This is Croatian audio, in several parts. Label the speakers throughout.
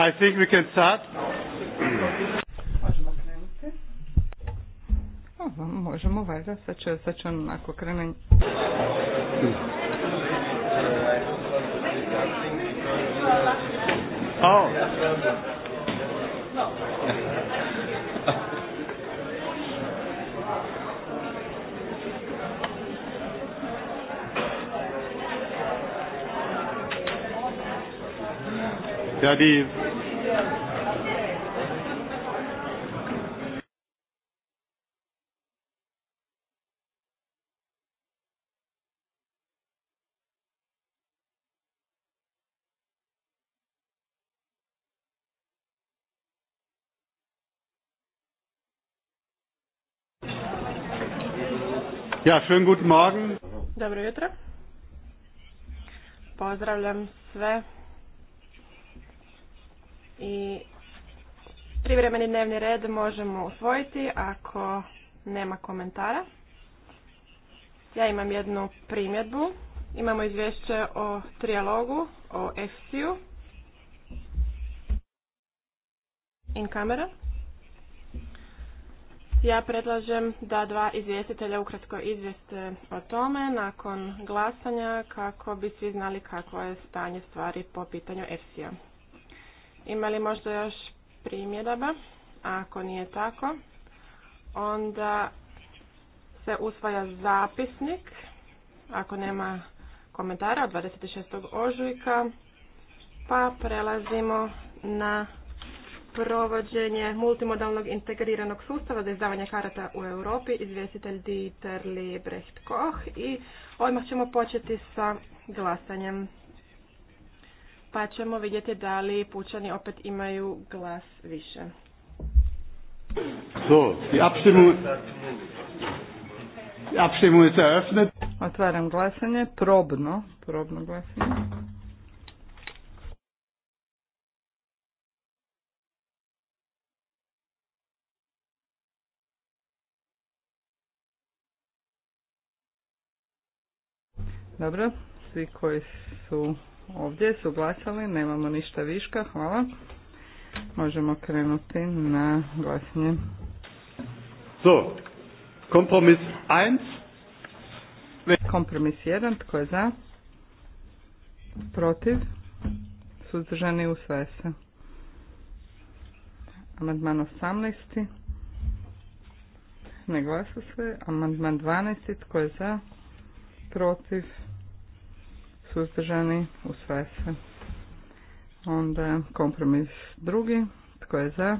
Speaker 1: I think we can start.
Speaker 2: Možemo možemo, valjda, sad će, sad će on ako krene...
Speaker 3: Oh.
Speaker 1: Ja, die Ja, schönen guten Morgen.
Speaker 3: Dobro jutro. Pozdravljam sve. I privremeni dnevni red možemo usvojiti ako nema komentara. Ja imam jednu primjedbu. Imamo izvješće o trijalogu,
Speaker 2: o FC-u.
Speaker 3: In kamera. Ja predlažem da dva izvjestitelja ukratko izvijeste o tome nakon glasanja kako bi svi znali kako je stanje stvari po pitanju EFSI-a. Ima li možda još primjedaba? Ako nije tako, onda se usvaja zapisnik, ako nema komentara od 26. ožujka, pa prelazimo na provođenje multimodalnog integriranog sustava za izdavanje karata u Europi, izvjestitelj Dieter Liebrecht Koch i odmah ćemo početi sa glasanjem. Pa ćemo vidjeti da li pučani opet imaju glas više.
Speaker 1: So, die Abstimmung, Abstimmung ist eröffnet.
Speaker 2: Otvaram glasanje, probno, probno glasanje. Dobro, svi koji su ovdje su glasali, nemamo ništa viška, hvala. Možemo krenuti na glasnje. So, kompromis 1. Kompromis 1, tko je za? Protiv? Suzdržani sve se. Amandman 18. Ne glasa se. Amandman 12. Tko je za? Protiv? suzdržani, usvaja se. Onda kompromis drugi, tko je za,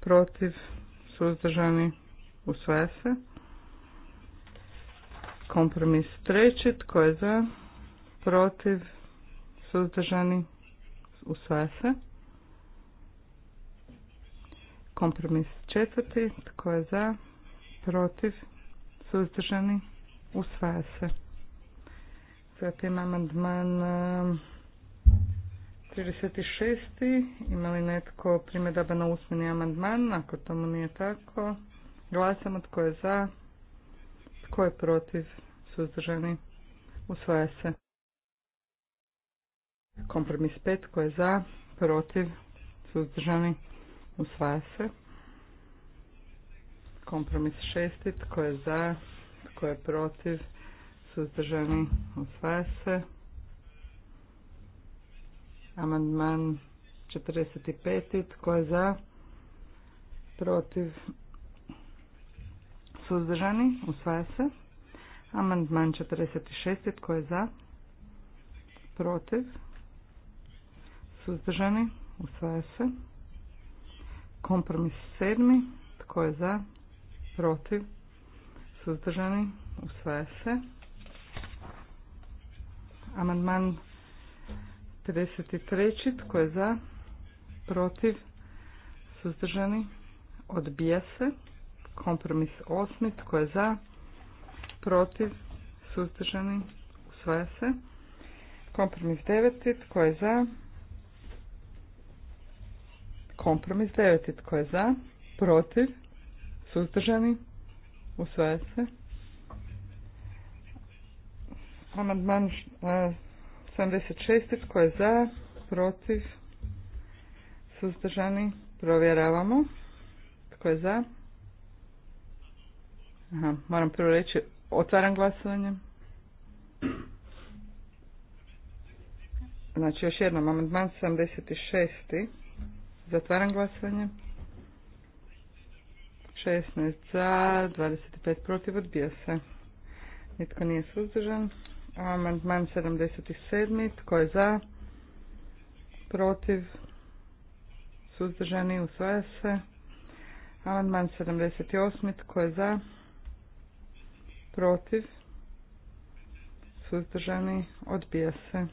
Speaker 2: protiv, suzdržani, usvaja se. Kompromis treći, tko je za, protiv, suzdržani, u se. Kompromis četvrti, tko je za, protiv, suzdržani, u se. Zatim amandman 36. E, Ima li netko primjedaba na usmeni amandman? Ako tomu nije tako, glasamo tko je za, tko je protiv, suzdržani, usvaja se. Kompromis 5. Tko je za, protiv, suzdržani, usvaja se. Kompromis 6. Tko je za, tko je protiv, suzdržani, usvaja se. Amandman 45. Tko je za? Protiv? Suzdržani? Usvaja se. Amandman 46. Tko je za? Protiv? Suzdržani? Usvaja se. Kompromis 7. Tko je za? Protiv? Suzdržani? Usvaja se. Amandman 53. Tko je za? Protiv? Suzdržani? Odbija se. Kompromis 8. Tko je za? Protiv? Suzdržani? Usvaja se. Kompromis 9. Tko je za? Kompromis 9. Tko je za? Protiv? Suzdržani? Usvaja se. Amandman 76. E, tko je za? Protiv? Suzdržani? Provjeravamo. Tko je za? Aha, moram prvo reći, otvaram glasovanje. Znači, još jednom, amandman 76. Zatvaram glasovanje. 16 za, 25 protiv, odbija se. Nitko nije suzdržan. Amandman 77. Tko je za? Protiv? Suzdržani? Usvaja se. Amandman 78. Tko je za? Protiv? Suzdržani? Odbija se.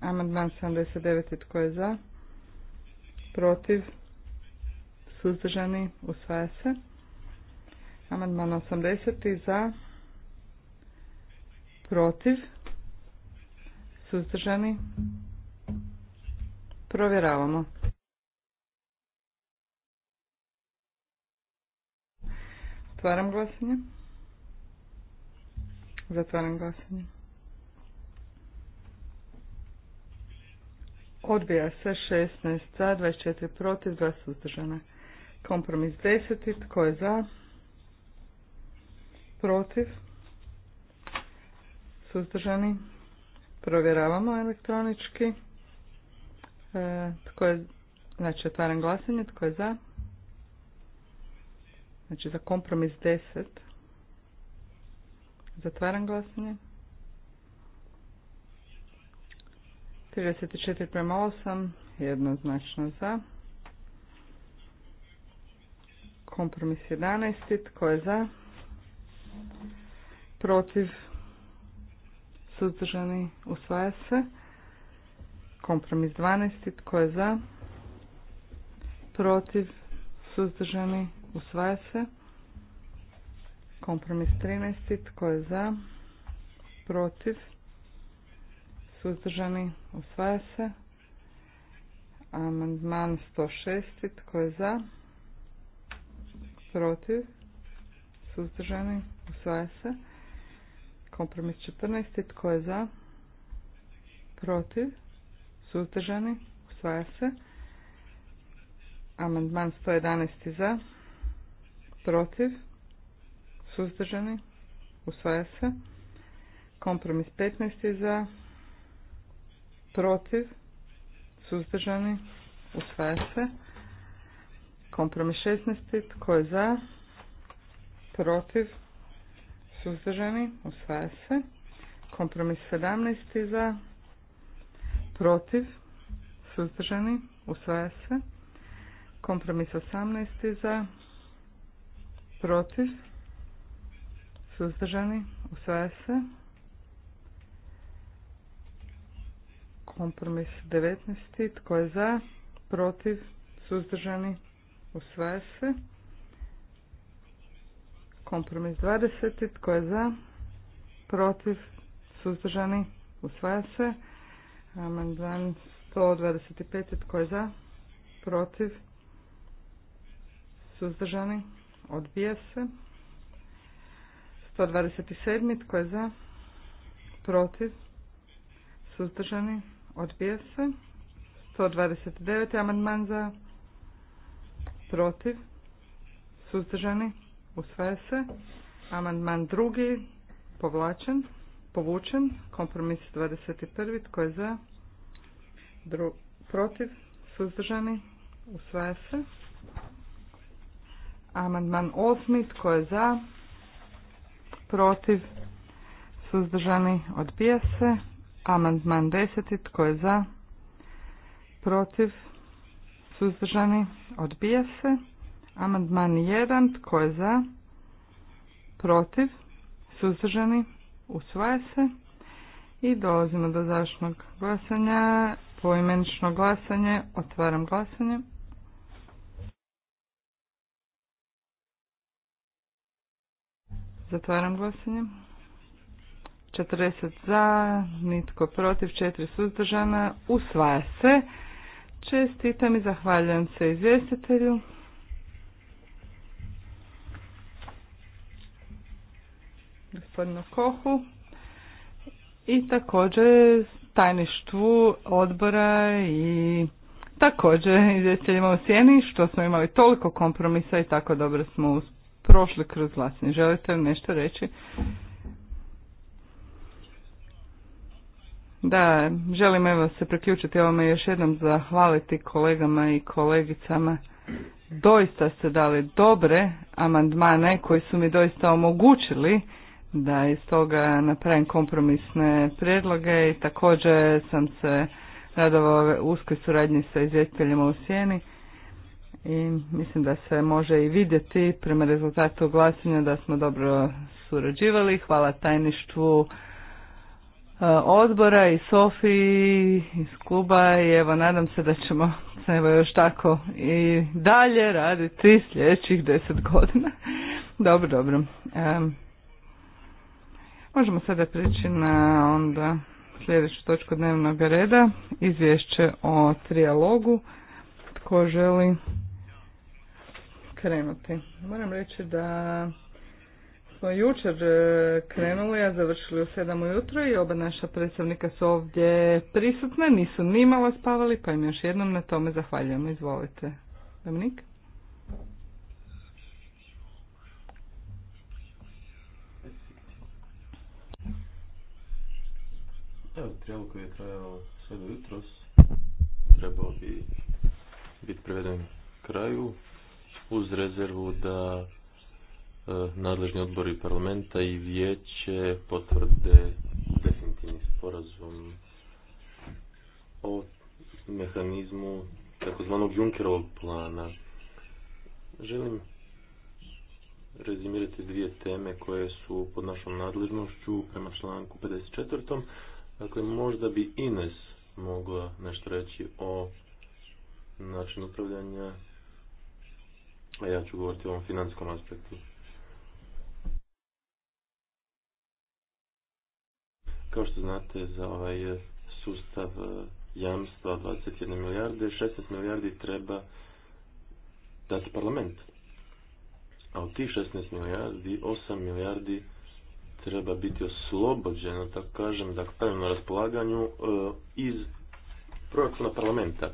Speaker 2: Amandman 79. Tko je za? Protiv? Suzdržani? Usvaja se. Amandman 80. Za? Protiv? Suzdržani? Provjeravamo. Otvaram glasanje. Zatvaram glasanje. Odbija se 16 za, 24 protiv, 2 suzdržana. Kompromis 10. Tko je za? Protiv? suzdržani, provjeravamo elektronički. E, tko je, znači otvaram glasanje, tko je za? Znači za kompromis 10. Zatvaram glasanje. 34 prema 8, jednoznačno za. Kompromis 11, tko je za? Protiv, suzdržani, usvaja se. Kompromis 12. Tko je za? Protiv, suzdržani, usvaja se. Kompromis 13. Tko je za? Protiv, suzdržani, usvaja se. Amandman 106. Tko je za? Protiv, suzdržani, usvaja se. Kompromis 14. Tko je za? Protiv? Suzdržani? Usvaja se. Amendman 111. Za? Protiv? Suzdržani? Usvaja se. Kompromis 15. Za? Protiv? Suzdržani? Usvaja se. Kompromis 16. Tko je za? Protiv? suzdržani, usvaja se. Kompromis 17 za, protiv, suzdržani, usvaja se. Kompromis 18 za, protiv, suzdržani, usvaja se. Kompromis 19. Tko je za? Protiv? Suzdržani? Usvaja se. Kompromis 20. Tko je za? Protiv? Suzdržani? Usvaja se. Amandman 125. Tko je za? Protiv? Suzdržani? Odbija se. 127. Tko je za? Protiv? Suzdržani? Odbija se. 129. Amandman za? Protiv? Suzdržani? Usvaja se. Amandman drugi povlačen, povučen. Kompromis 21. Tko je za? protiv? Suzdržani? Usvaja se. Amandman osmi. Tko je za? Protiv? Suzdržani? Odbija se. Amandman deseti. Tko je za? Protiv? Suzdržani? Odbija se. Amandman 1. Tko je za? Protiv? Suzdržani? Usvaja se. I dolazimo do završnog glasanja. Poimenično glasanje. Otvaram glasanje. Zatvaram glasanje. 40 za, nitko protiv, 4 suzdržana. Usvaja se. Čestitam i zahvaljujem se izvjestitelju. gospodinu Kohu i također tajništvu odbora i također izvjestiteljima u sjeni što smo imali toliko kompromisa i tako dobro smo prošli kroz glasni. Želite li nešto reći? Da, želim evo se priključiti ovome još jednom zahvaliti kolegama i kolegicama. Doista ste dali dobre amandmane koji su mi doista omogućili da iz toga napravim kompromisne prijedloge i također sam se radovao uskoj suradnji sa izvjetiteljima u sjeni i mislim da se može i vidjeti prema rezultatu glasanja da smo dobro surađivali. Hvala tajništvu e, odbora i Sofiji iz kluba i evo nadam se da ćemo se evo još tako i dalje raditi sljedećih deset godina. dobro, dobro. Možemo sada prići na onda sljedeću točku dnevnog reda, izvješće o trijalogu. Tko želi krenuti? Moram reći da smo jučer e, krenuli, a završili u sedam ujutro i oba naša predstavnika su ovdje prisutne, nisu nimalo spavali, pa im još jednom na tome zahvaljujemo. Izvolite. Dominik?
Speaker 1: Evo, trijal koji je trajao sve do jutros trebao bi biti preveden kraju uz rezervu da e, nadležni odbori parlamenta i vijeće potvrde definitivni sporazum o mehanizmu takozvanog Junkerovog plana. Želim rezimirati dvije teme koje su pod našom nadležnošću prema članku 54. Dakle, možda bi Ines mogla nešto reći o načinu upravljanja, a ja ću govoriti o ovom financijskom aspektu. Kao što znate, za ovaj sustav e, jamstva 21 milijarde, 16 milijardi treba dati parlament. A od tih 16 milijardi, 8 milijardi treba biti oslobođeno, tako kažem, da na raspolaganju e, iz proračuna parlamenta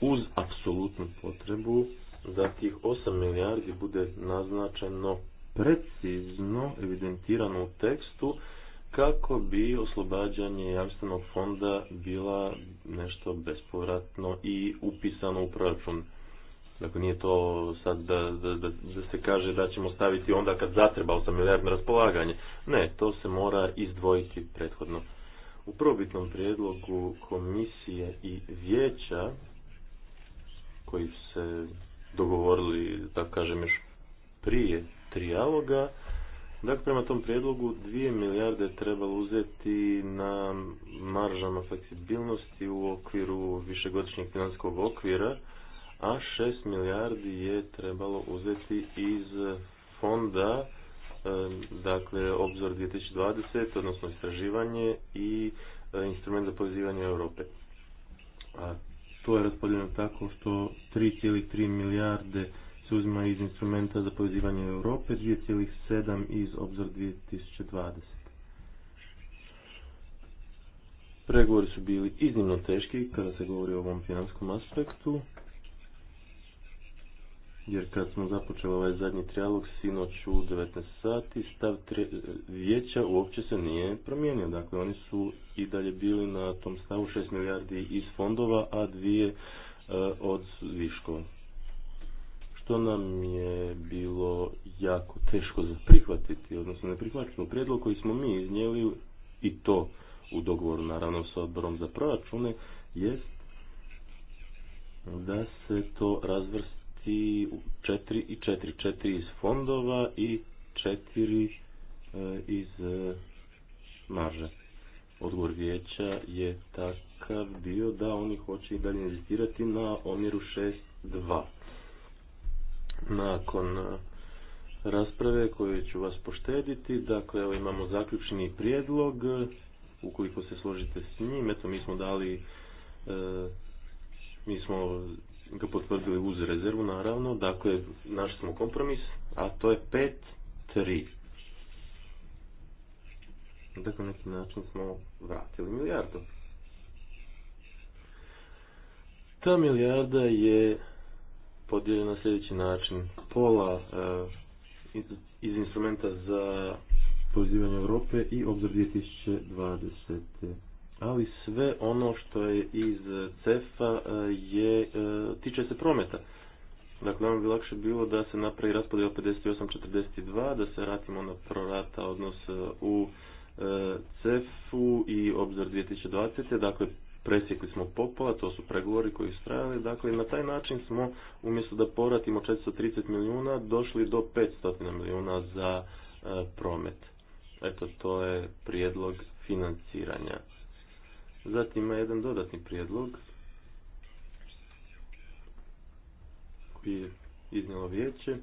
Speaker 1: uz apsolutnu potrebu da tih 8 milijardi bude naznačeno precizno evidentirano u tekstu kako bi oslobađanje jamstvenog fonda bila nešto bespovratno i upisano u proračun. Dakle, nije to sad da, da, da, se kaže da ćemo staviti onda kad zatreba 8 milijardi na raspolaganje. Ne, to se mora izdvojiti prethodno. U probitnom prijedlogu komisije i vijeća koji se dogovorili, da kažem, još prije trijaloga, Dakle, prema tom prijedlogu 2 milijarde treba uzeti na maržama fleksibilnosti u okviru višegodišnjeg financijskog okvira a 6 milijardi je trebalo uzeti iz fonda dakle obzor 2020 odnosno istraživanje i e, instrument za povezivanje Europe. A to je raspodijeljeno tako što 3,3 milijarde se uzima iz instrumenta za povezivanje Europe, 2,7 iz obzor 2020. Pregovori su bili iznimno teški kada se govori o ovom finanskom aspektu jer kad smo započeli ovaj zadnji trijalog sinoć u 19 sati stav vijeća uopće se nije promijenio. Dakle, oni su i dalje bili na tom stavu 6 milijardi iz fondova, a dvije e, od viškova. Što nam je bilo jako teško za prihvatiti, odnosno ne prihvaćeno Prijedlog koji smo mi iznijeli i to u dogovoru naravno sa odborom za proračune jest da se to razvrsti biti 4 i 4, 4 iz fondova i 4 e, iz e, marže. Odgovor vijeća je takav bio da oni hoće i dalje investirati na omjeru 6-2. Nakon e, rasprave koju ću vas poštediti, dakle imamo zaključni prijedlog, ukoliko se složite s njim, eto mi smo dali, mi smo ga potvrdili uz rezervu, naravno. Dakle, našli smo kompromis, a to je 5-3. Dakle, na neki način smo vratili milijardu. Ta milijarda je podijeljena na sljedeći način. Pola e, iz, instrumenta za pozivanje Europe i obzor 2020 ali sve ono što je iz CEFA e, je, e, tiče se prometa. Dakle, nam bi lakše bilo da se napravi raspodjela 58-42, da se ratimo na prorata odnos e, u CEF-u i obzor 2020. Dakle, presjekli smo popola, to su pregovori koji su Dakle, na taj način smo, umjesto da povratimo 430 milijuna, došli do 500 milijuna za promet. Eto, to je prijedlog financiranja. Zatim ima jedan dodatni prijedlog koji je iznijelo vijeće.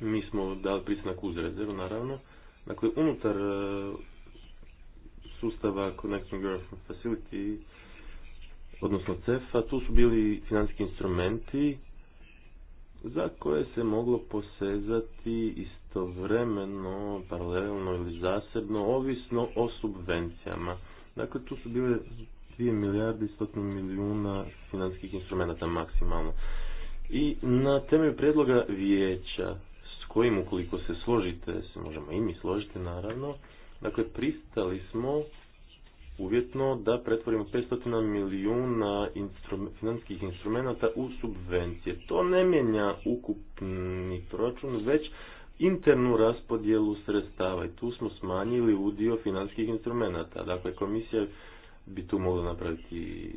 Speaker 1: Mi smo dali pristanak uz rezervu, naravno. Dakle, unutar e, sustava Connecting Europe Facility, odnosno CEF-a, tu su bili financijski instrumenti za koje se moglo posezati istovremeno, paralelno ili zasebno, ovisno o subvencijama. Dakle, tu su bile 2 milijarde i 100 milijuna financijskih instrumenta maksimalno. I na temelju predloga vijeća, s kojim ukoliko se složite, se možemo i mi složiti naravno, dakle, pristali smo uvjetno da pretvorimo 500 milijuna finanskih financijskih instrumenta u subvencije. To ne mijenja ukupni proračun, već internu raspodjelu sredstava i tu smo smanjili udio financijskih instrumenta. Dakle, komisija bi tu mogla napraviti,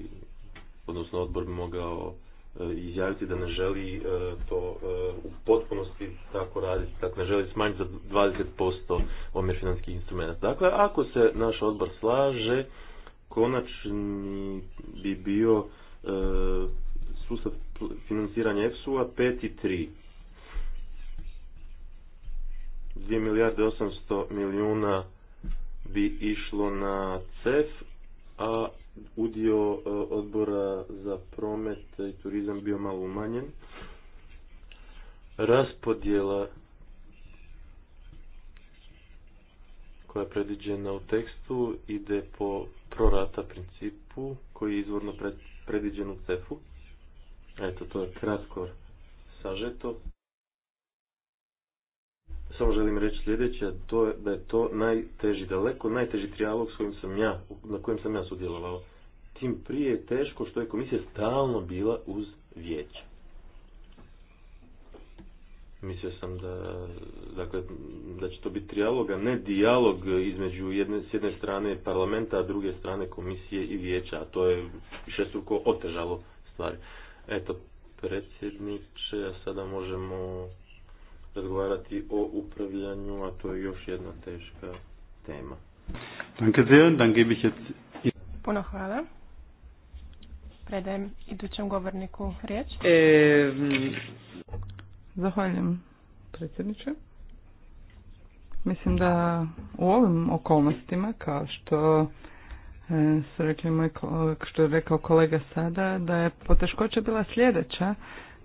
Speaker 1: odnosno odbor bi mogao izjaviti da ne želi e, to e, u potpunosti tako raditi, dakle ne želi smanjiti za 20% omjer financijskih instrumenta. Dakle, ako se naš odbor slaže, konačni bi bio e, sustav financiranja EFSU-a 5 i 3. 2 milijarde 800 milijuna bi išlo na CEF, a udio e, odbora za promet i turizam bio malo umanjen. Raspodjela koja je predviđena u tekstu ide po prorata principu koji je izvorno predviđen u CEF-u. Eto, to je kratko sažeto samo želim reći sljedeće, to je da je to najteži, daleko najteži trijalog s kojim sam ja, na kojem sam ja sudjelovao. Tim prije je teško što je komisija stalno bila uz vijeća. Mislio sam da, dakle, da će to biti a ne dijalog između jedne, s jedne strane parlamenta, a druge strane komisije i vijeća, a to je šestruko otežalo stvari. Eto, predsjedniče, a sada možemo razgovarati o upravljanju, a to je još jedna teška tema. Danke sehr, dann gebe ich jetzt... Puno hvala.
Speaker 3: Predajem idućem govorniku riječ.
Speaker 1: E...
Speaker 2: Zahvaljujem, predsjedniče. Mislim da u ovim okolnostima, kao što e, su rekli moj, što je rekao kolega sada, da je poteškoća bila sljedeća,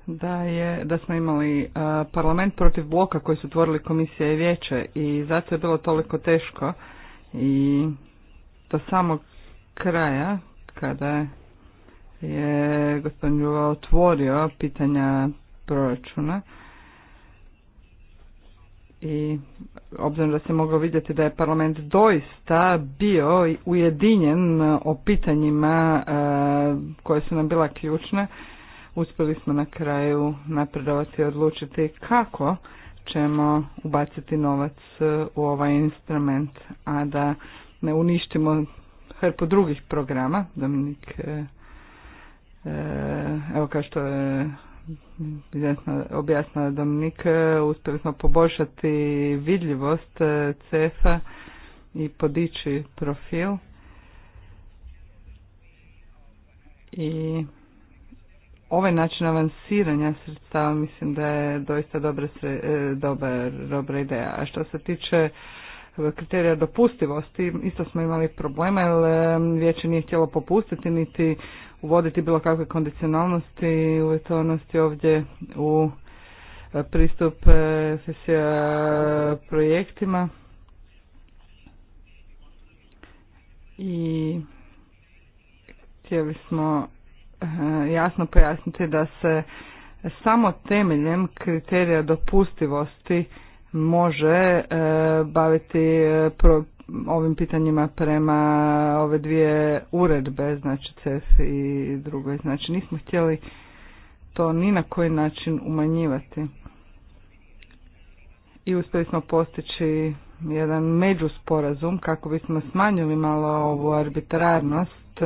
Speaker 2: da je da smo imali e, parlament protiv bloka koji su tvorili komisija i vijeće i zato je bilo toliko teško i do samog kraja kada je gospodin Ljuva otvorio pitanja proračuna i obzirom da se moglo vidjeti da je parlament doista bio ujedinjen o pitanjima e, koje su nam bila ključne uspjeli smo na kraju napredovati i odlučiti kako ćemo ubaciti novac e, u ovaj instrument, a da ne uništimo hrpu drugih programa. Dominik, e, e, evo kao što je objasnila Dominik, uspjeli smo poboljšati vidljivost CEFA i podići profil. I ovaj način avansiranja sredstava mislim da je doista dobra, e, dobar, dobra ideja. A što se tiče e, kriterija dopustivosti, isto smo imali problema jer e, vijeće nije htjelo popustiti niti uvoditi bilo kakve kondicionalnosti i uvjetovanosti ovdje u pristup sesija projektima. I htjeli smo E, jasno pojasniti da se samo temeljem kriterija dopustivosti može e, baviti e, ovim pitanjima prema ove dvije uredbe, znači CEF i drugoj. Znači nismo htjeli to ni na koji način umanjivati. I uspjeli smo postići jedan međusporazum kako bismo smanjili malo ovu arbitrarnost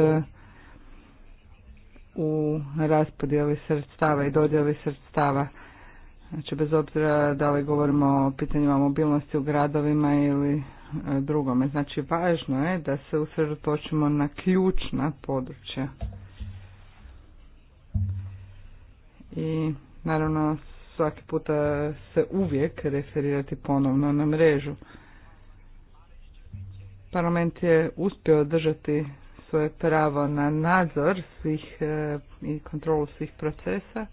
Speaker 2: u raspodjeli sredstava i dodjeli sredstava. Znači, bez obzira da li govorimo o pitanjima mobilnosti u gradovima ili e, drugome. Znači, važno je da se usredotočimo na ključna područja. I, naravno, svaki puta se uvijek referirati ponovno na mrežu. Parlament je uspio održati svoje pravo na nadzor svih e, i kontrolu svih procesa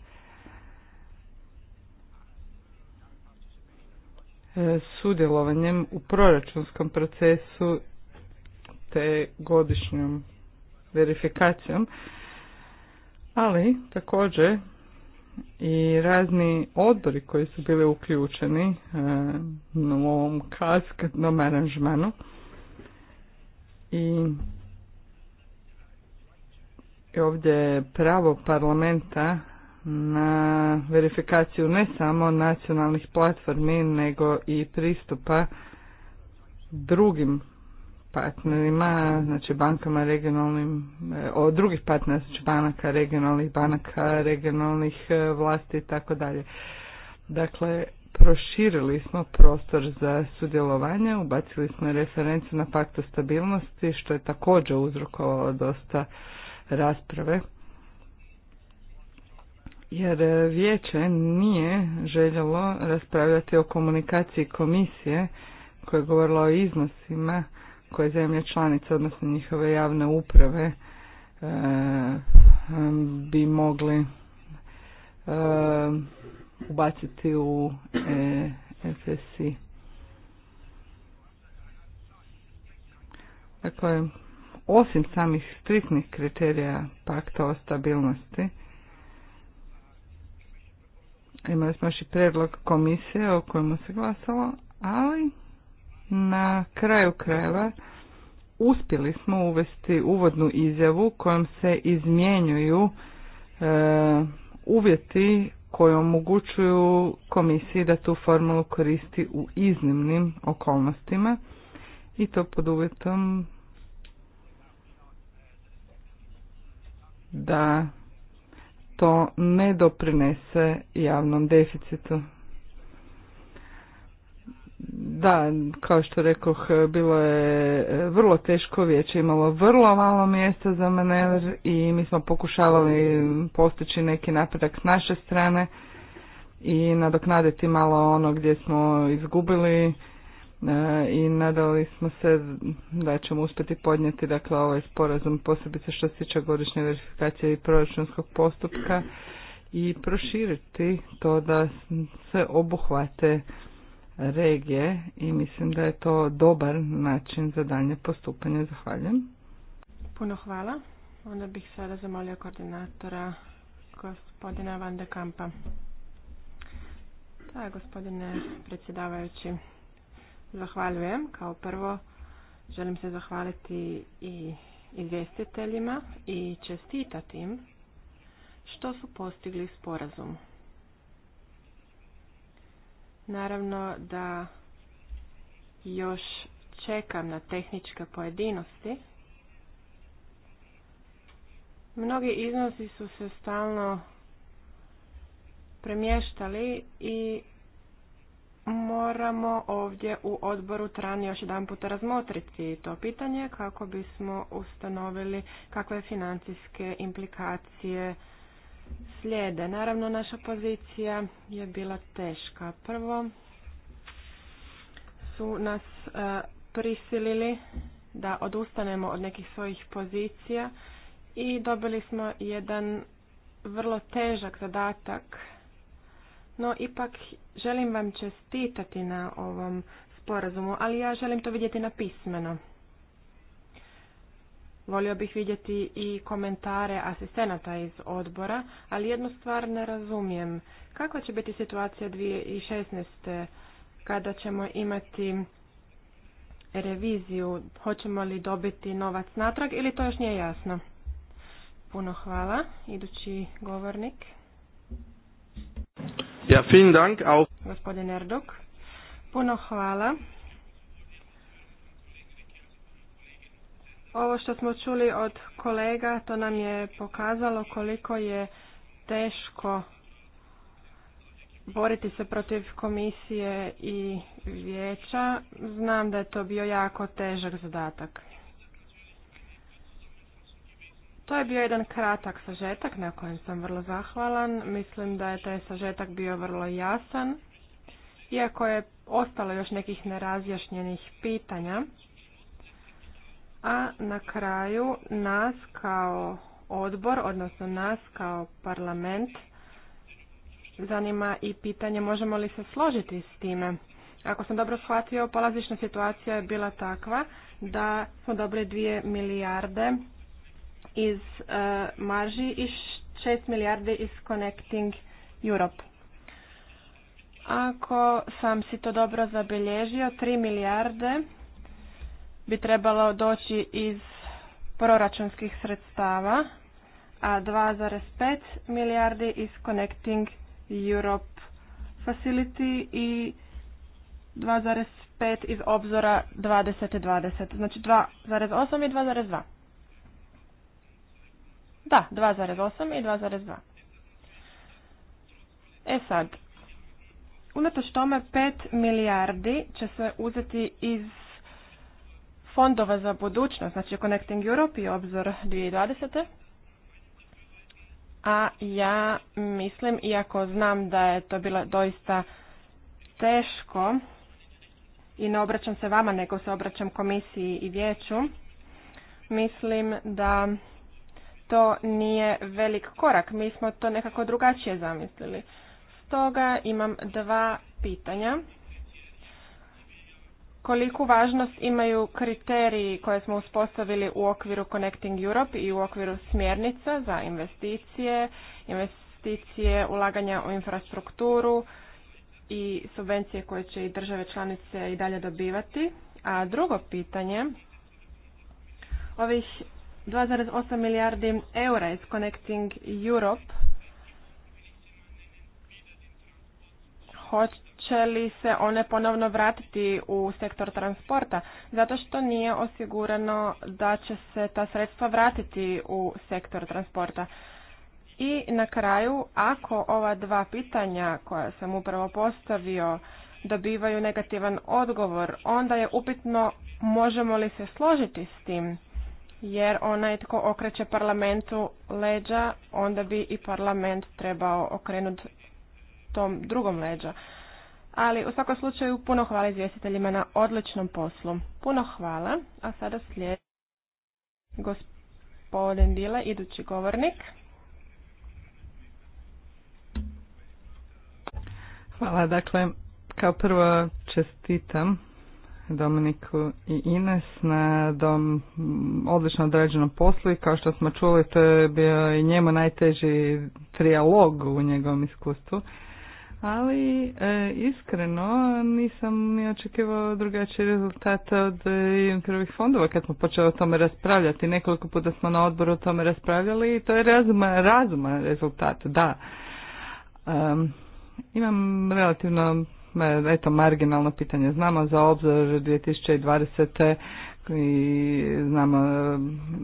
Speaker 2: e, sudjelovanjem u proračunskom procesu te godišnjom verifikacijom, ali također i razni odbori koji su bili uključeni e, u ovom kaskadnom aranžmanu i ovdje pravo parlamenta na verifikaciju ne samo nacionalnih platformi nego i pristupa drugim partnerima, znači bankama regionalnim, eh, o drugih partnera, znači banaka, regionalnih banaka, regionalnih eh, vlasti i tako dalje. Dakle, proširili smo prostor za sudjelovanje, ubacili smo referencu na paktu stabilnosti, što je također uzrokovalo dosta rasprave jer vijeće nije željelo raspravljati o komunikaciji komisije koja je govorila o iznosima koje zemlje članice, odnosno njihove javne uprave, e, bi mogli e, ubaciti u e FSC Dakle, osim samih striktnih kriterija pakta o stabilnosti, imali smo još i predlog komisije o kojemu se glasalo, ali na kraju krajeva uspjeli smo uvesti uvodnu izjavu kojom se izmjenjuju e, uvjeti koji omogućuju komisiji da tu formulu koristi u iznimnim okolnostima i to pod uvjetom da to ne doprinese javnom deficitu. Da, kao što rekoh, bilo je vrlo teško vijeće, imalo vrlo malo mjesta za manevr i mi smo pokušavali postići neki napredak s naše strane i nadoknaditi malo ono gdje smo izgubili i nadali smo se da ćemo uspjeti podnijeti dakle, ovaj sporazum posebice što se tiče godišnje verifikacije i proračunskog postupka i proširiti to da se obuhvate regije i mislim da je to dobar način za dalje postupanje. Zahvaljujem.
Speaker 3: Puno hvala. Onda bih sada zamolio koordinatora gospodina Van Kampa. Da, gospodine predsjedavajući, Zahvaljujem. Kao prvo želim se zahvaliti i izvjestiteljima i čestitati im što su postigli sporazum. Naravno da još čekam na tehničke pojedinosti. Mnogi iznosi su se stalno premještali i moramo ovdje u odboru TRAN još jedan puta razmotriti to pitanje kako bismo ustanovili kakve financijske implikacije slijede. Naravno, naša pozicija je bila teška. Prvo su nas e, prisilili da odustanemo od nekih svojih pozicija i dobili smo jedan vrlo težak zadatak no ipak želim vam čestitati na ovom sporazumu, ali ja želim to vidjeti na pismeno. Volio bih vidjeti i komentare asistenata iz odbora, ali jednu stvar ne razumijem. Kakva će biti situacija 2016. kada ćemo imati reviziju? Hoćemo li dobiti novac natrag ili to još nije jasno? Puno hvala. Idući govornik.
Speaker 2: Ja, fin Dank auch.
Speaker 3: Gospodin Erdog, puno hvala. Ovo što smo čuli od kolega, to nam je pokazalo koliko je teško boriti se protiv komisije i vijeća. Znam da je to bio jako težak zadatak. To je bio jedan kratak sažetak na kojem sam vrlo zahvalan. Mislim da je taj sažetak bio vrlo jasan. Iako je ostalo još nekih nerazjašnjenih pitanja, a na kraju nas kao odbor, odnosno nas kao parlament, zanima i pitanje možemo li se složiti s time. Ako sam dobro shvatio, polazišna situacija je bila takva da smo dobili dvije milijarde iz e, marži i 6 milijarde iz Connecting Europe. Ako sam si to dobro zabilježio, 3 milijarde bi trebalo doći iz proračunskih sredstava, a 2,5 milijardi iz Connecting Europe Facility i 2,5 iz obzora 2020. Znači 2,8 i 2,2. Da, 2,8 i 2,2. E sad, unatoč tome 5 milijardi će se uzeti iz fondova za budućnost, znači Connecting Europe i obzor 2020. A ja mislim, iako znam da je to bilo doista teško, i ne obraćam se vama, nego se obraćam komisiji i vijeću, mislim da to nije velik korak. Mi smo to nekako drugačije zamislili. Stoga imam dva pitanja. Koliku važnost imaju kriteriji koje smo uspostavili u okviru Connecting Europe i u okviru smjernica za investicije, investicije, ulaganja u infrastrukturu i subvencije koje će i države članice i dalje dobivati? A drugo pitanje, ovih 2,8 milijardi eura iz Connecting Europe. Hoće li se one ponovno vratiti u sektor transporta? Zato što nije osigurano da će se ta sredstva vratiti u sektor transporta. I na kraju, ako ova dva pitanja koja sam upravo postavio dobivaju negativan odgovor, onda je upitno možemo li se složiti s tim jer onaj tko okreće parlamentu leđa, onda bi i parlament trebao okrenuti tom drugom leđa. Ali u svakom slučaju puno hvala izvjestiteljima na odličnom poslu. Puno hvala, a sada slijedi gospodin Dile, idući govornik.
Speaker 2: Hvala, dakle, kao prvo čestitam Dominiku i Ines na dom, odlično odrađenom poslu i kao što smo čuli to je bio i njemu najteži trijalog u njegovom iskustvu. Ali e, iskreno nisam ni očekivao drugačije rezultate od e, Junkerovih fondova kad smo počeli o tome raspravljati. Nekoliko puta smo na odboru o tome raspravljali i to je razuma, razuma rezultat, da. imam relativno eto marginalno pitanje. Znamo za obzor 2020. i znamo eh,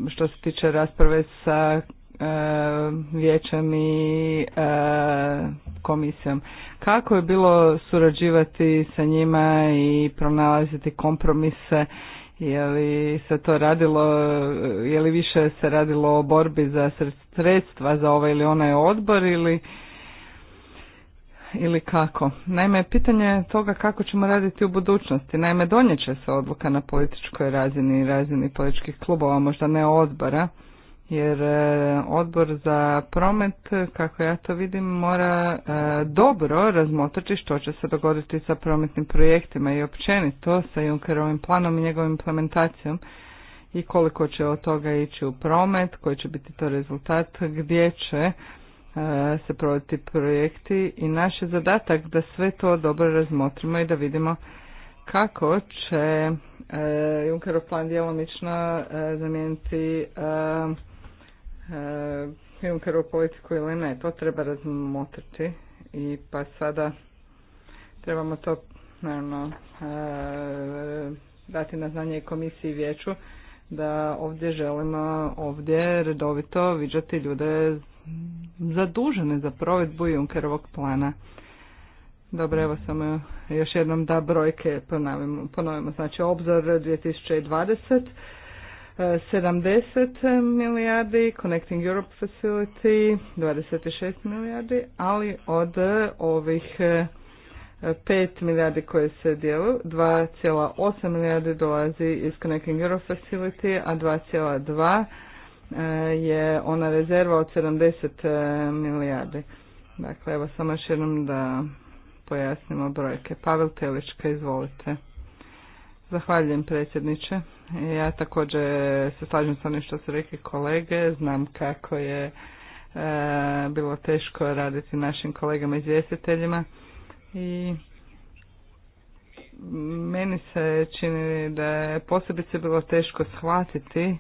Speaker 2: što se tiče rasprave sa e, vijećem i e, komisijom. Kako je bilo surađivati sa njima i pronalaziti kompromise? Je li se to radilo, je li više se radilo o borbi za sredstva za ovaj ili onaj odbor ili ili kako. Naime, pitanje je toga kako ćemo raditi u budućnosti. Naime, donijet će se odluka na političkoj razini i razini političkih klubova, možda ne odbora, jer e, odbor za promet, kako ja to vidim, mora e, dobro razmotriti što će se dogoditi sa prometnim projektima i općenito sa Junkerovim planom i njegovom implementacijom i koliko će od toga ići u promet, koji će biti to rezultat, gdje će E, se provoditi projekti i naš je zadatak da sve to dobro razmotrimo i da vidimo kako će e, Junkerov plan djelomično e, zamijeniti Junkerovu politiku ili ne. To treba razmotriti i pa sada trebamo to naravno dati na znanje komisiji i vijeću da ovdje želimo ovdje redovito viđati ljude zadužene za provedbu Junkerovog plana. Dobro, evo samo još jednom da brojke ponovimo. ponovimo. Znači obzor 2020, 70 milijardi, Connecting Europe Facility 26 milijardi, ali od ovih 5 eh, milijardi koje se dijelu, 2,8 milijardi dolazi iz Connecting Europe Facility, a 2,2 Eh, je ona rezerva od 70 eh, milijardi. Dakle, evo samo još jednom da pojasnimo brojke. Pavel Telička, izvolite. Zahvaljujem predsjedniče. Ja također se slažem sa onim što su rekli kolege. Znam kako je eh, bilo teško raditi našim kolegama izvjestiteljima i meni se čini da je posebice bilo teško shvatiti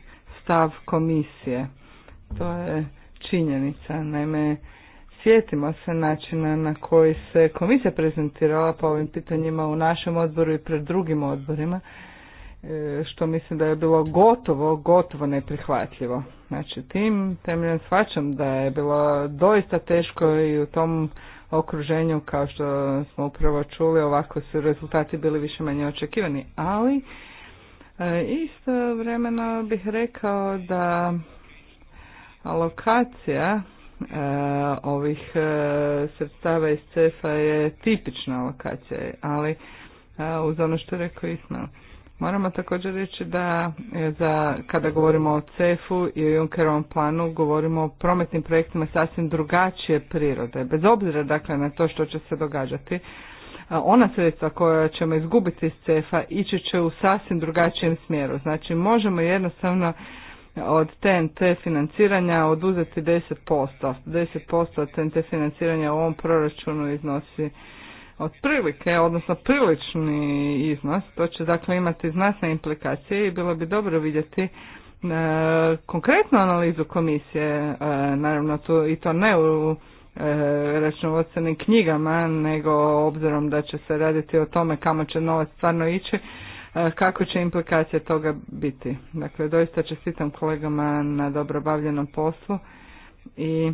Speaker 2: stav komisije. To je činjenica. Naime, sjetimo se načina na koji se komisija prezentirala po ovim pitanjima u našem odboru i pred drugim odborima, e, što mislim da je bilo gotovo, gotovo neprihvatljivo. Znači, tim temeljem shvaćam da je bilo doista teško i u tom okruženju, kao što smo upravo čuli, ovako su rezultati bili više manje očekivani, ali E, Isto vremeno bih rekao da alokacija e, ovih e, sredstava iz CEFA je tipična alokacija, ali uz ono što je rekao Ismail. Moramo također reći da za, kada govorimo o cefu i o Junckerovom planu govorimo o prometnim projektima sasvim drugačije prirode, bez obzira dakle na to što će se događati ona sredstva koja ćemo izgubiti iz CEFA ići će u sasvim drugačijem smjeru. Znači možemo jednostavno od TNT financiranja oduzeti 10%. 10% od TNT financiranja u ovom proračunu iznosi otprilike, odnosno prilični iznos. To će dakle imati znatne implikacije i bilo bi dobro vidjeti e, konkretnu analizu komisije, e, naravno tu i to ne u E, računovodstvenim knjigama, nego obzirom da će se raditi o tome kamo će novac stvarno ići, e, kako će implikacije toga biti. Dakle, doista čestitam kolegama na dobro bavljenom poslu i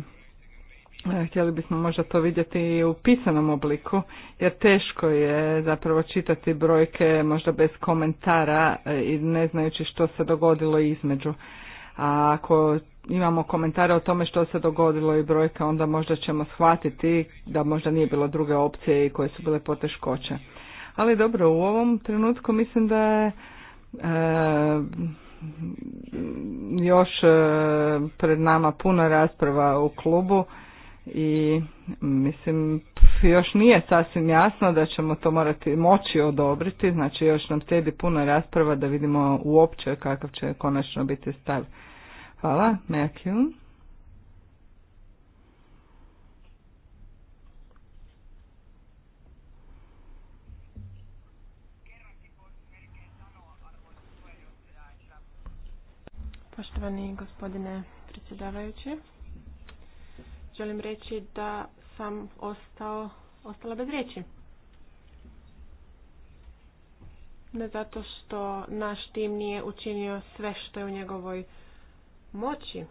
Speaker 2: e, htjeli bismo možda to vidjeti i u pisanom obliku, jer teško je zapravo čitati brojke možda bez komentara i ne znajući što se dogodilo između. A ako imamo komentare o tome što se dogodilo i brojka, onda možda ćemo shvatiti da možda nije bilo druge opcije i koje su bile poteškoće. Ali dobro, u ovom trenutku mislim da je e, još e, pred nama puno rasprava u klubu i mislim još nije sasvim jasno da ćemo to morati moći odobriti, znači još nam slijedi puno rasprava da vidimo uopće kakav će konačno biti stav. Hvala, Merkjum.
Speaker 3: Poštovani gospodine predsjedavajući, želim reći da sam ostao, ostala bez riječi. Ne zato što naš tim nije učinio sve što je u njegovoj moći,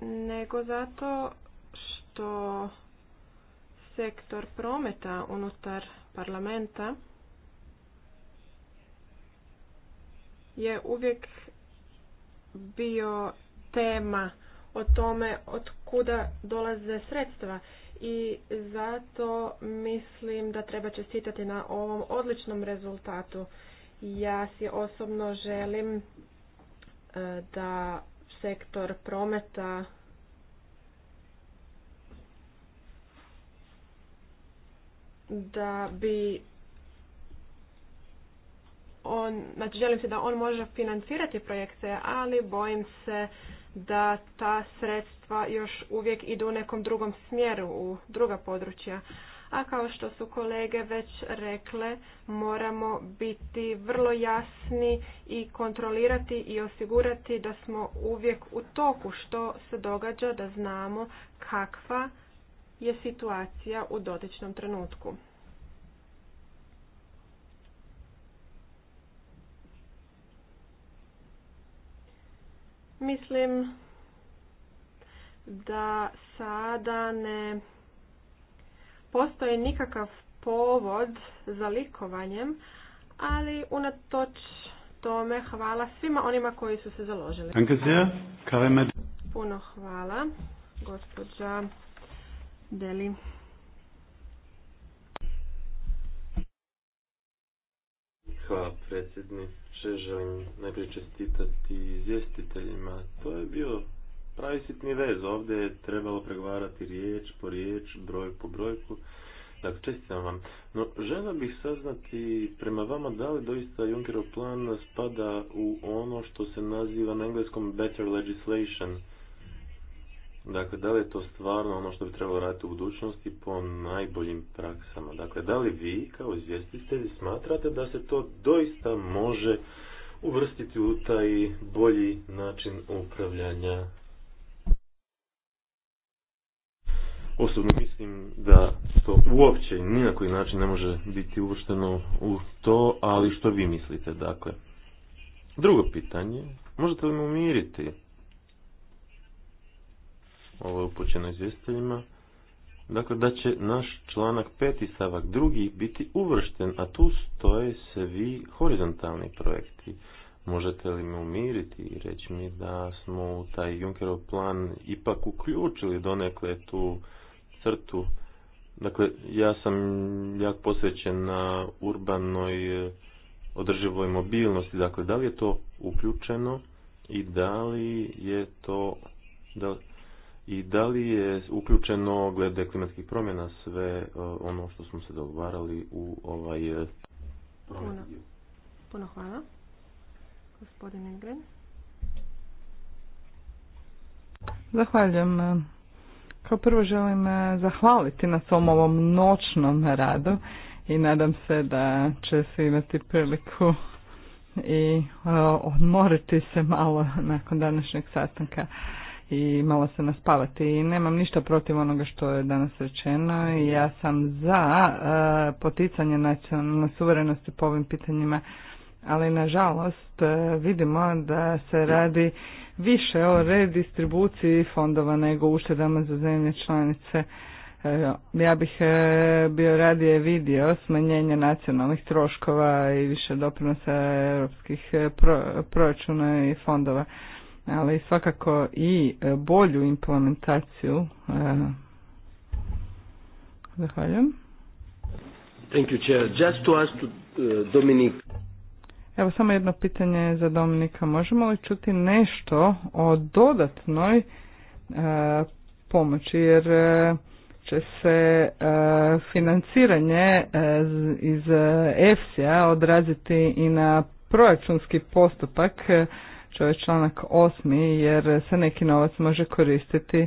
Speaker 3: nego zato što sektor prometa unutar parlamenta je uvijek bio tema o tome od kuda dolaze sredstva i zato mislim da treba čestitati na ovom odličnom rezultatu. Ja si osobno želim e, da sektor prometa da bi on, znači želim se da on može financirati projekte, ali bojim se da ta sredstva još uvijek idu u nekom drugom smjeru, u druga područja. A kao što su kolege već rekle, moramo biti vrlo jasni i kontrolirati i osigurati da smo uvijek u toku što se događa, da znamo kakva je situacija u dotičnom trenutku. Mislim da sada ne postoji nikakav povod za likovanjem, ali unatoč tome hvala svima onima koji su se založili. Puno hvala, gospođa Deli.
Speaker 1: Hvala Želim najprije čestitati izvjestiteljima. To je bio pravi sitni vez. Ovdje je trebalo pregovarati riječ po riječ, broj po brojku. Dakle, čestitam vam. No, žena bih saznati prema vama da li doista Junckerov plan spada u ono što se naziva na engleskom better legislation. Dakle, da li je to stvarno ono što bi trebalo raditi u budućnosti po najboljim praksama? Dakle, da li vi kao izvjestitelji smatrate da se to doista može uvrstiti u taj bolji način upravljanja? Osobno mislim da to uopće ni na koji način ne može biti uvršteno u to, ali što vi mislite, dakle? Drugo pitanje, možete li umiriti? ovo je upućeno izvjestiteljima, dakle da će naš članak peti stavak drugi biti uvršten, a tu stoje se vi horizontalni projekti. Možete li me umiriti i reći mi da smo u taj Junckerov plan ipak uključili donekle tu crtu? Dakle, ja sam jak posvećen na urbanoj održivoj mobilnosti. Dakle, da li je to uključeno i da li je to, da, i da li je uključeno glede klimatskih promjena sve e, ono što smo se dogovarali u ovaj e,
Speaker 3: puno, puno hvala gospodin
Speaker 2: Zahvaljujem kao prvo želim e, zahvaliti na svom ovom noćnom radu i nadam se da će se imati priliku i odmoriti se malo nakon današnjeg sastanka i malo se naspavati i nemam ništa protiv onoga što je danas rečeno ja sam za e, poticanje nacionalne suverenosti po ovim pitanjima ali nažalost e, vidimo da se radi više o redistribuciji fondova nego uštedama za zemlje članice e, ja bih bio radije vidio smanjenje nacionalnih troškova i više doprinosa europskih proračuna i fondova ali svakako i e, bolju implementaciju. E, zahvaljujem.
Speaker 1: Thank you, Chair. Just to to, uh, Dominic.
Speaker 2: Evo samo jedno pitanje za Dominika. Možemo li čuti nešto o dodatnoj e, pomoći jer će se financiranje iz EFSI-a odraziti i na proračunski postupak je ovaj članak 8. jer se neki novac može koristiti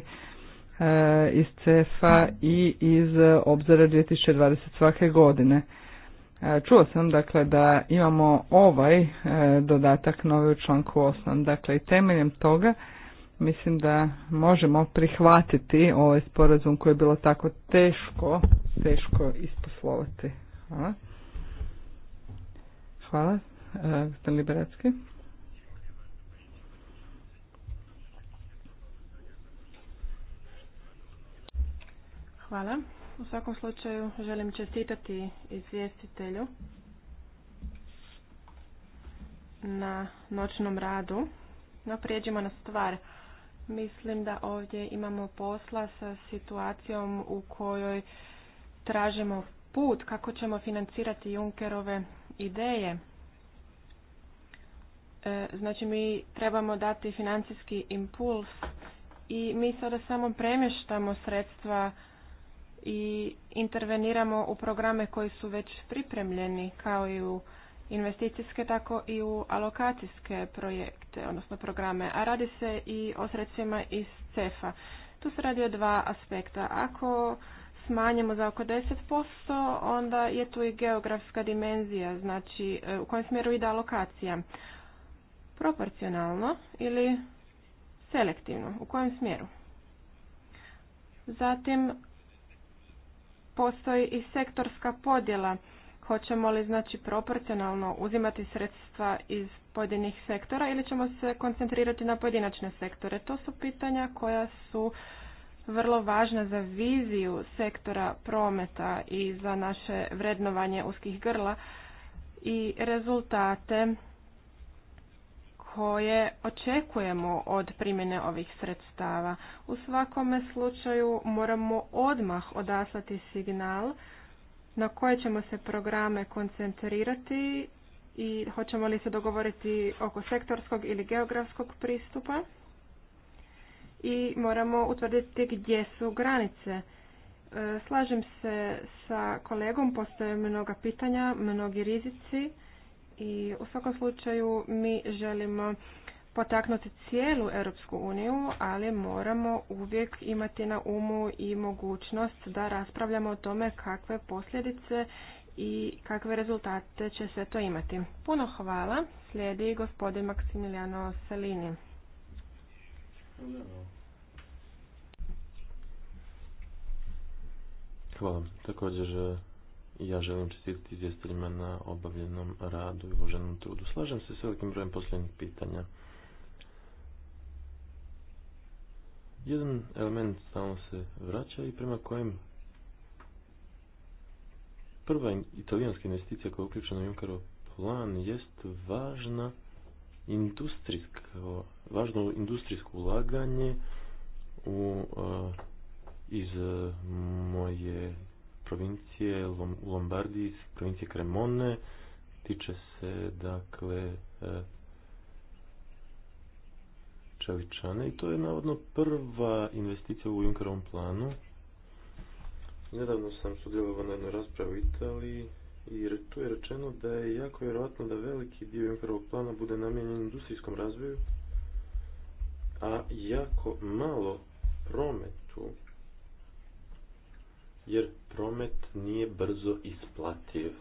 Speaker 2: e, iz CEFA i iz obzora 2020 svake godine. E, čuo sam dakle da imamo ovaj e, dodatak novi u članku 8. Dakle i temeljem toga mislim da možemo prihvatiti ovaj sporazum koji je bilo tako teško, teško isposlovati. Hvala. Hvala, gospodin Liberacki.
Speaker 3: Hvala. U svakom slučaju želim čestitati izvjestitelju na noćnom radu. No prijeđimo na stvar. Mislim da ovdje imamo posla sa situacijom u kojoj tražimo put kako ćemo financirati Junkerove ideje. E, znači mi trebamo dati financijski impuls i mi sada samo premještamo sredstva i interveniramo u programe koji su već pripremljeni kao i u investicijske tako i u alokacijske projekte, odnosno programe, a radi se i o sredstvima iz CEFA. Tu se radi o dva aspekta. Ako smanjimo za oko 10%, onda je tu i geografska dimenzija, znači e, u kojem smjeru ide alokacija. Proporcionalno ili selektivno, u kojem smjeru? Zatim postoji i sektorska podjela. Hoćemo li znači proporcionalno uzimati sredstva iz pojedinih sektora ili ćemo se koncentrirati na pojedinačne sektore? To su pitanja koja su vrlo važna za viziju sektora prometa i za naše vrednovanje uskih grla i rezultate koje očekujemo od primjene ovih sredstava. U svakome slučaju moramo odmah odaslati signal na koje ćemo se programe koncentrirati i hoćemo li se dogovoriti oko sektorskog ili geografskog pristupa i moramo utvrditi gdje su granice. E, slažem se sa kolegom, postoje mnoga pitanja, mnogi rizici i u svakom slučaju mi želimo potaknuti cijelu Europsku uniju, ali moramo uvijek imati na umu i mogućnost da raspravljamo o tome kakve posljedice i kakve rezultate će sve to imati. Puno hvala. Slijedi gospodin Maksimiliano Salini.
Speaker 1: Hvala. Također i ja želim čestitati izvjestiteljima na obavljenom radu i uloženom trudu. Slažem se s velikim brojem posljednjih pitanja. Jedan element stalno se vraća i prema kojem prva italijanska investicija koja je uključena u plan jest važna industrijsko, važno industrijsko ulaganje u, eh, iz moje provincije u Lombardiji, provincije Cremone tiče se dakle e, čeličane i to je navodno prva investicija u Junkerovom planu. Nedavno sam sudjelovao na jednoj raspravi u Italiji i tu je rečeno da je jako vjerojatno da veliki dio Junkerovog plana bude namijenjen industrijskom razvoju, a jako malo prometu jer promet nije brzo isplativ.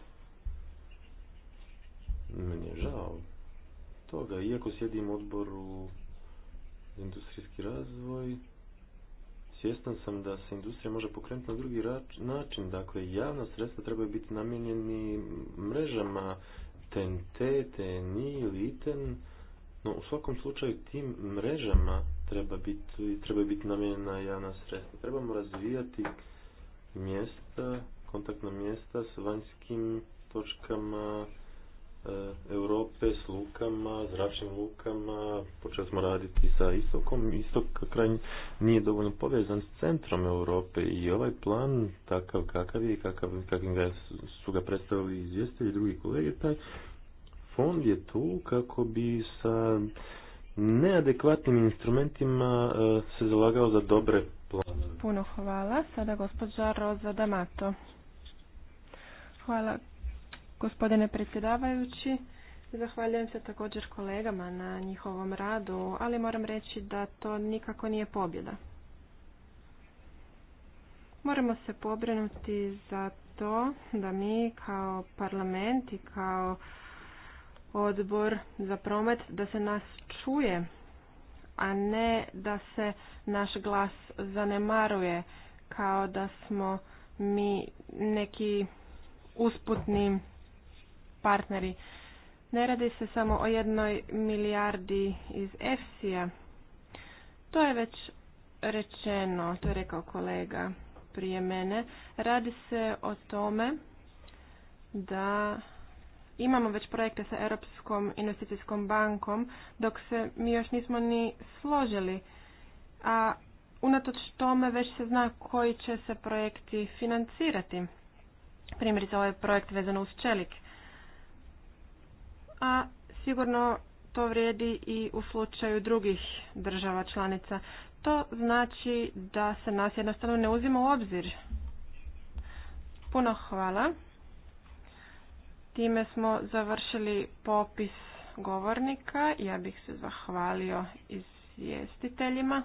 Speaker 1: Meni je žao toga, iako sjedim u odboru industrijski razvoj, svjestan sam da se industrija može pokrenuti na drugi način. Dakle, javna sredstva trebaju biti namijenjeni mrežama TNT, TNI ili ITEN, no u svakom slučaju tim mrežama treba biti, treba biti namijenjena javna sredstva. Trebamo razvijati mjesta, kontaktna mjesta s vanjskim točkama e, Europe s lukama, zračnim lukama, počeli smo raditi sa istokom, istok kraj nije dovoljno povezan s centrom Europe i ovaj plan takav kakav je, kakav, ga su ga predstavili izvjestitelji i drugi kolege, taj fond je tu kako bi sa neadekvatnim instrumentima e, se zalagao za dobre
Speaker 3: Puno hvala. Sada gospođa Roza D'Amato. Hvala gospodine predsjedavajući. Zahvaljujem se također kolegama na njihovom radu, ali moram reći da to nikako nije pobjeda. Moramo se pobrinuti za to da mi kao parlament i kao odbor za promet da se nas čuje a ne da se naš glas zanemaruje kao da smo mi neki usputni partneri. Ne radi se samo o jednoj milijardi iz EFSI-a. To je već rečeno, to je rekao kolega prije mene. Radi se o tome da imamo već projekte sa Europskom investicijskom bankom, dok se mi još nismo ni složili. A unatoč tome već se zna koji će se projekti financirati. Primjerice ovaj projekt vezano uz čelik. A sigurno to vrijedi i u slučaju drugih država članica. To znači da se nas jednostavno ne uzima u obzir. Puno hvala. Time smo završili popis govornika. Ja bih se zahvalio izvjestiteljima.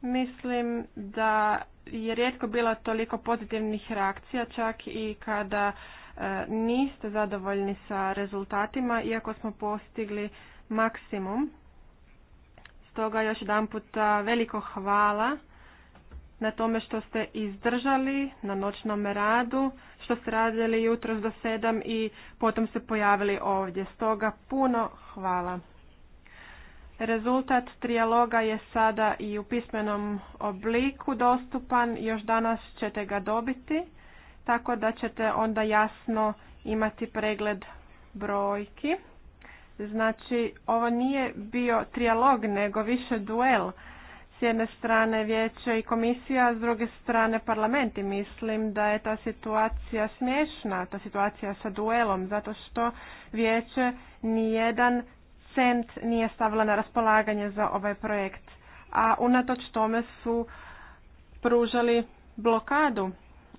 Speaker 3: Mislim da je rijetko bila toliko pozitivnih reakcija, čak i kada e, niste zadovoljni sa rezultatima, iako smo postigli maksimum. Stoga još jedan puta veliko hvala na tome što ste izdržali na noćnom radu, što ste radili jutros do sedam i potom se pojavili ovdje. Stoga puno hvala. Rezultat trijaloga je sada i u pismenom obliku dostupan, još danas ćete ga dobiti, tako da ćete onda jasno imati pregled brojki. Znači, ovo nije bio trijalog, nego više duel s jedne strane vijeće i komisija, s druge strane parlament i mislim da je ta situacija smiješna, ta situacija sa duelom, zato što vijeće nijedan cent nije stavila na raspolaganje za ovaj projekt, a unatoč tome su pružali blokadu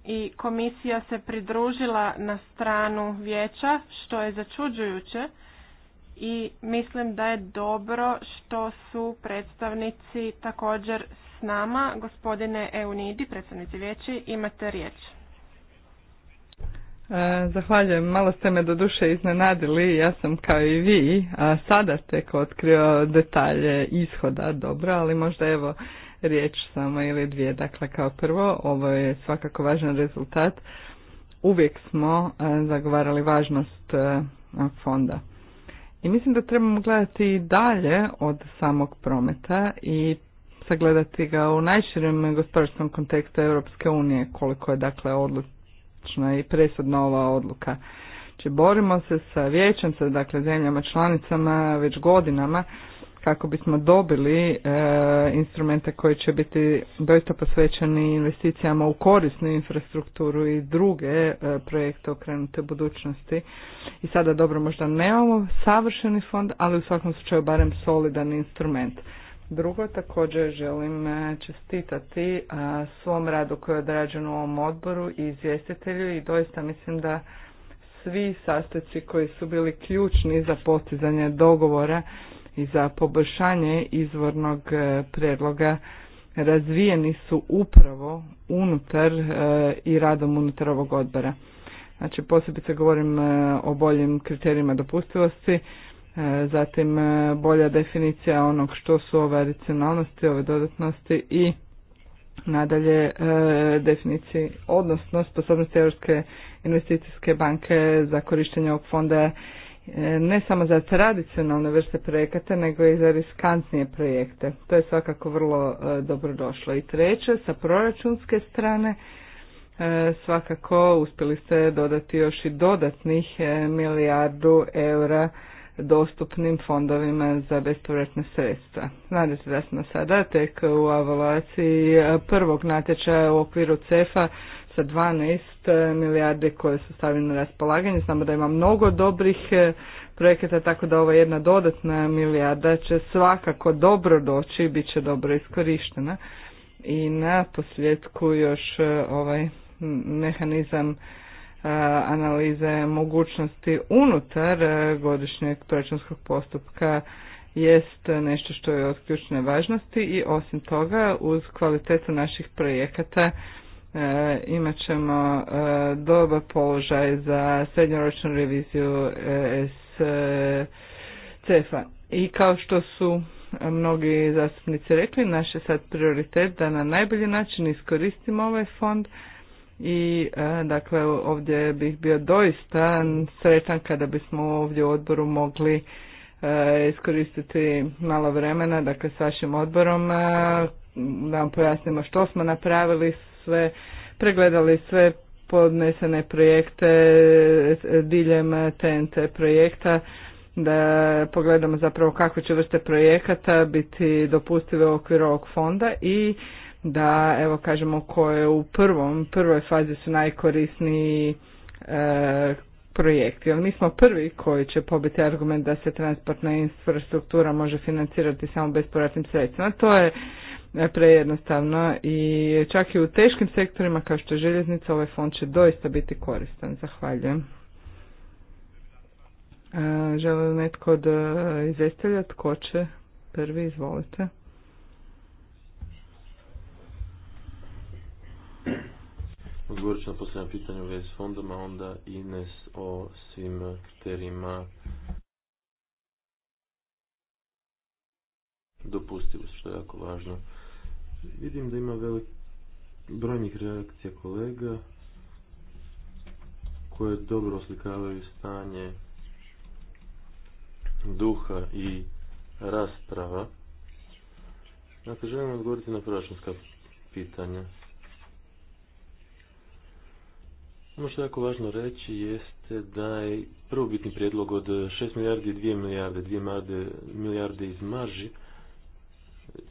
Speaker 3: i komisija se pridružila na stranu vijeća, što je začuđujuće, i mislim da je dobro što su predstavnici također s nama. Gospodine Eunidi, predstavnici vijeći, imate riječ.
Speaker 2: E, zahvaljujem, malo ste me do duše iznenadili, ja sam kao i vi, a sada tek otkrio detalje ishoda, dobro, ali možda evo riječ samo ili dvije. Dakle, kao prvo, ovo je svakako važan rezultat. Uvijek smo e, zagovarali važnost e, fonda. I mislim da trebamo gledati i dalje od samog prometa i sagledati ga u najširem gospodarskom kontekstu Europske unije, koliko je dakle odlučna i presudna ova odluka. Če znači, borimo se sa vijećem, sa dakle zemljama članicama već godinama kako bismo dobili e, instrumente koji će biti doista posvećeni investicijama u korisnu infrastrukturu i druge e, projekte okrenute budućnosti. I sada dobro možda nemamo savršeni fond, ali u svakom slučaju barem solidan instrument. Drugo, također želim e, čestitati svom radu koji je odrađen u ovom odboru i izvjestitelju i doista mislim da svi sastojci koji su bili ključni za postizanje dogovora i za poboljšanje izvornog e, predloga razvijeni su upravo unutar e, i radom unutar ovog odbora. Znači posebice govorim e, o boljim kriterijima dopustivosti, zatim bolja definicija onog što su ove adicionalnosti, ove dodatnosti i nadalje definiciji, odnosno sposobnosti Europske investicijske banke za korištenje ovog fonda E, ne samo za tradicionalne vrste projekata, nego i za riskantnije projekte. To je svakako vrlo e, dobro došlo. I treće, sa proračunske strane, e, svakako uspjeli ste dodati još i dodatnih milijardu eura dostupnim fondovima za bespovratne sredstva. se da smo sada tek u avalaciji prvog natječaja u okviru CEFA 12 milijarde koje su stavljene na raspolaganje. Znamo da ima mnogo dobrih e, projekata, tako da ova jedna dodatna milijarda će svakako dobro doći i bit će dobro iskorištena. I na posljedku još e, ovaj mehanizam e, analize mogućnosti unutar godišnjeg proračunskog postupka jest nešto što je od ključne važnosti i osim toga uz kvalitetu naših projekata E, imat ćemo e, dobar položaj za srednjoročnu reviziju e, CEFA. I kao što su mnogi zastupnici rekli, naš je sad prioritet da na najbolji način iskoristimo ovaj fond i e, dakle ovdje bih bio doista sretan kada bismo ovdje u odboru mogli iskoristiti malo vremena, dakle s vašim odborom da vam pojasnimo što smo napravili sve, pregledali sve podnesene projekte diljem TNT projekta da pogledamo zapravo kakve će vrste projekata biti dopustive u okviru ovog fonda i da evo kažemo koje u prvom, prvoj fazi su najkorisniji e, projekti. jer mi smo prvi koji će pobiti argument da se transportna infrastruktura može financirati samo bespovratnim sredstvima. To je E, prejednostavno i čak i u teškim sektorima kao što je željeznica ovaj fond će doista biti koristan. Zahvaljujem. E, želi netko od e, izvestelja tko će prvi, izvolite.
Speaker 1: Odgovorit ću na posljedno pitanje u vezi s a onda Ines o svim kriterijima dopustivosti, što je jako važno. Vidim da ima velik brojnih reakcija kolega koje dobro oslikavaju stanje duha i rasprava. Dakle, želim odgovoriti na proračunska pitanja. Ono što je jako važno reći jeste da je prvobitni prijedlog od 6 milijardi i 2 milijarde, 2 milijarde, milijarde iz marži,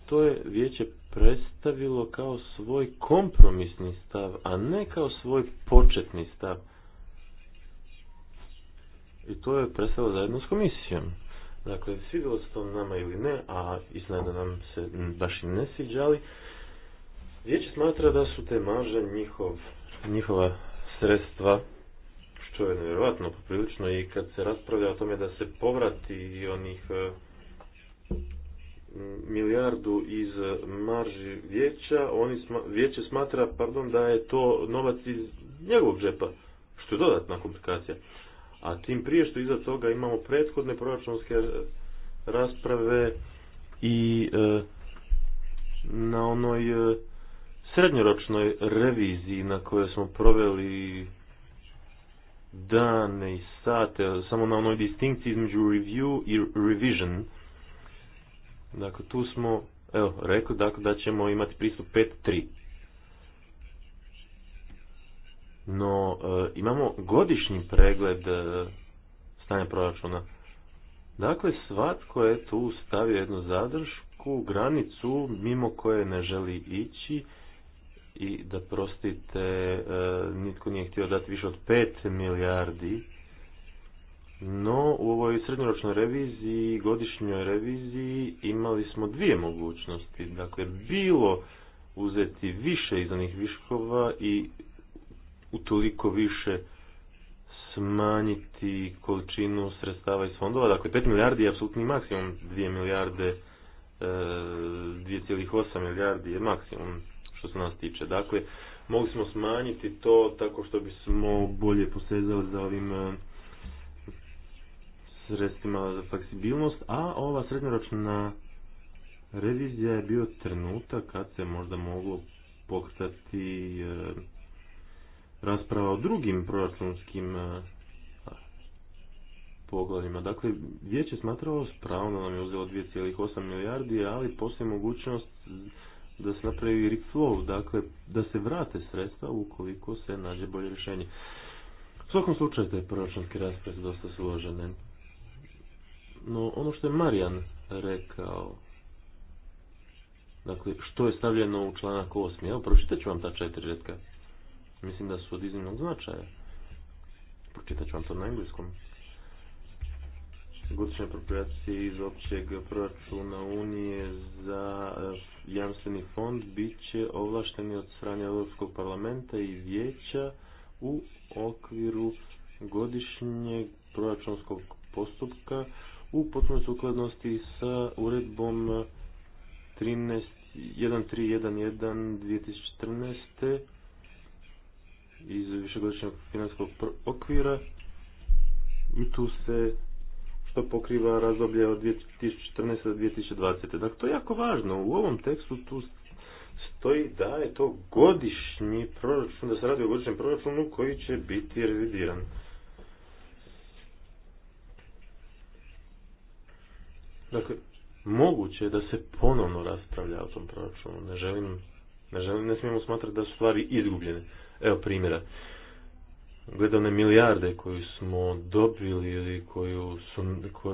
Speaker 1: to je vijeće predstavilo kao svoj kompromisni stav, a ne kao svoj početni stav. I to je predstavilo zajedno s komisijom. Dakle, svidjelo se to nama ili ne, a da nam se baš i ne sviđali. smatra da su te maže njihov, njihova sredstva, što je nevjerojatno poprilično, i kad se raspravlja o tome da se povrati onih e, milijardu iz marži vijeća, oni sma, vijeće smatra pardon, da je to novac iz njegovog džepa, što je dodatna komplikacija. A tim prije što iza toga imamo prethodne proračunske rasprave i e, na onoj e, srednjoročnoj reviziji na kojoj smo proveli dane i sate, samo na onoj distinkciji između review i revision, Dakle, tu smo evo, rekli dakle, da ćemo imati pristup 5.3. No, e, imamo godišnji pregled e, stanja proračuna. Dakle, svatko je tu stavio jednu zadršku, granicu mimo koje ne želi ići i da prostite, e, nitko nije htio dati više od 5 milijardi no, u ovoj srednjoročnoj reviziji godišnjoj reviziji imali smo dvije mogućnosti. Dakle, bilo uzeti više iz onih viškova i utoliko više smanjiti količinu sredstava iz fondova. Dakle, 5 milijardi je apsolutni maksimum, 2 milijarde, 2,8 e, milijardi je maksimum što se nas tiče. Dakle, mogli smo smanjiti to tako što bismo bolje posezali za ovim e, sredstvima za fleksibilnost, a ova srednjoročna revizija je bio trenutak kad se možda moglo pokretati e, rasprava o drugim proračunskim e, pogledima. Dakle, vijeće smatralo spravno nam je uzelo 2,8 milijardi, ali postoji mogućnost da se napravi reflow, dakle da se vrate sredstva ukoliko se nađe bolje rješenje. U svakom slučaju te proračunske rasprave su dosta složene. No, ono što je Marijan rekao, dakle, što je stavljeno u članak 8. Evo, pročitat ću vam ta četiri redka. Mislim da su od iznimnog značaja. Pročitat ću vam to na engleskom. Godišnje apropriacije iz općeg proračuna Unije za eh, jamstveni fond bit će ovlašteni od strane Europskog parlamenta i vijeća u okviru godišnjeg proračunskog postupka u potpunoj sukladnosti sa uredbom 13, 1311 2014 iz višegodišnjeg financijskog okvira i tu se što pokriva razdoblje od 2014. do 2020. Dakle, to je jako važno. U ovom tekstu tu stoji da je to godišnji proračun, da se radi o godišnjem proračunu koji će biti revidiran. Dakle, moguće je da se ponovno raspravlja o tom proračunu. Ne želim, ne smijemo smatrati da su stvari izgubljene. Evo primjera. Gleda one milijarde koju smo dobili ili koju su,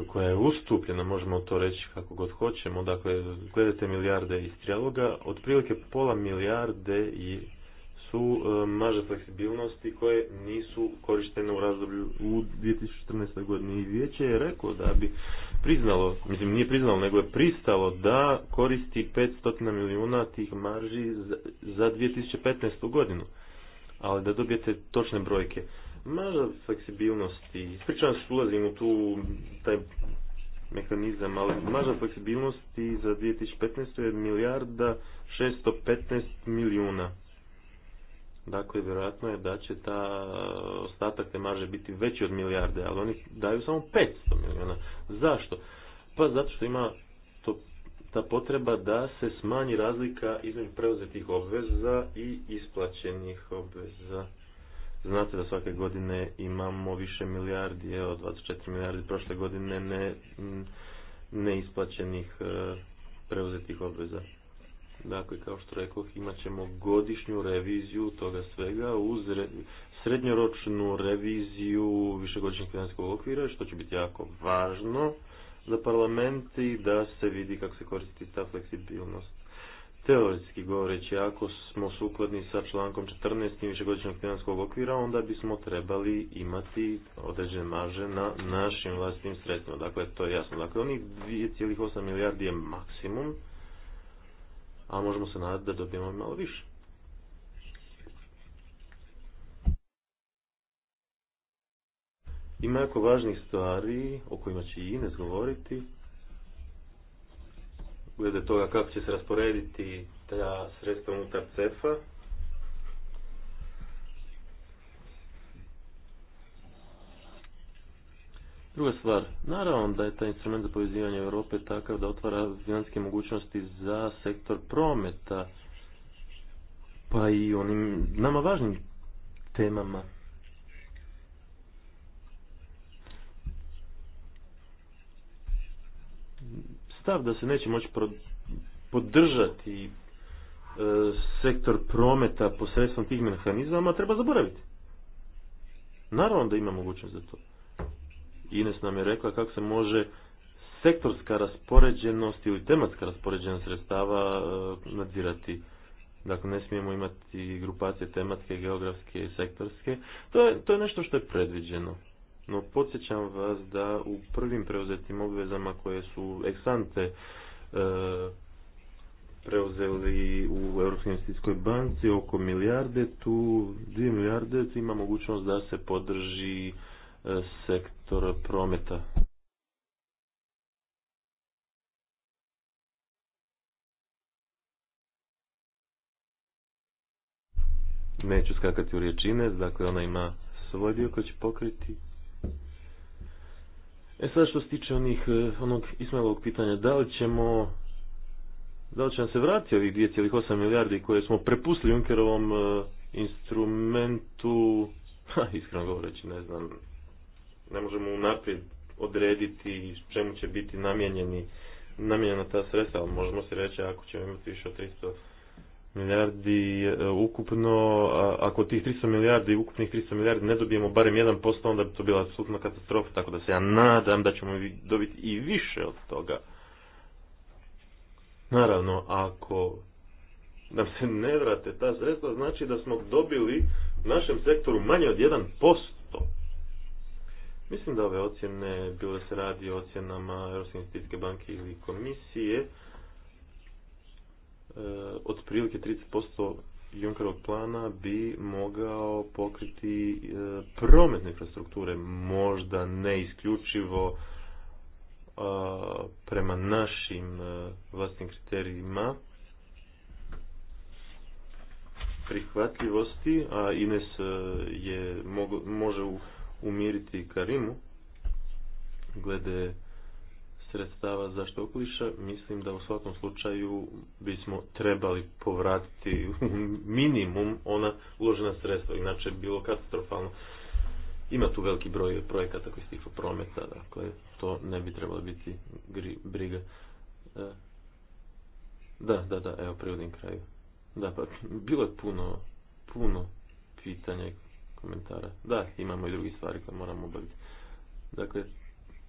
Speaker 1: koja je ustupljena, možemo to reći kako god hoćemo, dakle, gledajte milijarde iz trijaloga, otprilike pola milijarde i su e, maže fleksibilnosti koje nisu korištene u razdoblju u 2014. godini i vijeće je rekao da bi priznalo, mislim nije priznalo, nego je pristalo da koristi 500 milijuna tih marži za, 2015. godinu. Ali da dobijete točne brojke. Marža fleksibilnosti, ispričavam se ulazim u tu, taj mehanizam, ali marža fleksibilnosti za 2015. je milijarda 615 milijuna. Dakle, vjerojatno je da će ta ostatak te marže biti veći od milijarde, ali oni daju samo 500 milijuna. Zašto? Pa zato što ima to, ta potreba da se smanji razlika između preuzetih obveza i isplaćenih obveza. Znate da svake godine imamo više milijardi, evo 24 milijardi prošle godine ne, neisplaćenih e, preuzetih obveza. Dakle, kao što rekao, imat ćemo godišnju reviziju toga svega uz srednjoročnu reviziju višegodišnjeg financijskog okvira, što će biti jako važno za parlament i da se vidi kako se koristi ta fleksibilnost. Teoretski govoreći, ako smo sukladni sa člankom 14. višegodišnjeg financijskog okvira, onda bismo trebali imati određene marže na našim vlastnim sredstvima. Dakle, to je jasno. Dakle, onih 2,8 milijardi je maksimum a možemo se nadati da dobijemo malo više. Ima jako važnih stvari o kojima će i Ines govoriti. Glede toga kako će se rasporediti ta sredstva unutar CEFA. Druga stvar, naravno da je taj instrument za povezivanje Europe takav da otvara financijske mogućnosti za sektor prometa, pa i onim nama važnim temama. Stav da se neće moći podržati e, sektor prometa posredstvom tih mehanizama treba zaboraviti. Naravno da ima mogućnost za to. Ines nam je rekla kako se može sektorska raspoređenost ili tematska raspoređenost sredstava e, nadzirati. Dakle, ne smijemo imati grupacije tematske, geografske i sektorske. To je, to je nešto što je predviđeno. No, podsjećam vas da u prvim preuzetim obvezama koje su eksante e, preuzeli u Europskoj investicijskoj banci oko milijarde, tu dvije milijarde ima mogućnost da se podrži sektor prometa. Neću skakati u riječine, dakle ona ima svoj dio koji će pokriti. E sad što se tiče onih, e, onog Ismailovog pitanja, da li ćemo da li će nam se vratiti ovih 2,8 milijardi koje smo prepustili Junkerovom e, instrumentu, ha, iskreno govoreći ne znam, ne možemo unaprijed odrediti čemu će biti namijenjeni namijenjena ta sredstva, ali možemo se reći ako ćemo imati više od 300 milijardi e, ukupno, ako tih 300 milijardi, ukupnih 300 milijardi ne dobijemo barem 1%, onda bi to bila apsolutna katastrofa, tako da se ja nadam da ćemo dobiti i više od toga. Naravno, ako nam se ne vrate ta sredstva, znači da smo dobili u našem sektoru manje od 1%. Mislim da ove ocjene, bilo se radi o ocjenama Europske investicijske banke ili komisije, e, otprilike 30% Junkerovog plana bi mogao pokriti e, prometne infrastrukture, možda ne isključivo e, prema našim vlastnim kriterijima prihvatljivosti, a Ines je, može u umiriti Karimu glede sredstava zašto okoliša, mislim da u svakom slučaju bismo trebali povratiti minimum ona uložena sredstva, inače bilo katastrofalno. Ima tu veliki broj projekata koji stifu prometa, dakle to ne bi trebalo biti briga. E, da, da, da, evo prirodnim kraju. Da, pa bilo je puno, puno pitanja i komentara. Da, imamo i drugi stvari koje moramo obaviti. Dakle,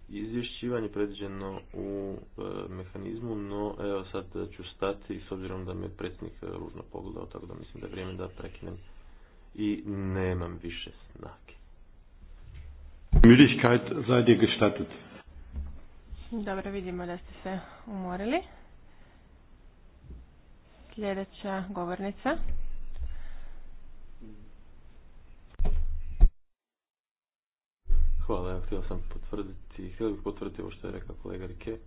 Speaker 1: izvješćivanje predviđeno u e, mehanizmu, no evo sad ću stati s obzirom da me predsjednik e, ružno pogledao, tako da mislim da je vrijeme da prekinem i nemam više snake. Müdigkeit sei dir gestattet.
Speaker 3: Dobro, vidimo da ste se umorili. Sljedeća govornica.
Speaker 1: Hvala, ja htio sam potvrditi, htio bih potvrditi ovo što je rekao kolega Rike.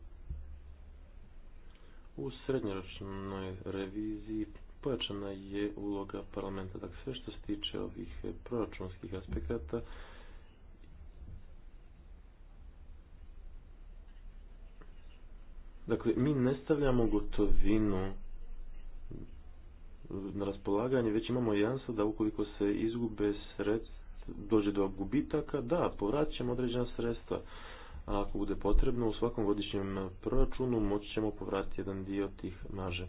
Speaker 1: U srednjoročnoj reviziji pojačana je uloga parlamenta. Dakle, sve što se tiče ovih proračunskih aspekata, Dakle, mi ne stavljamo gotovinu na raspolaganje, već imamo jedan da ukoliko se izgube sredstva, dođe do gubitaka, da, ćemo određena sredstva. A ako bude potrebno, u svakom godišnjem proračunu moći ćemo povratiti jedan dio tih maže.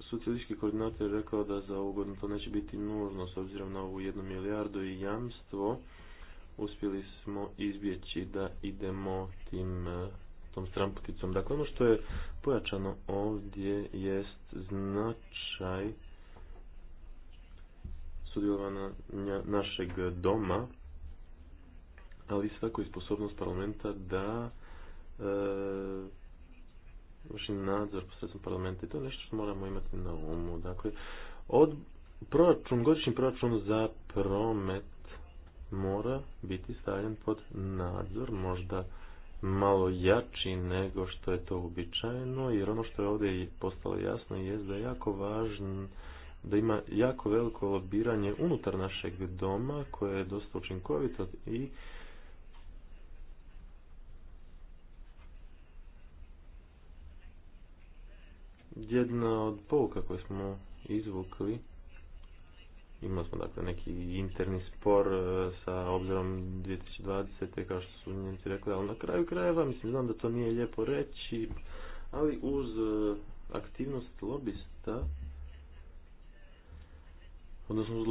Speaker 1: Socijalistički koordinator je rekao da za ovu godinu to neće biti nužno s obzirom na ovu jednu milijardu i jamstvo. Uspjeli smo izbjeći da idemo tim eh, tom stramputicom. Dakle, ono što je pojačano ovdje jest značaj sudjelovanja našeg doma, ali isto i sposobnost parlamenta da e, nadzor posredstvom parlamenta i to je nešto što moramo imati na umu. Dakle, od proračun, godišnji proračun za promet mora biti stavljen pod nadzor, možda malo jači nego što je to uobičajeno, jer ono što je ovdje postalo jasno je da je jako važno da ima jako veliko lobiranje unutar našeg doma koje je dosta učinkovito i jedna od pouka koje smo izvukli imali smo dakle neki interni spor e, sa obzirom 2020. kao što su njenici rekli, ali na kraju krajeva, mislim, znam da to nije lijepo reći, ali uz e, aktivnost lobista odnosno uz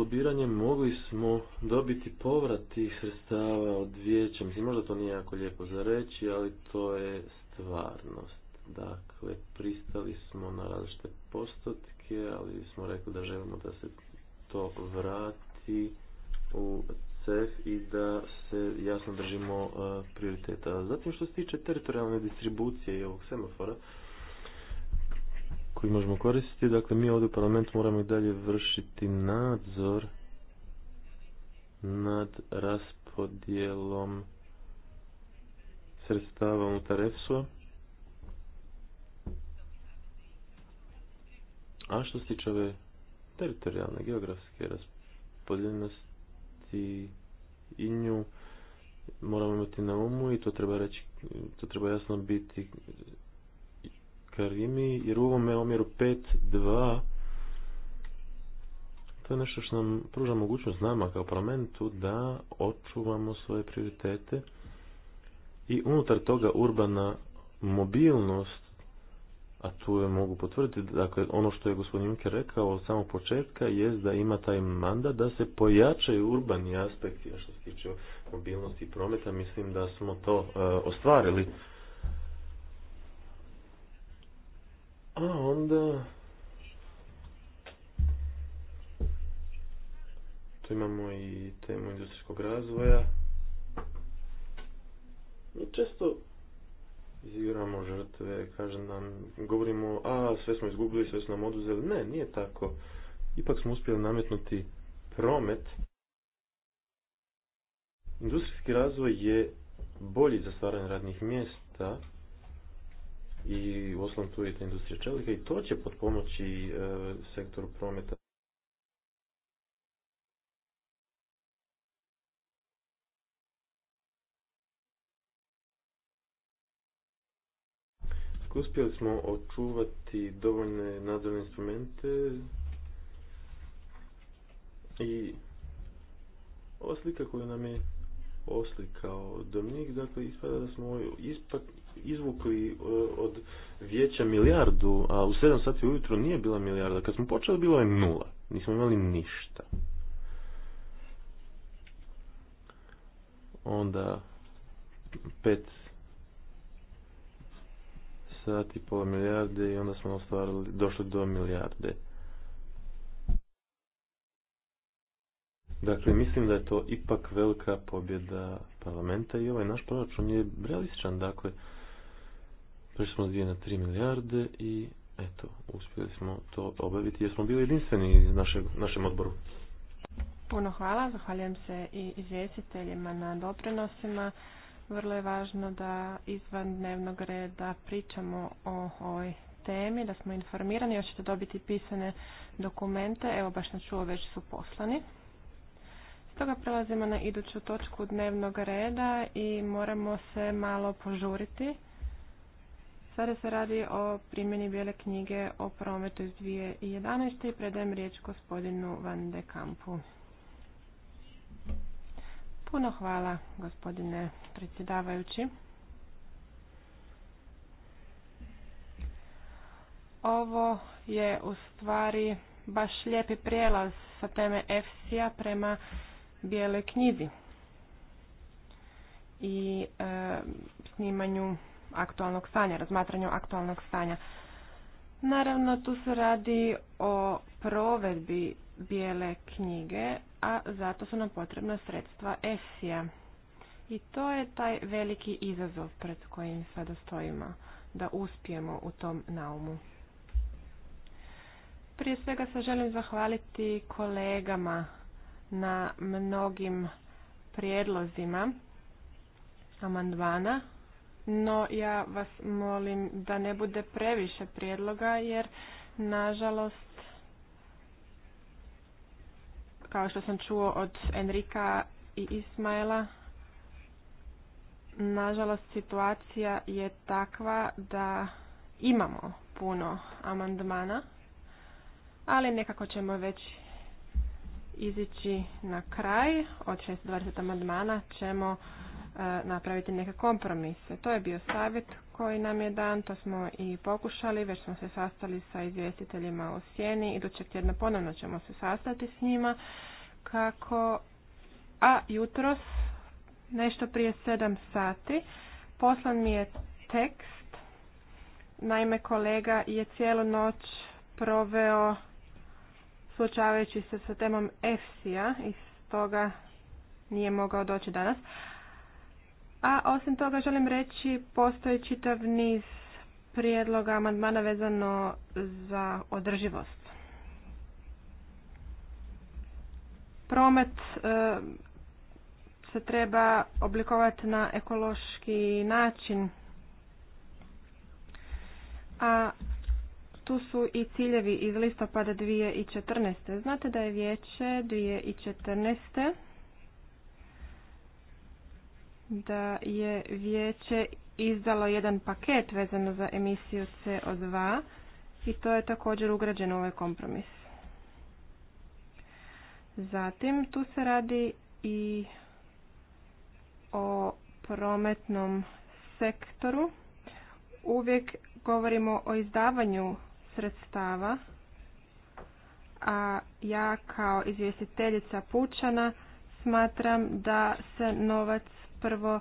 Speaker 1: mogli smo dobiti povrat tih sredstava od vijeća. Mislim, možda to nije jako lijepo za reći, ali to je stvarnost. Dakle, pristali smo na različite postotke, ali smo rekli da želimo da se to vrati u CEF i da se jasno držimo e, prioriteta. Zatim što se tiče teritorijalne distribucije i ovog semafora, koji možemo koristiti. Dakle, mi ovdje u parlamentu moramo i dalje vršiti nadzor nad raspodjelom sredstava unutar EFSO-a. što se tiče ove teritorijalne, geografske raspodjeljenosti i nju moramo imati na umu i to treba reći, to treba jasno biti Karimi jer u ovome omjeru 5-2 to je nešto što nam pruža mogućnost nama kao parlamentu da očuvamo svoje prioritete i unutar toga urbana mobilnost, a tu je mogu potvrditi, dakle ono što je gospodin Juncker rekao od samog početka jest da ima taj mandat da se pojačaju urbani aspekti, što se tiče mobilnosti i prometa, mislim da smo to e, ostvarili. A onda... Tu imamo i temu industrijskog razvoja. Mi često izigramo žrtve, kažem nam, govorimo, a sve smo izgubili, sve smo nam oduzeli. Ne, nije tako. Ipak smo uspjeli nametnuti promet. Industrijski razvoj je bolji za stvaranje radnih mjesta, i u osnovu je industrija čelika i to će pomoći e, sektoru prometa uspjeli smo očuvati dovoljne nadzorne instrumente i slika koju nam je oslikao Dominik, dakle ispada da smo ispak izvukli e, od vijeća milijardu, a u 7 sati ujutro nije bila milijarda. Kad smo počeli bilo je nula. Nismo imali ništa. Onda pet sati pola milijarde i onda smo ostvarili, došli do milijarde. Dakle, mislim da je to ipak velika pobjeda parlamenta i ovaj naš proračun je realističan. Dakle, Prešli smo dvije na tri milijarde i eto, uspjeli smo to obaviti jer smo bili jedinstveni iz našeg, našem odboru.
Speaker 3: Puno hvala, zahvaljujem se i izvjestiteljima na doprinosima. Vrlo je važno da izvan dnevnog reda pričamo o ovoj temi, da smo informirani, još ćete dobiti pisane dokumente, evo baš sam čuo već su poslani. Stoga prelazimo na iduću točku dnevnog reda i moramo se malo požuriti. Sada se radi o primjeni bijele knjige o prometu iz 2011. i predajem riječ gospodinu Van de Kampu. Puno hvala gospodine predsjedavajući. Ovo je u stvari baš lijepi prijelaz sa teme EFSI-a prema bijeloj knjizi i e, snimanju aktualnog stanja, razmatranju aktualnog stanja. Naravno, tu se radi o provedbi bijele knjige, a zato su nam potrebna sredstva ESI-a. I to je taj veliki izazov pred kojim sada stojimo, da uspijemo u tom naumu. Prije svega se želim zahvaliti kolegama na mnogim prijedlozima amandmana no ja vas molim da ne bude previše prijedloga jer nažalost kao što sam čuo od Enrika i Ismaela nažalost situacija je takva da imamo puno amandmana ali nekako ćemo već izići na kraj od 620 amandmana ćemo napraviti neke kompromise. To je bio savjet koji nam je dan, to smo i pokušali, već smo se sastali sa izvjestiteljima u Sjeni, idućeg tjedna ponovno ćemo se sastati s njima, kako, a jutros, nešto prije sedam sati, poslan mi je tekst, naime kolega je cijelu noć proveo suočavajući se sa temom EFSI-a i stoga nije mogao doći danas, a osim toga želim reći postoji čitav niz prijedloga amandmana vezano za održivost. Promet e, se treba oblikovati na ekološki način, a tu su i ciljevi iz listopada 2014. Znate da je vijeće 2014 da je vijeće izdalo jedan paket vezano za emisiju CO2 i to je također ugrađeno u ovaj kompromis. Zatim tu se radi i o prometnom sektoru. Uvijek govorimo o izdavanju sredstava, a ja kao izvjestiteljica Pučana smatram da se novac prvo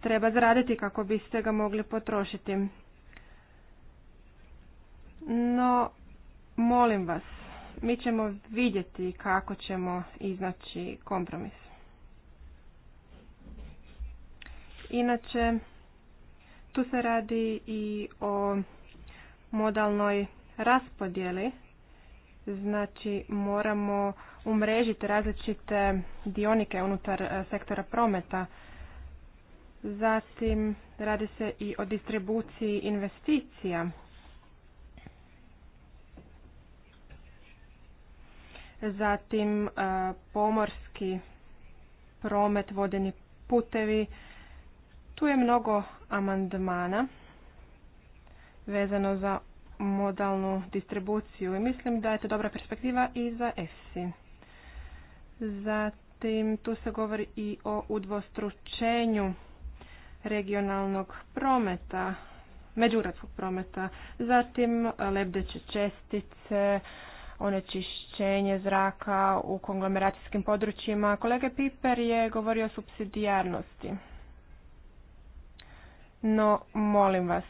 Speaker 3: treba zaraditi kako biste ga mogli potrošiti. No, molim vas, mi ćemo vidjeti kako ćemo iznaći kompromis. Inače, tu se radi i o modalnoj raspodjeli, znači moramo umrežiti različite dionike unutar eh, sektora prometa. Zatim radi se i o distribuciji investicija. Zatim e, pomorski promet, vodeni putevi. Tu je mnogo amandmana vezano za modalnu distribuciju i mislim da je to dobra perspektiva i za EFSI. Zatim tu se govori i o udvostručenju regionalnog prometa, međugradskog prometa, zatim lebdeće čestice, onečišćenje zraka u konglomeracijskim područjima. Kolega Piper je govorio o subsidijarnosti. No, molim vas,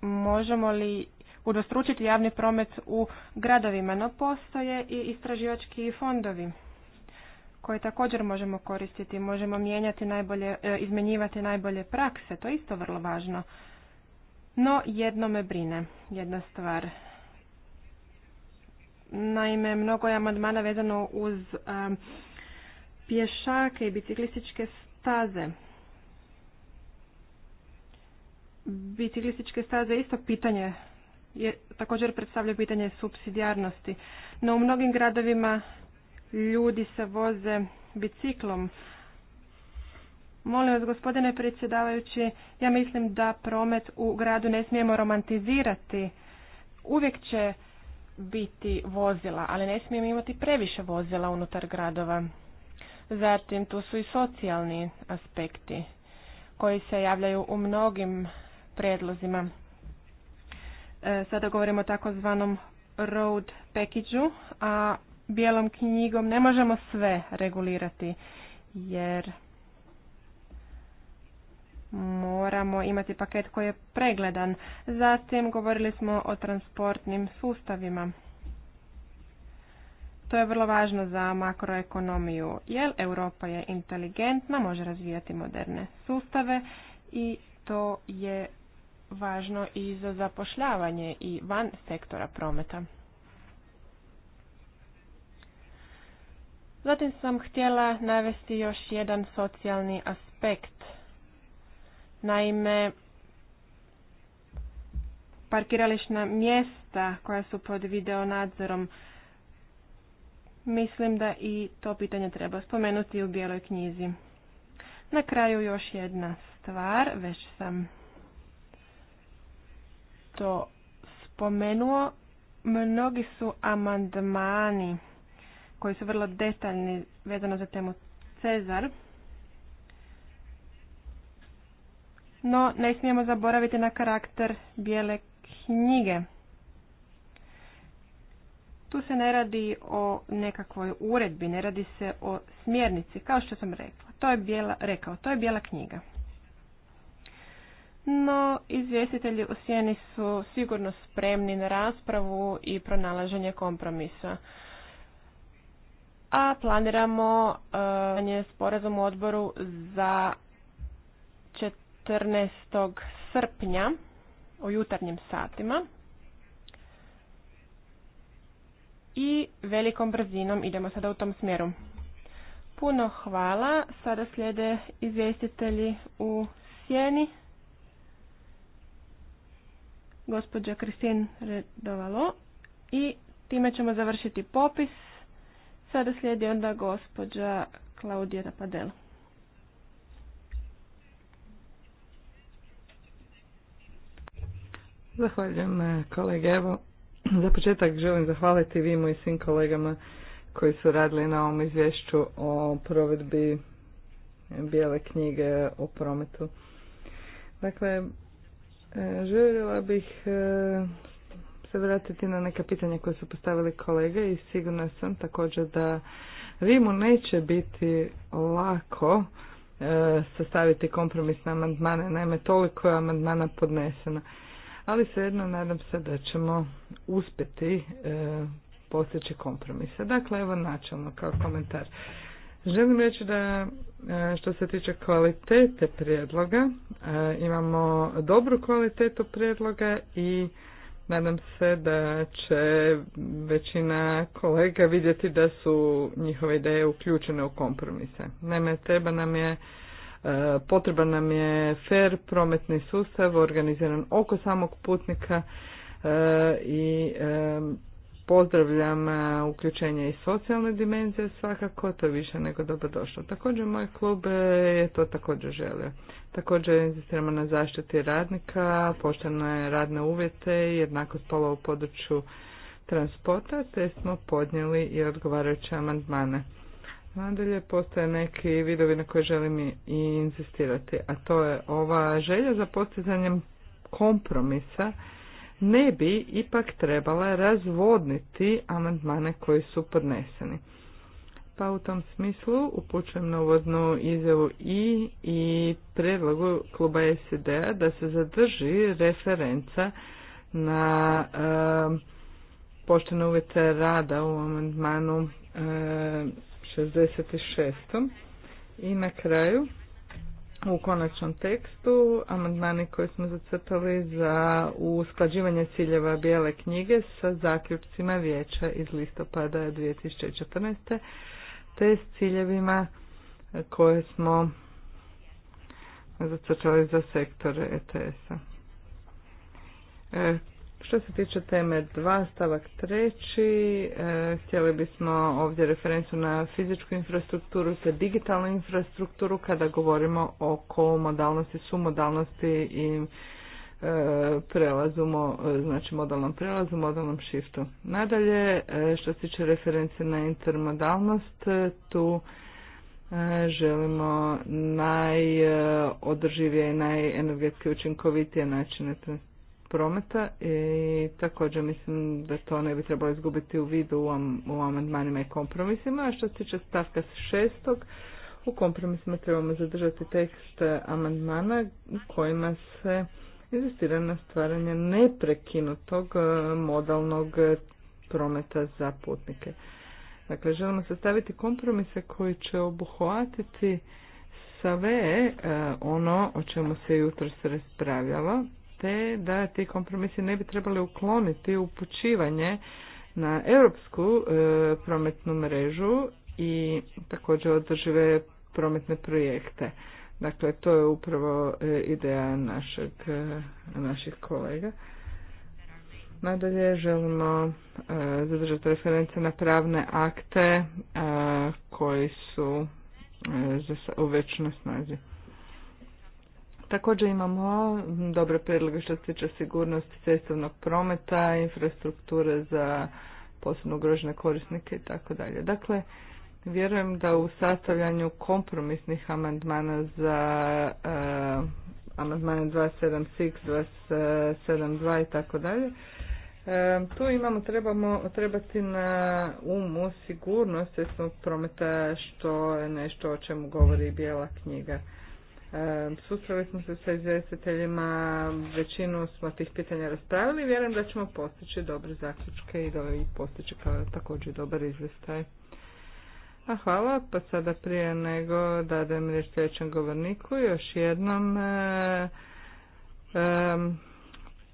Speaker 3: možemo li udostručiti javni promet u gradovima, no postoje i istraživački fondovi koje također možemo koristiti. Možemo mijenjati najbolje, e, izmenjivati najbolje prakse, to je isto vrlo važno. No jedno me brine, jedna stvar. Naime, mnogo je amandmana vezano uz e, pješake i biciklističke staze. Biciklističke staze isto pitanje je također predstavlja pitanje subsidijarnosti. No u mnogim gradovima ljudi se voze biciklom. Molim vas, gospodine predsjedavajući, ja mislim da promet u gradu ne smijemo romantizirati. Uvijek će biti vozila, ali ne smijemo imati previše vozila unutar gradova. Zatim tu su i socijalni aspekti koji se javljaju u mnogim predlozima. E, sada govorimo o takozvanom road package-u, a bijelom knjigom ne možemo sve regulirati jer moramo imati paket koji je pregledan. Zatim govorili smo o transportnim sustavima. To je vrlo važno za makroekonomiju, jer Europa je inteligentna, može razvijati moderne sustave i to je važno i za zapošljavanje i van sektora prometa. Zatim sam htjela navesti još jedan socijalni aspekt. Naime, parkirališna mjesta koja su pod video nadzorom, mislim da i to pitanje treba spomenuti u bijeloj knjizi. Na kraju još jedna stvar, već sam to spomenuo. Mnogi su amandmani koji su vrlo detaljni vezano za temu Cezar. No, ne smijemo zaboraviti na karakter bijele knjige. Tu se ne radi o nekakvoj uredbi, ne radi se o smjernici, kao što sam rekla. To je bijela, rekao, to je bijela knjiga. No, izvjestitelji u sjeni su sigurno spremni na raspravu i pronalaženje kompromisa a planiramo nje sporazum u odboru za 14. srpnja u jutarnjim satima i velikom brzinom idemo sada u tom smjeru. Puno hvala. Sada slijede izvjestitelji u sjeni. Gospođa Kristin Redovalo. I time ćemo završiti popis. Sada slijedi onda gospođa Klaudija Rapadela.
Speaker 2: Zahvaljujem eh, kolege. Evo, za početak želim zahvaliti vi i svim kolegama koji su radili na ovom izvješću o provedbi bijele knjige o prometu. Dakle, eh, željela bih eh, se vratiti na neka pitanja koje su postavili kolege i sigurna sam također da Rimu neće biti lako e, sastaviti kompromisne amandmane, naime toliko je amandmana podnesena. Ali svejedno nadam se da ćemo uspjeti e, postići kompromise. Dakle, evo načelno kao komentar. Želim reći da e, što se tiče kvalitete prijedloga, e, imamo dobru kvalitetu prijedloga i Nadam se da će većina kolega vidjeti da su njihove ideje uključene u kompromise. Naime, treba nam je e, potreban nam je fer prometni sustav organiziran oko samog putnika e, i e, pozdravljam e, uključenje i socijalne dimenzije svakako, to je više nego dobro Također moj klub e, je to također želio. Također insistiramo na zaštiti radnika, poštene radne uvjete i jednako spola u području transporta, te smo podnijeli i odgovarajuće amandmane. Nadalje postoje neki vidovi na koje želim i insistirati, a to je ova želja za postizanjem kompromisa ne bi ipak trebala razvodniti amandmane koji su podneseni. Pa u tom smislu upućujem na uvodnu izjavu i i predlagu kluba SED-a da se zadrži referenca na e, poštene uvjete rada u amandmanu e, 66. I na kraju u konačnom tekstu. Amandmani koje smo zacrtali za usklađivanje ciljeva bijele knjige sa zaključcima vijeća iz listopada 2014. te s ciljevima koje smo zacrtali za sektor ETS-a. E, što se tiče teme dva, stavak 3, e, htjeli bismo ovdje referencu na fizičku infrastrukturu te digitalnu infrastrukturu kada govorimo o komodalnosti, sumodalnosti i e, prelazu, e, znači modalnom prelazu, modalnom shiftu. Nadalje, što se tiče referencije na intermodalnost, tu želimo najodrživije i najenergetski učinkovitije načine prometa i također mislim da to ne bi trebalo izgubiti u vidu u, amandmanima i kompromisima. A što se tiče stavka šestog, u kompromisima trebamo zadržati tekst amandmana kojima se inzistira na stvaranje neprekinutog e, modalnog prometa za putnike. Dakle, želimo sastaviti kompromise koji će obuhvatiti sve e, ono o čemu se jutro se raspravljava, te da ti kompromisi ne bi trebali ukloniti upućivanje na europsku e, prometnu mrežu i također održive prometne projekte. Dakle, to je upravo e, ideja našeg, e, naših kolega. Nadalje želimo zadržati reference na pravne akte koji su u na snazi. Također imamo dobre predloge što se tiče sigurnosti cestovnog prometa, infrastrukture za posebno ugrožene korisnike i tako dalje. Dakle, vjerujem da u sastavljanju kompromisnih amandmana za e, amandmane 276, 272 i tako dalje, e, tu imamo, trebamo trebati na umu sigurnost cestovnog prometa što je nešto o čemu govori bijela knjiga. Susreli smo se sa izvjestiteljima, većinu smo tih pitanja raspravili i vjerujem da ćemo postići dobre zaključke i da postići kao također dobar izvještaj. A hvala, pa sada prije nego dadem riječ sljedećem govorniku, još jednom e,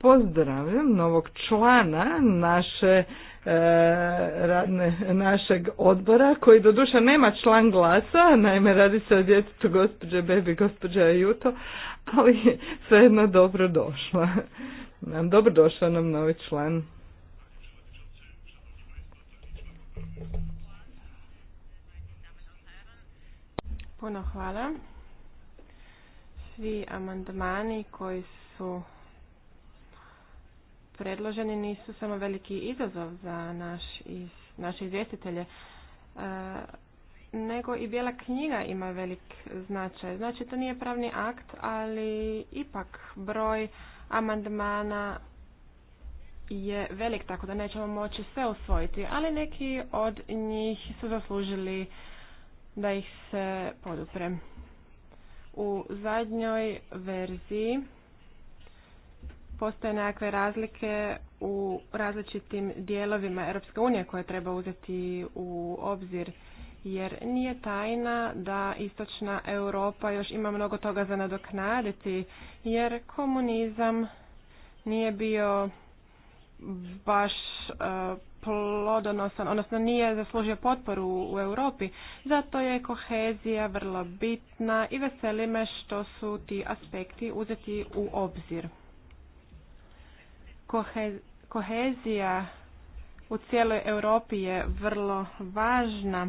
Speaker 2: pozdravljam novog člana naše E, radne našeg odbora koji doduše nema član glasa, naime radi se o djetetu gospođe Bebi, gospođa Juto, ali svejedno dobro došla. Nam dobro došla nam novi član.
Speaker 3: Puno hvala. Svi amandmani koji su predloženi nisu samo veliki izazov za naš, naše izvjestitelje, e, nego i bijela knjiga ima velik značaj. Znači to nije pravni akt, ali ipak broj amandmana je velik, tako da nećemo moći sve usvojiti, ali neki od njih su zaslužili da ih se podupre. U zadnjoj verziji postoje nekakve razlike u različitim dijelovima Europske unije koje treba uzeti u obzir jer nije tajna da istočna Europa još ima mnogo toga za nadoknaditi jer komunizam nije bio baš e, plodonosan, odnosno nije zaslužio potporu u Europi. Zato je kohezija vrlo bitna i veseli me što su ti aspekti uzeti u obzir. Kohezija u cijeloj Europi je vrlo važna,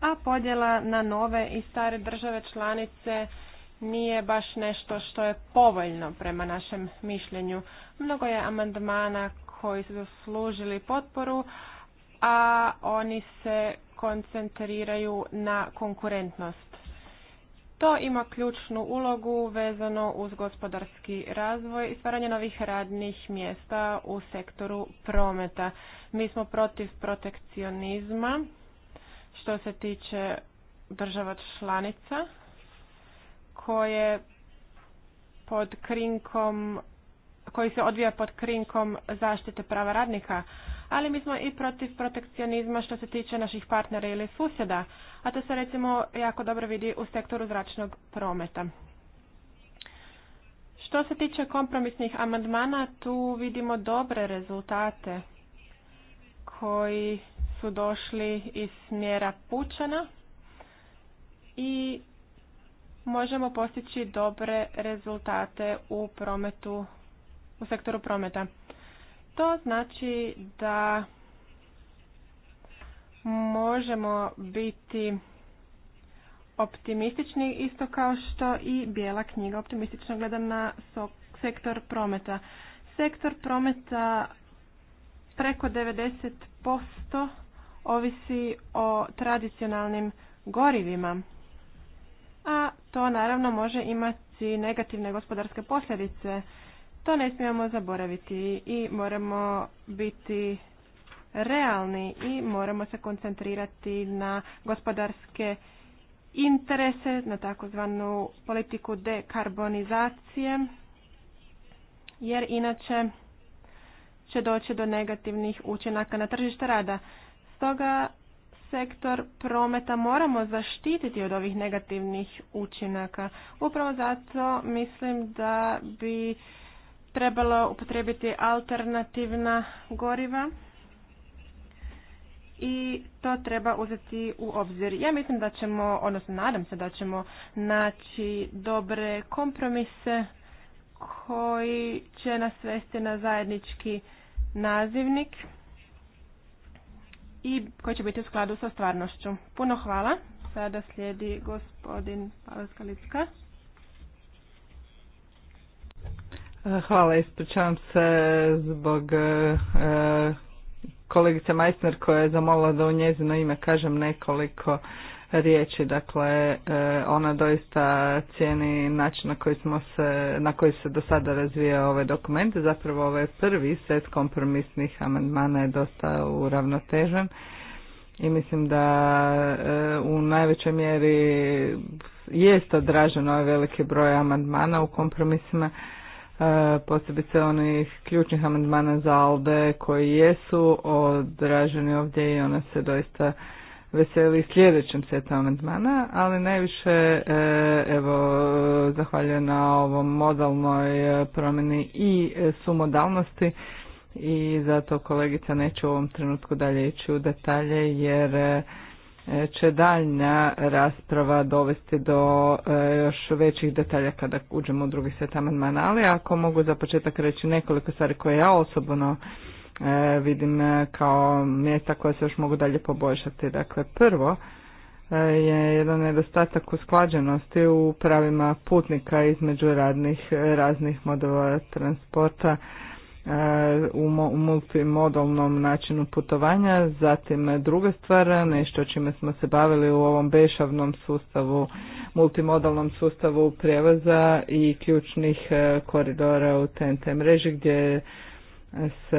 Speaker 3: a podjela na nove i stare države članice nije baš nešto što je povoljno prema našem mišljenju. Mnogo je amandmana koji su zaslužili potporu, a oni se koncentriraju na konkurentnost. To ima ključnu ulogu vezano uz gospodarski razvoj i stvaranje novih radnih mjesta u sektoru prometa. Mi smo protiv protekcionizma što se tiče država članica koje pod krinkom koji se odvija pod krinkom zaštite prava radnika ali mi smo i protiv protekcionizma što se tiče naših partnera ili susjeda, a to se recimo jako dobro vidi u sektoru zračnog prometa. Što se tiče kompromisnih amandmana, tu vidimo dobre rezultate koji su došli iz smjera pučana i možemo postići dobre rezultate u prometu u sektoru prometa. To znači da možemo biti optimistični isto kao što i bijela knjiga optimistično gleda na sektor prometa. Sektor prometa preko 90% ovisi o tradicionalnim gorivima. A to naravno može imati negativne gospodarske posljedice to ne smijemo zaboraviti i moramo biti realni i moramo se koncentrirati na gospodarske interese, na takozvanu politiku dekarbonizacije, jer inače će doći do negativnih učinaka na tržište rada. Stoga sektor prometa moramo zaštititi od ovih negativnih učinaka. Upravo zato mislim da bi trebalo upotrijebiti alternativna goriva i to treba uzeti u obzir. Ja mislim da ćemo, odnosno nadam se da ćemo naći dobre kompromise koji će nas svesti na zajednički nazivnik i koji će biti u skladu sa stvarnošću. Puno hvala. Sada slijedi gospodin Pavel Skalicka.
Speaker 2: Eh, hvala, ispričavam se eh, zbog eh, kolegice Majsner koja je zamolila da u njezino ime kažem nekoliko riječi. Dakle, ona doista cijeni način na koji, smo se, na koji se do sada razvija ove ovaj dokumente. Zapravo ovaj prvi set kompromisnih amandmana je dosta uravnotežen i mislim da u najvećoj mjeri jest odražen ovaj veliki broj amandmana u kompromisima E, posebice onih ključnih amandmana za ALDE koji jesu odraženi ovdje i ona se doista veseli sljedećem setu amandmana, ali najviše e, evo zahvaljujem na ovom modalnoj e, promjeni i sumodalnosti i zato kolegica neće u ovom trenutku dalje ići u detalje jer će daljnja rasprava dovesti do e, još većih detalja kada uđemo u drugi set amandmana, ali ako mogu za početak reći nekoliko stvari koje ja osobno e, vidim e, kao mjesta koja se još mogu dalje poboljšati. Dakle, prvo je jedan nedostatak usklađenosti u pravima putnika između radnih raznih modela transporta u multimodalnom načinu putovanja. Zatim druga stvar, nešto čime smo se bavili u ovom bešavnom sustavu, multimodalnom sustavu prijevoza i ključnih e, koridora u TNT mreži gdje se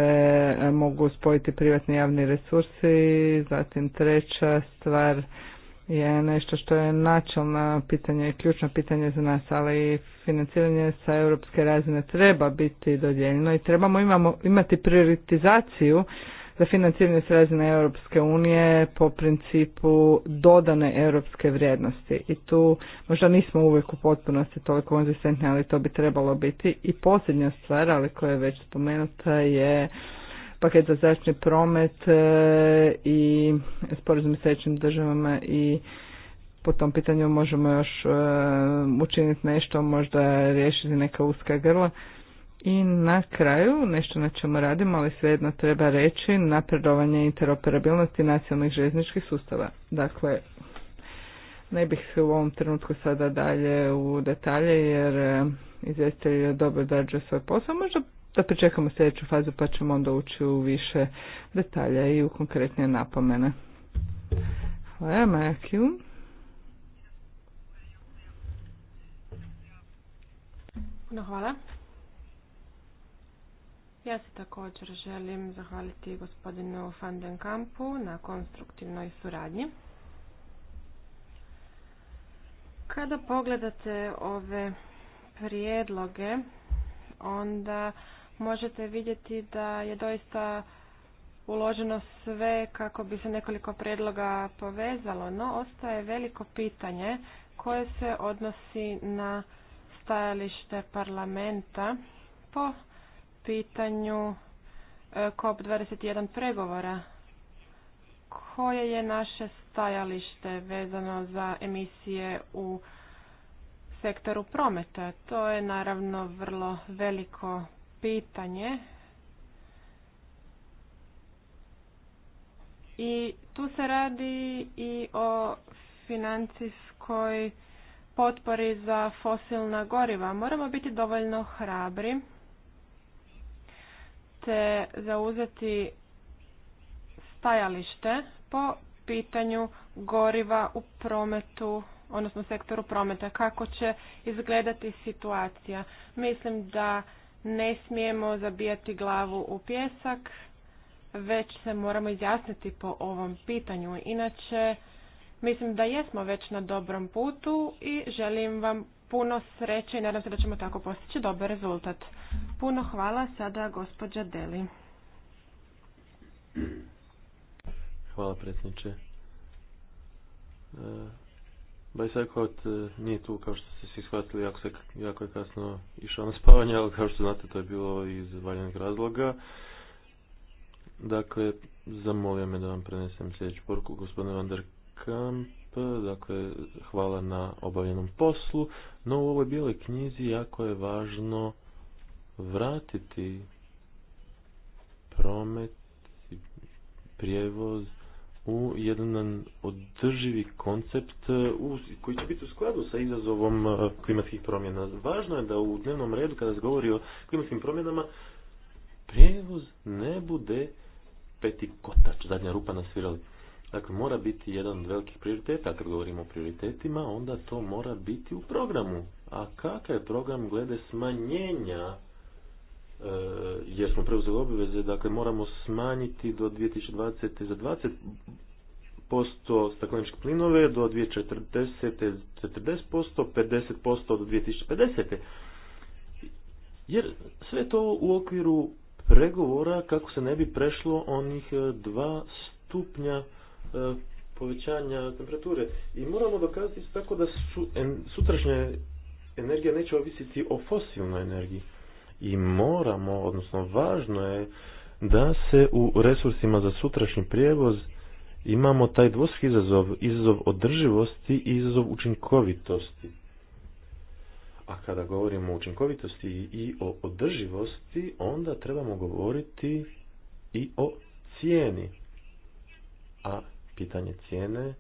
Speaker 2: e, mogu spojiti privatni javni resursi. Zatim treća stvar, je nešto što je načelno pitanje i ključno pitanje za nas, ali financiranje sa europske razine treba biti dodijeljeno i trebamo imamo, imati prioritizaciju za financiranje s razine Europske unije po principu dodane europske vrijednosti. I tu možda nismo uvijek u potpunosti toliko konzistentni, ali to bi trebalo biti. I posljednja stvar, ali koja je već spomenuta, je paket za zračni promet e, i sporazum s trećim državama i po tom pitanju možemo još e, učiniti nešto, možda riješiti neka uska grla. I na kraju, nešto na čemu radimo, ali svejedno treba reći, napredovanje interoperabilnosti nacionalnih željezničkih sustava. Dakle, ne bih se u ovom trenutku sada dalje u detalje jer e, izvjestitelj je dobro dađe svoj posao. Možda da pričekamo sljedeću fazu pa ćemo onda ući u više detalja i u konkretnije napomene. Hvala, Maja
Speaker 3: hvala. Ja se također želim zahvaliti gospodinu Van den Kampu na konstruktivnoj suradnji. Kada pogledate ove prijedloge, onda možete vidjeti da je doista uloženo sve kako bi se nekoliko predloga povezalo, no ostaje veliko pitanje koje se odnosi na stajalište parlamenta po pitanju e, COP21 pregovora. Koje je naše stajalište vezano za emisije u sektoru prometa? To je naravno vrlo veliko pitanje i tu se radi i o financijskoj potpori za fosilna goriva. Moramo biti dovoljno hrabri te zauzeti stajalište po pitanju goriva u prometu, odnosno sektoru prometa, kako će izgledati situacija. Mislim da ne smijemo zabijati glavu u pjesak, već se moramo izjasniti po ovom pitanju. Inače, mislim da jesmo već na dobrom putu i želim vam puno sreće i nadam se da ćemo tako postići dobar rezultat. Puno hvala sada gospođa Deli.
Speaker 1: Hvala predsjedniče. E, Bajsakot e, nije tu kao što ste svi shvatili, jako, se, jako je kasno išao na spavanje, ali kao što znate to je bilo iz valjanih razloga. Dakle, zamolio me da vam prenesem sljedeću poruku gospodine Van der Kamp, dakle, hvala na obavljenom poslu, no u ovoj bijeloj knjizi jako je važno vratiti promet, prijevoz u jedan održivi koncept e, koji će biti u skladu sa izazovom e, klimatskih promjena. Važno je da u dnevnom redu kada se govori o klimatskim promjenama prijevoz ne bude peti kotač, zadnja rupa na svirali. Dakle, mora biti jedan od velikih prioriteta. Kad govorimo o prioritetima, onda to mora biti u programu. A kakav je program glede smanjenja Eh, jer smo preuzeli obveze, dakle moramo smanjiti do 2020. za 20% stakleničke plinove, do 2040. 40%, 50% do 2050. Jer sve to u okviru pregovora kako se ne bi prešlo onih eh, dva stupnja eh, povećanja temperature. I moramo dokazati tako da sutrašnja energija neće ovisiti o fosilnoj energiji i moramo, odnosno važno je da se u resursima za sutrašnji prijevoz imamo taj dvoski izazov, izazov održivosti i izazov učinkovitosti. A kada govorimo o učinkovitosti i o održivosti, onda trebamo govoriti i o cijeni. A pitanje cijene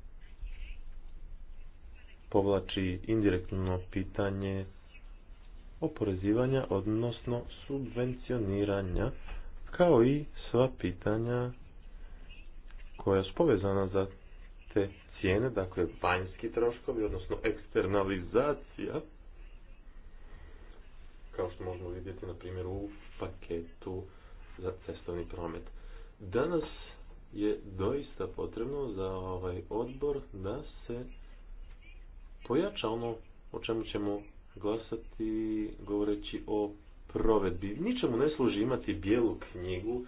Speaker 1: povlači indirektno pitanje oporezivanja, odnosno subvencioniranja, kao i sva pitanja koja su povezana za te cijene, dakle vanjski troškovi, odnosno eksternalizacija, kao što možemo vidjeti na primjer u paketu za cestovni promet. Danas je doista potrebno za ovaj odbor da se pojača ono o čemu ćemo glasati govoreći o provedbi. Ničemu ne služi imati bijelu knjigu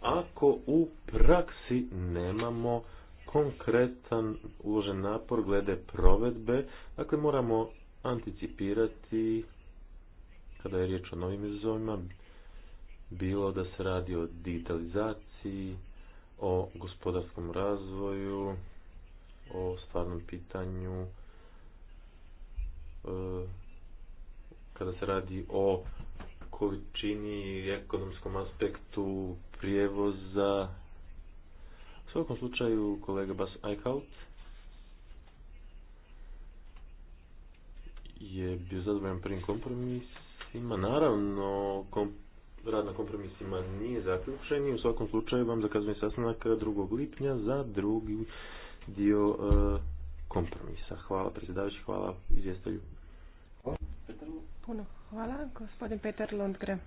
Speaker 1: ako u praksi nemamo konkretan uložen napor glede provedbe. Dakle, moramo anticipirati kada je riječ o novim izazovima, bilo da se radi o digitalizaciji, o gospodarskom razvoju, o stvarnom pitanju e, kada se radi o količini i ekonomskom aspektu prijevoza. U svakom slučaju kolega Bas Eichhout je bio zadovoljan prvim kompromisima. Naravno, rad na kompromisima nije zaključen i u svakom slučaju vam zakazujem sastanak 2. lipnja za drugi dio e, kompromisa. Hvala predsjedavajući, hvala izvjestelju.
Speaker 3: Puno hvala. Gospodin Peter Lundgren.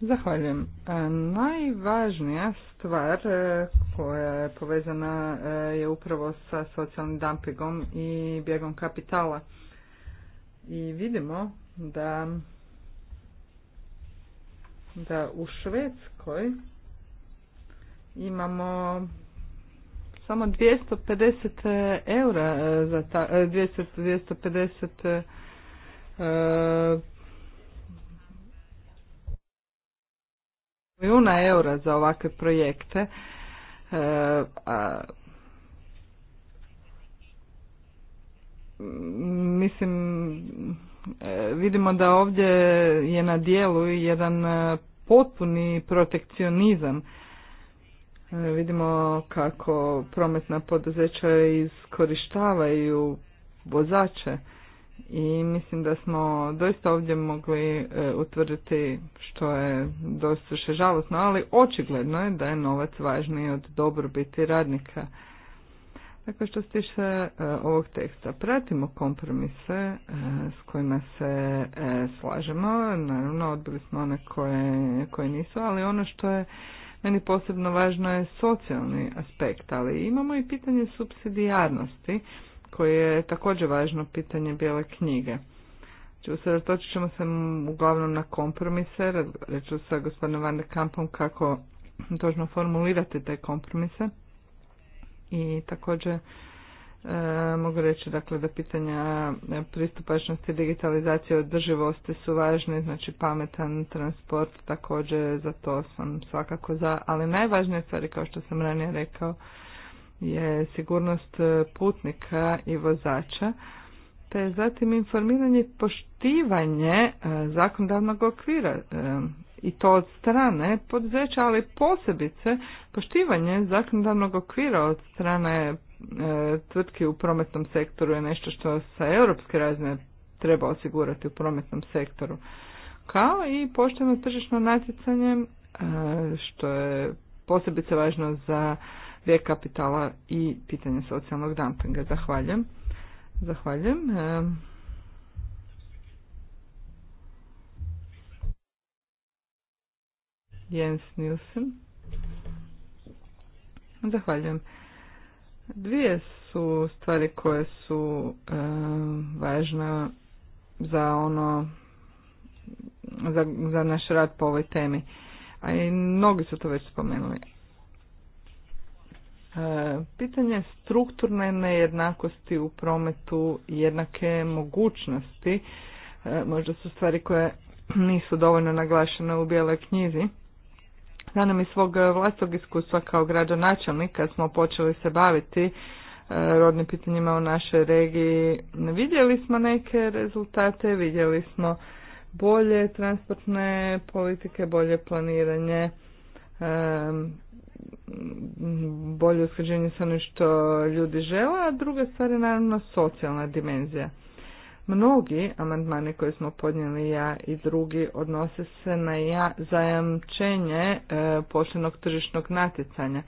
Speaker 2: Zahvaljujem. E, najvažnija stvar e, koja je povezana e, je upravo sa socijalnim dumpingom i bjegom kapitala. I vidimo da da u Švedskoj imamo samo 250 e, eura e, za ta, 250 e, milijuna eura za ovakve projekte mislim vidimo da ovdje je na dijelu jedan potpuni protekcionizam E, vidimo kako prometna poduzeća iskorištavaju vozače i mislim da smo doista ovdje mogli e, utvrditi što je dosta še žalostno, ali očigledno je da je novac važniji od dobrobiti radnika. Dakle, što se tiče e, ovog teksta, pratimo kompromise s kojima se slažemo, naravno odbili smo one koje nisu, ali ono što je meni posebno važno je socijalni aspekt, ali imamo i pitanje subsidijarnosti, koje je također važno pitanje bijele knjige. Usredotočit ćemo se uglavnom na kompromise, reću sa gospodinom Van de Kampom kako točno formulirati te kompromise i također E, mogu reći dakle da pitanja pristupačnosti digitalizacije i održivosti su važne, znači pametan transport također za to sam svakako za, ali najvažnije stvari kao što sam ranije rekao je sigurnost e, putnika i vozača te zatim informiranje i poštivanje e, zakonodavnog okvira e, i to od strane poduzeća, ali posebice poštivanje zakonodavnog okvira od strane E, tvrtki u prometnom sektoru je nešto što sa europske razine treba osigurati u prometnom sektoru. Kao i pošteno tržišno natjecanje e, što je posebice važno za vijek kapitala i pitanje socijalnog dumpinga. Zahvaljujem. Zahvaljujem. E, Jens Nilsen. Zahvaljujem. Dvije su stvari koje su e, važne za ono za, za naš rad po ovoj temi. A i mnogi su to već spomenuli. E, pitanje strukturne nejednakosti u prometu, jednake mogućnosti, e, možda su stvari koje nisu dovoljno naglašene u bijeloj knjizi, Danom iz svog eh, vlastog iskustva kao gradonačelnika smo počeli se baviti eh, rodnim pitanjima u našoj regiji. Vidjeli smo neke rezultate, vidjeli smo bolje transportne politike, bolje planiranje, bolje usklađenje sa onim što ljudi žele, a druga stvar je naravno socijalna dimenzija. Mnogi amandmani koje smo podnijeli ja i drugi odnose se na ja zajamčenje e, poštenog tržišnog natjecanja.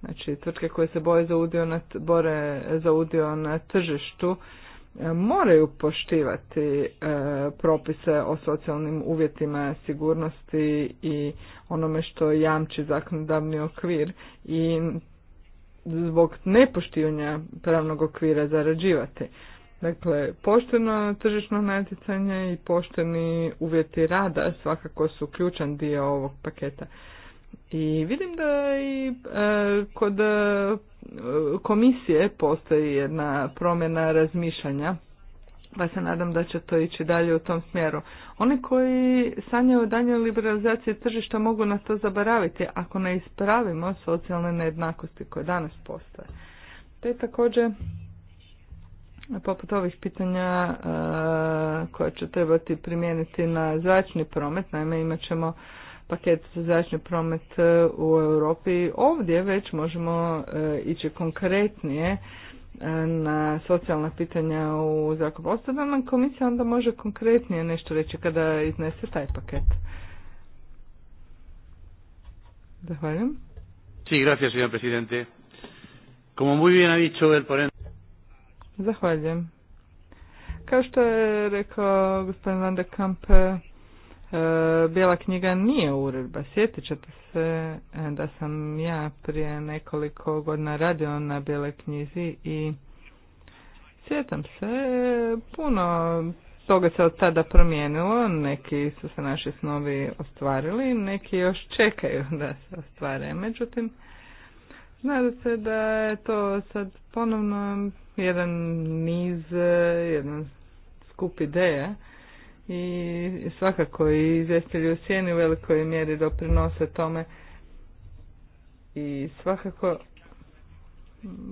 Speaker 2: Znači, tvrtke koje se boje za udio na, bore za udio na tržištu e, moraju poštivati e, propise o socijalnim uvjetima sigurnosti i onome što jamči zakonodavni okvir i zbog nepoštivanja pravnog okvira zarađivati. Dakle, pošteno tržišno natjecanje i pošteni uvjeti rada svakako su ključan dio ovog paketa. I vidim da i e, kod e, komisije postoji jedna promjena razmišljanja, pa se nadam da će to ići dalje u tom smjeru. Oni koji sanjaju o daljnjoj liberalizaciji tržišta mogu na to zaboraviti ako ne ispravimo socijalne nejednakosti koje danas postoje. je također poput ovih pitanja e, koje će trebati primijeniti na zračni promet, naime imat ćemo paket za zračni promet e, u Europi. Ovdje već možemo e, ići konkretnije na socijalna pitanja u zrakoplovstvu, komisija onda može konkretnije nešto reći kada iznese taj paket. Zahvaljujem.
Speaker 1: Sí, gracias, señor presidente. Como muy bien ha dicho el
Speaker 2: Zahvaljujem. Kao što je rekao gospodin Van de Kamp, e, Bijela knjiga nije uredba. Sjetit ćete se e, da sam ja prije nekoliko godina radio na Bijeloj knjizi i sjetam se e, puno toga se od tada promijenilo, neki su se naši snovi ostvarili, neki još čekaju da se ostvare. Međutim, Nada se da je to sad ponovno jedan niz, e, jedan skup ideja i svakako i izvjestitelji u sjeni u velikoj mjeri doprinose tome i svakako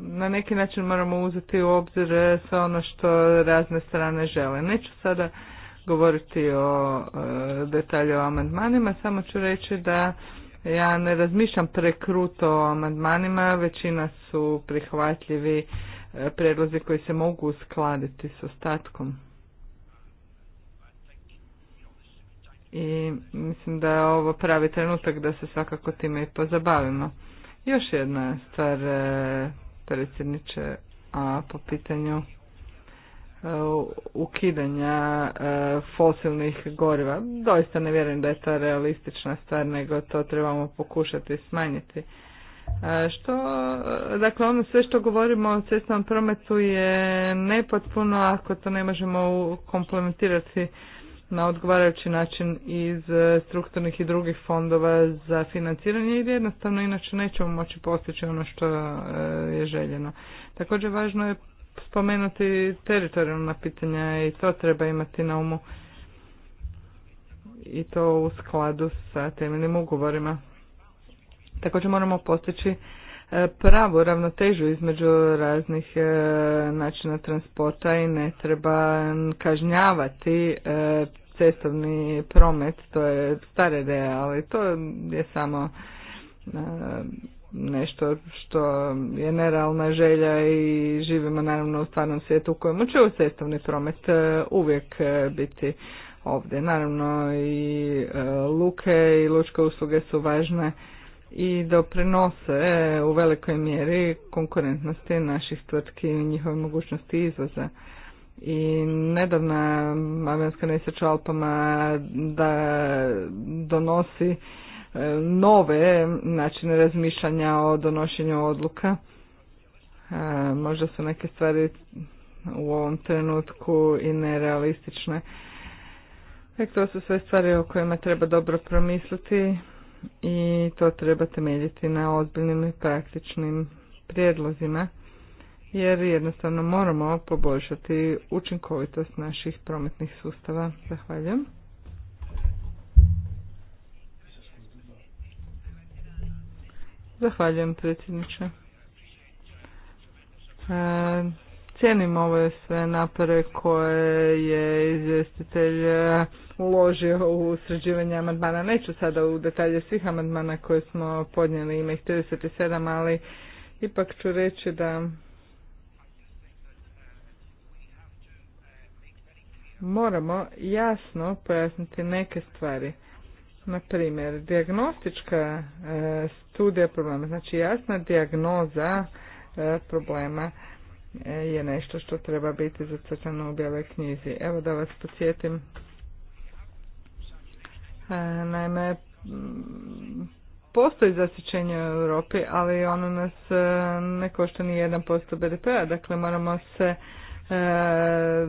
Speaker 2: na neki način moramo uzeti u obzir e, sve ono što razne strane žele. Neću sada govoriti o e, detalju o amandmanima, samo ću reći da ja ne razmišljam prekruto o amandmanima, većina su prihvatljivi e, predlozi koji se mogu uskladiti s ostatkom. I mislim da je ovo pravi trenutak da se svakako time i pozabavimo. Još jedna stvar, e, predsjedniče, a po pitanju ukidanja e, fosilnih goriva. Doista ne vjerujem da je to realistična stvar, nego to trebamo pokušati smanjiti. E, što, dakle, ono sve što govorimo o cestovnom prometu je nepotpuno ako to ne možemo komplementirati na odgovarajući način iz e, strukturnih i drugih fondova za financiranje jer jednostavno inače nećemo moći postići ono što je željeno. Također važno je spomenuti teritorijalna pitanja i to treba imati na umu i to u skladu sa temeljnim ugovorima. Također moramo postići e, pravu ravnotežu između raznih e, načina transporta i ne treba kažnjavati e, cestovni promet, to je stara ideja, ali to je samo nešto što je nerealna želja i živimo naravno u stvarnom svijetu u kojemu će cestovni promet e, uvijek e, biti ovdje. Naravno i e, luke i lučke usluge su važne i doprinose u velikoj mjeri konkurentnosti naših tvrtki i njihove mogućnosti izvoza. I nedavna avionska nesreća Alpama da donosi nove načine razmišljanja o donošenju odluka. E, možda su neke stvari u ovom trenutku i nerealistične. Dakle, to su sve stvari o kojima treba dobro promisliti i to treba temeljiti na ozbiljnim i praktičnim prijedlozima jer jednostavno moramo poboljšati učinkovitost naših prometnih sustava. Zahvaljujem. Zahvaljujem predsjedniče. E, cijenim ove sve napore koje je izvjestitelj e, uložio u sređivanje amandmana. Neću sada u detalje svih amandmana koje smo podnijeli, ima ih 37, ali ipak ću reći da moramo jasno pojasniti neke stvari na primjer, diagnostička e, studija problema, znači jasna dijagnoza e, problema e, je nešto što treba biti zacrtano u bijeloj knjizi. Evo da vas podsjetim. Naime, mm, postoji zasičenje u Europi, ali ono nas ne košta ni 1% BDP-a, dakle moramo se E,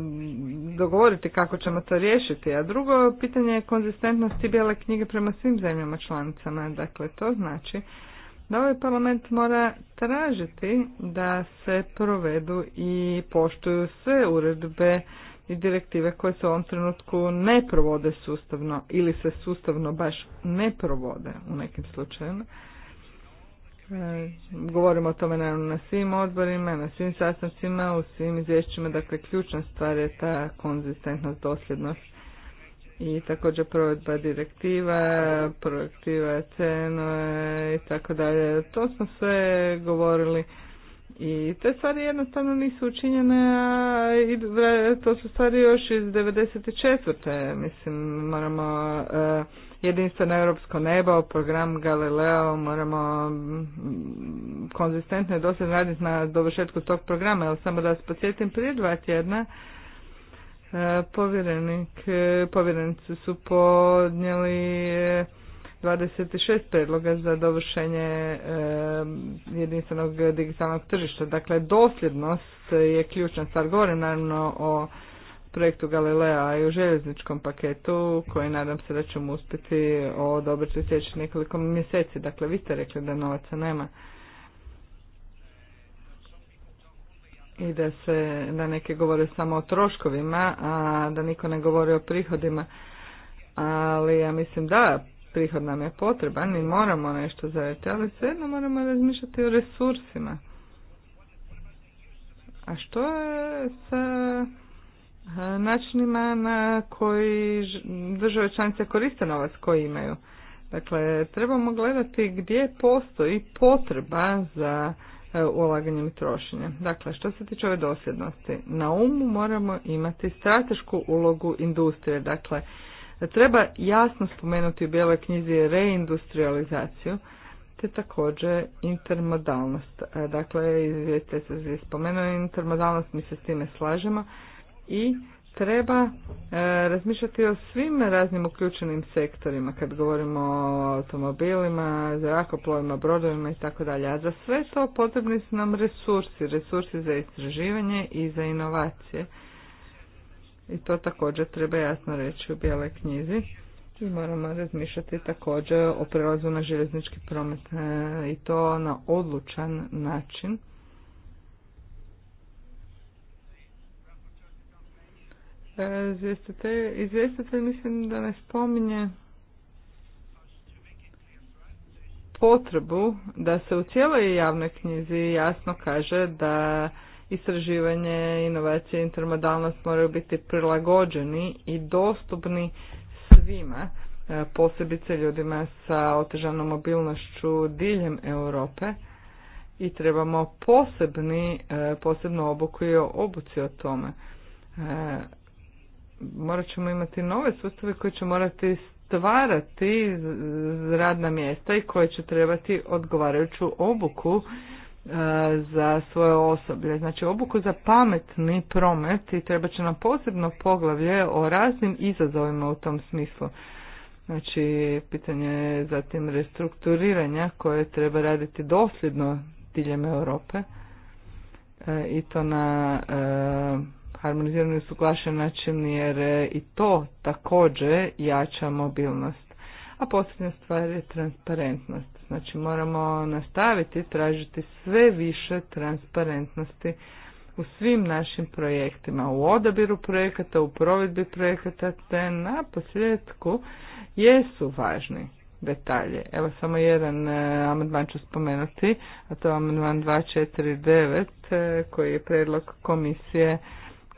Speaker 2: dogovoriti kako ćemo to riješiti. A drugo pitanje je konzistentnosti bijele knjige prema svim zemljama članicama. Dakle, to znači da ovaj parlament mora tražiti da se provedu i poštuju sve uredbe i direktive koje se u ovom trenutku ne provode sustavno ili se sustavno baš ne provode u nekim slučajevima. Govorimo o tome naravno na svim odborima, na svim sastancima, u svim izvješćima, dakle ključna stvar je ta konzistentnost, dosljednost i također provedba direktiva, projektiva cenove i tako dalje. To smo sve govorili i te stvari jednostavno nisu učinjene, i to su stvari još iz 94. Mislim, moramo e, jedinstveno europsko nebo, program Galileo, moramo mm, konzistentno i dosljedno raditi na dovršetku tog programa, ali samo da vas podsjetim prije dva tjedna e, povjerenik, e, povjerenici su podnijeli 26 e, predloga za dovršenje jedinstvenog digitalnog tržišta. Dakle, dosljednost je ključna stvar. Govorim naravno o projektu Galilea i u željezničkom paketu koji nadam se da ćemo uspjeti odobriti u sljedećih nekoliko mjeseci. Dakle, vi ste rekli da novaca nema i da se da neke govore samo o troškovima, a da niko ne govori o prihodima. Ali ja mislim da prihod nam je potreban i moramo nešto zavjeti, ali svejedno moramo razmišljati o resursima. A što je sa načinima na koji države članice koriste novac koji imaju. Dakle, trebamo gledati gdje postoji potreba za e, ulaganjem i trošenjem. Dakle, što se tiče ove dosljednosti, na umu moramo imati stratešku ulogu industrije. Dakle, treba jasno spomenuti u bijeloj knjizi reindustrializaciju, te također intermodalnost. E, dakle, izvijete se spomenuo intermodalnost, mi se s time slažemo i treba e, razmišljati o svim raznim uključenim sektorima kad govorimo o automobilima, zrakoplovima, brodovima i tako dalje. A za sve to potrebni su nam resursi, resursi za istraživanje i za inovacije. I to također treba jasno reći u bijeloj knjizi. I moramo razmišljati također o prelazu na željeznički promet e, i to na odlučan način. izvjestitelj, mislim da ne spominje potrebu da se u cijeloj javnoj knjizi jasno kaže da istraživanje, inovacije i intermodalnost moraju biti prilagođeni i dostupni svima, e, posebice ljudima sa otežanom mobilnošću diljem Europe i trebamo posebni, e, posebnu obuku i obuci o tome. E, morat ćemo imati nove sustave koje će morati stvarati radna mjesta i koje će trebati odgovarajuću obuku e, za svoje osoblje. Znači obuku za pametni promet i treba će nam posebno poglavlje o raznim izazovima u tom smislu. Znači pitanje je zatim restrukturiranja koje treba raditi dosljedno diljem Europe. E, i to na e, harmonizirani suglašen način jer e, i to također jača mobilnost. A posljednja stvar je transparentnost. Znači moramo nastaviti tražiti sve više transparentnosti u svim našim projektima, u odabiru projekata, u provedbi projekata, te na posljedku jesu važni detalje. Evo samo jedan e, amandman ću spomenuti, a to je amandman 249 e, koji je predlog komisije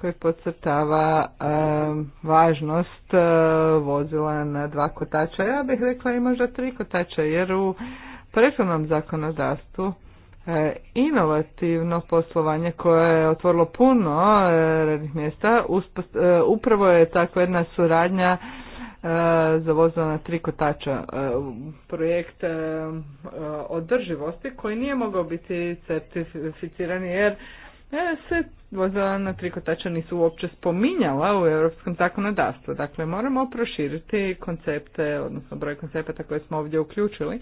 Speaker 2: koji podcrtava e, važnost vozila na dva kotača. Ja bih rekla i možda tri kotača jer u prethodnom zakonodavstvu inovativno poslovanje koje je otvorilo puno radnih mjesta upravo je takva jedna suradnja E, za vozila na tri kotača e, projekt e, održivosti koji nije mogao biti certificiran jer se vozila na tri kotača nisu uopće spominjala u europskom zakonodavstvu. Dakle, moramo proširiti koncepte, odnosno broj koncepta koje smo ovdje uključili,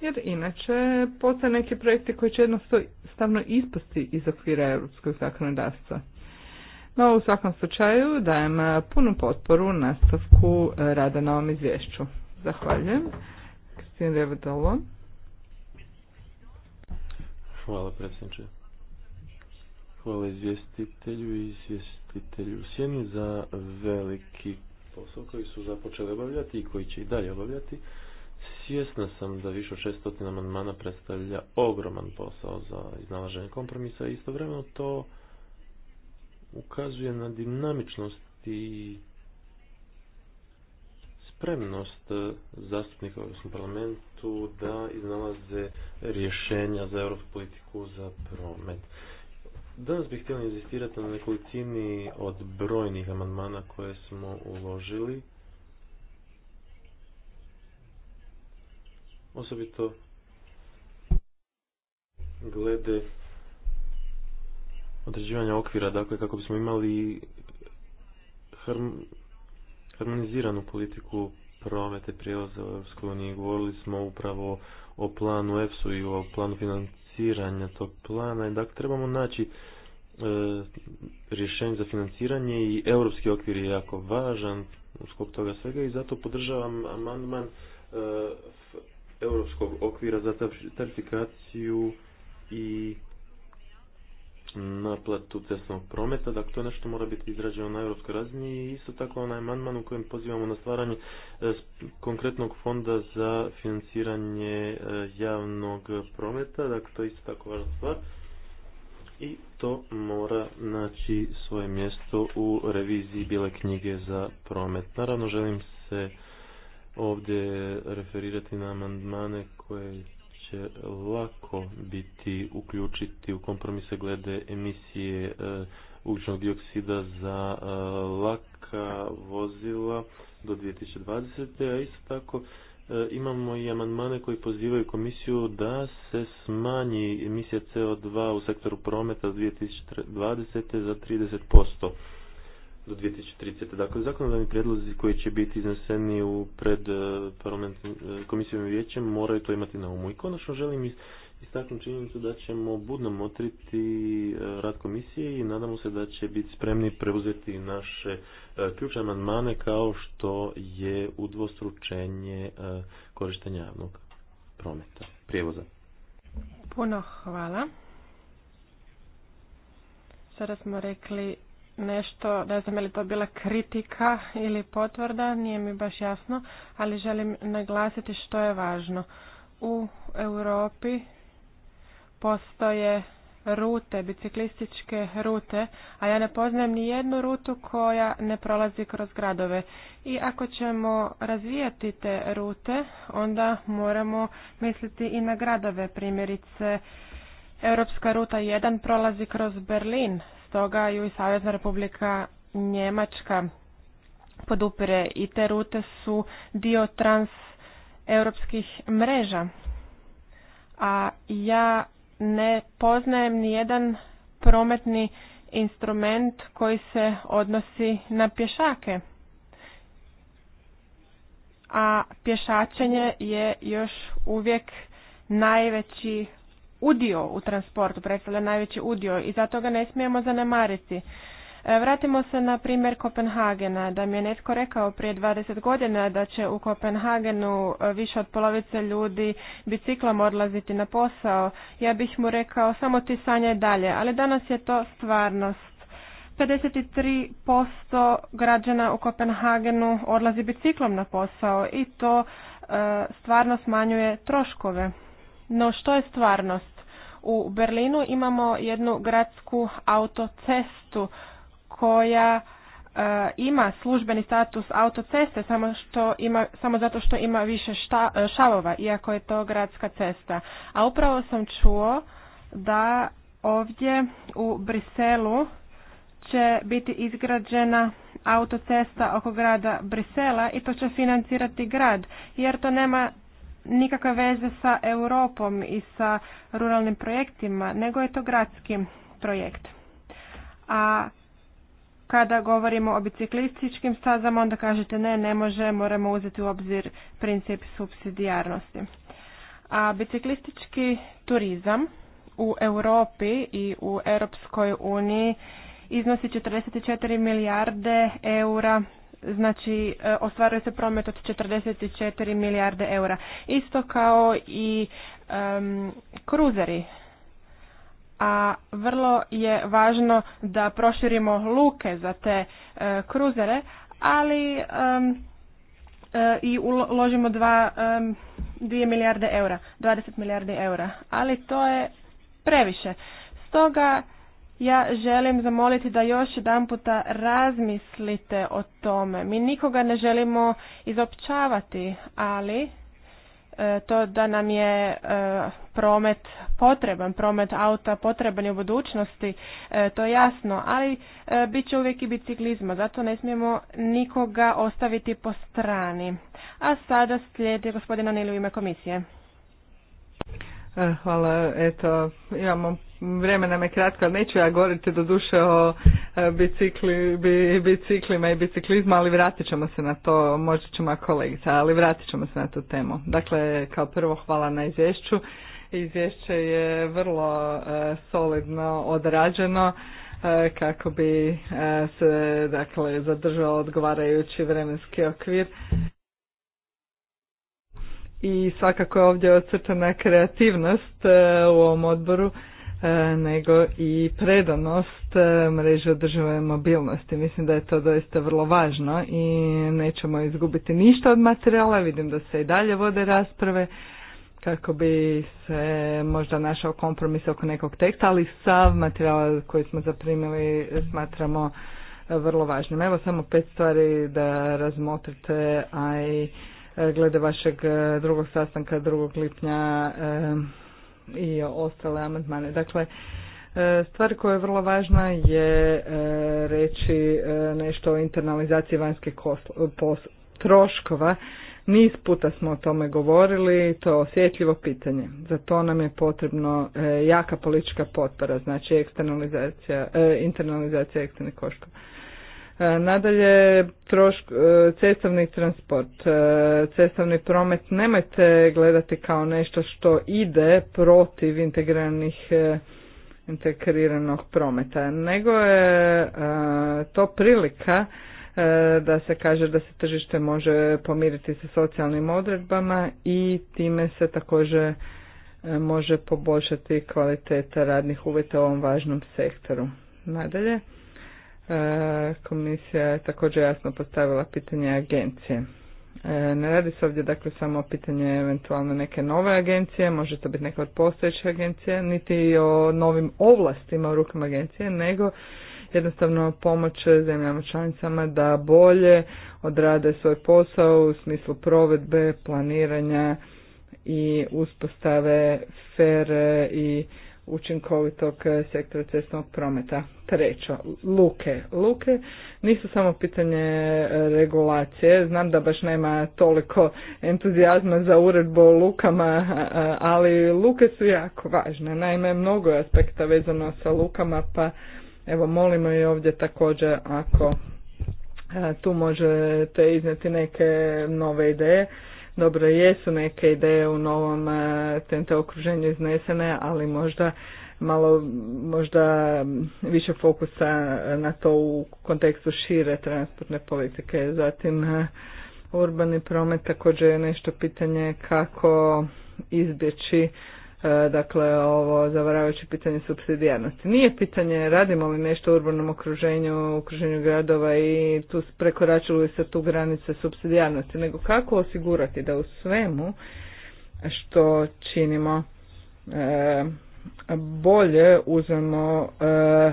Speaker 2: jer inače postoje neki projekti koji će jednostavno ispasti iz okvira europskog zakonodavstva. No u svakom slučaju dajem e, punu potporu nastavku e, rada na ovom izvješću. Zahvaljujem. Kristina Revedalo.
Speaker 1: Hvala predsjedniče. Hvala izvjestitelju i izvjestitelju Sjeni za veliki posao koji su započeli obavljati i koji će i dalje obavljati. Svjesna sam da više od 600 amandmana predstavlja ogroman posao za iznalaženje kompromisa i istovremeno to ukazuje na dinamičnost i spremnost zastupnika u Europskom parlamentu da iznalaze rješenja za europsku politiku za promet. Danas bih htjela inzistirati na nekolicini od brojnih amandmana koje smo uložili. Osobito glede određivanja okvira, dakle kako bismo imali harmoniziranu politiku promete prijevoza u EU. Govorili smo upravo o planu EFSU i o planu financiranja tog plana. Dakle, trebamo naći e, rješenje za financiranje i europski okvir je jako važan u toga svega i zato podržavam amandman e, europskog okvira za tarifikaciju i naplatu cestnog prometa, dakle to je nešto mora biti izrađeno na europskoj razini i isto tako onaj amandman u kojem pozivamo na stvaranje e, konkretnog fonda za financiranje e, javnog prometa, dakle to je isto tako važna stvar i to mora naći svoje mjesto u reviziji bile knjige za promet. Naravno želim se ovdje referirati na amandmane koje će lako biti uključiti u kompromise glede emisije e, ugljičnog dioksida za e, laka vozila do 2020. A isto tako e, imamo i amandmane koji pozivaju komisiju da se smanji emisija CO2 u sektoru prometa 2020. za 30% do 2030. Dakle, zakonodavni predlozi koji će biti izneseni u pred e, e, komisijom i vijećem moraju to imati na umu. I konačno želim istaknuti činjenicu da ćemo budno motriti e, rad komisije i nadamo se da će biti spremni preuzeti naše ključne amandmane kao što je udvostručenje korištenja javnog prometa, prijevoza.
Speaker 3: Puno hvala. Sada smo rekli nešto, ne znam je li to bila kritika ili potvrda, nije mi baš jasno, ali želim naglasiti što je važno. U Europi postoje rute, biciklističke rute, a ja ne poznajem ni jednu rutu koja ne prolazi kroz gradove. I ako ćemo razvijati te rute, onda moramo misliti i na gradove, primjerice Europska ruta 1 prolazi kroz Berlin, toga ju i Savezna Republika Njemačka podupire i te rute su dio transeuropskih mreža. A ja ne poznajem ni jedan prometni instrument koji se odnosi na pješake. A pješačenje je još uvijek najveći udio u transportu predstavlja najveći udio i zato ga ne smijemo zanemariti. E, vratimo se na primjer Kopenhagena, da mi je netko rekao prije 20 godina da će u Kopenhagenu e, više od polovice ljudi biciklom odlaziti na posao, ja bih mu rekao samo ti sanjaj dalje, ali danas je to stvarnost. 53% građana u Kopenhagenu odlazi biciklom na posao i to e, stvarno smanjuje troškove. No što je stvarnost? U Berlinu imamo jednu gradsku autocestu koja e, ima službeni status autoceste samo što ima samo zato što ima više šta, e, šavova iako je to gradska cesta. A upravo sam čuo da ovdje u Briselu će biti izgrađena autocesta oko grada Brisela i to će financirati grad jer to nema nikakve veze sa Europom i sa ruralnim projektima, nego je to gradski projekt. A kada govorimo o biciklističkim stazama, onda kažete ne, ne može, moramo uzeti u obzir princip subsidijarnosti. A biciklistički turizam u Europi i u Europskoj uniji iznosi 44 milijarde eura znači e, ostvaruje se promet od 44 milijarde eura. Isto kao i kruzeri. A vrlo je važno da proširimo luke za te e, kruzere, ali e, i uložimo 2 milijarde eura, 20 milijardi eura, ali to je previše. Stoga ja želim zamoliti da još jedan puta razmislite o tome. Mi nikoga ne želimo izopćavati, ali e, to da nam je e, promet potreban, promet auta potreban je u budućnosti, e, to je jasno, ali bit će uvijek i biciklizma, zato ne smijemo nikoga ostaviti po strani. A sada slijedi gospodina Nili u ime komisije.
Speaker 2: E, hvala, eto, imamo vremena me kratko, neću ja govoriti do duše o e, bicikli, bi, biciklima i biciklizmu, ali vratit ćemo se na to, možda ćemo kolegica, ali vratit ćemo se na tu temu. Dakle, kao prvo hvala na izvješću. Izvješće je vrlo e, solidno odrađeno kako bi se dakle zadržao odgovarajući vremenski okvir i svakako je ovdje ocrtana kreativnost e, u ovom odboru e, nego i predanost e, mreže održave mobilnosti. Mislim da je to doista vrlo važno i nećemo izgubiti ništa od materijala. Vidim da se i dalje vode rasprave kako bi se možda našao kompromis oko nekog teksta, ali sav materijal koji smo zaprimili smatramo vrlo važnim. Evo samo pet stvari da razmotrite, a i E, glede vašeg e, drugog sastanka drugog lipnja e, i ostale amandmane. Dakle, Stvar koja je vrlo važna je reći nešto o internalizaciji vanjskih troškova. Niz puta smo o tome govorili, to je osjetljivo pitanje. Za to nam je potrebno jaka politička potpora, znači eksternalizacija, internalizacija eksternih koštova. E, nadalje, trošk, e, cestovni transport, e, cestovni promet nemojte gledati kao nešto što ide protiv integriranih integriranog prometa, nego je to prilika da se kaže da se tržište može pomiriti sa socijalnim odredbama i time se također može poboljšati kvaliteta radnih uvjeta u ovom važnom sektoru. Nadalje, E, komisija je također jasno postavila pitanje agencije. E, ne radi se ovdje dakle samo o pitanje eventualno neke nove agencije, može to biti neka od postojećih agencija, niti o novim ovlastima u rukama agencije, nego jednostavno pomoć zemljama članicama da bolje odrade svoj posao u smislu provedbe, planiranja i uspostave fere i učinkovitog e, sektora cestnog prometa. Treća, luke. Luke nisu samo pitanje e, regulacije, znam da baš nema toliko entuzijazma za uredbu o lukama, ali luke su jako važne. Naime, mnogo je aspekta vezano sa lukama, pa evo molimo i ovdje također ako tu možete izneti neke nove ideje dobro jesu neke ideje u novom TNT e, okruženju iznesene, ali možda malo možda više fokusa na to u kontekstu šire transportne politike. Zatim e, urbani promet također je nešto pitanje kako izbjeći E, dakle ovo zavaravajuće pitanje subsidijarnosti. Nije pitanje radimo li nešto u urbanom okruženju, okruženju gradova i tu prekoračilo se tu granice subsidijarnosti, nego kako osigurati da u svemu što činimo e, bolje uzmemo e,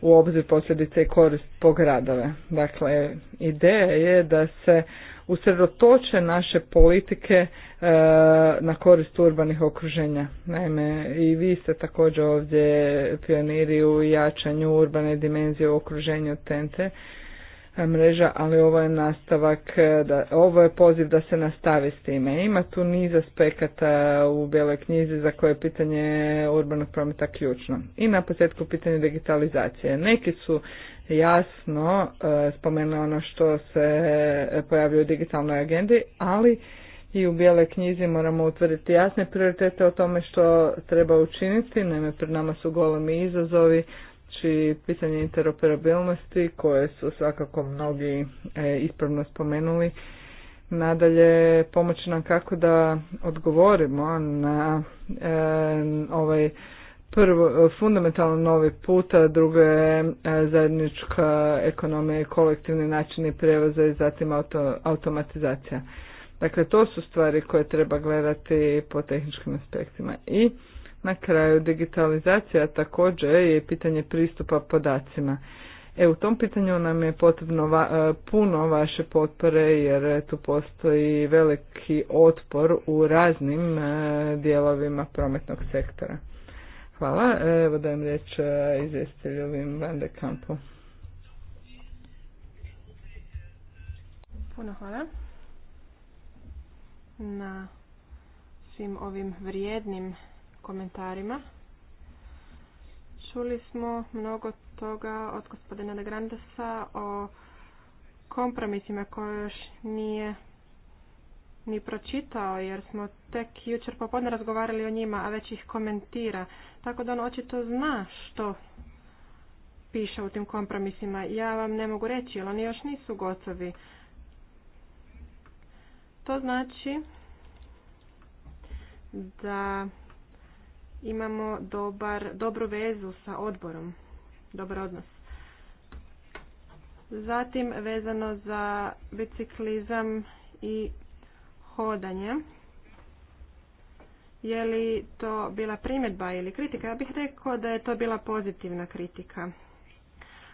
Speaker 2: u obzir posljedice i korist po gradove. Dakle, ideja je da se usredotoče naše politike e, na korist urbanih okruženja. Naime, i vi ste također ovdje pioniri u jačanju urbane dimenzije u okruženju TNT mreža, ali ovo je nastavak, e, da, ovo je poziv da se nastavi s time. Ima tu niz aspekata u Bijeloj knjizi za koje je pitanje urbanog prometa ključno. I na posljedku pitanje digitalizacije. Neki su jasno e, spomenuli ono što se pojavljuje u digitalnoj agendi, ali i u bijeloj knjizi moramo utvrditi jasne prioritete o tome što treba učiniti. Naime, pred nama su golemi izazovi znači pitanje interoperabilnosti koje su svakako mnogi e, ispravno spomenuli. Nadalje, pomoći nam kako da odgovorimo na e, ovaj prvo fundamentalno novi puta, drugo je e, zajednička ekonomija i kolektivni načini prijevoza i zatim automatizacija. Dakle, to su stvari koje treba gledati po tehničkim aspektima. I na kraju digitalizacija također je pitanje pristupa podacima. E, u tom pitanju nam je potrebno e, puno vaše potpore jer tu postoji veliki otpor u raznim e, dijelovima prometnog sektora. Hvala. Evo dajem riječ e, izvjestitelju ovim van Kampu.
Speaker 3: Puno hvala na svim ovim vrijednim komentarima. Čuli smo mnogo toga od gospodina de Grandesa o kompromisima koje još nije ni pročitao jer smo tek jučer popodne razgovarali o njima, a već ih komentira. Tako da on očito zna što piše u tim kompromisima. Ja vam ne mogu reći jer oni još nisu gotovi. To znači da imamo dobar, dobru vezu sa odborom, dobar odnos. Zatim vezano za biciklizam i hodanje. Je li to bila primjedba ili kritika? Ja bih rekao da je to bila pozitivna kritika.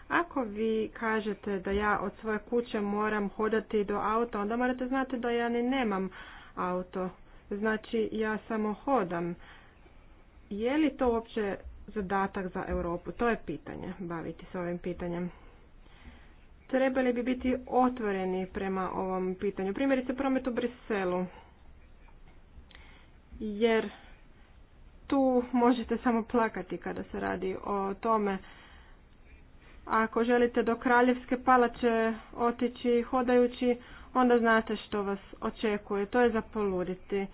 Speaker 3: Ako vi kažete da ja od svoje kuće moram hodati do auta, onda morate znati da ja ni nemam auto. Znači ja samo hodam je li to uopće zadatak za Europu? To je pitanje, baviti se ovim pitanjem. Trebali bi biti otvoreni prema ovom pitanju. Primjerice promet u Briselu. Jer tu možete samo plakati kada se radi o tome. Ako želite do Kraljevske palače otići hodajući, onda znate što vas očekuje. To je za poluditi.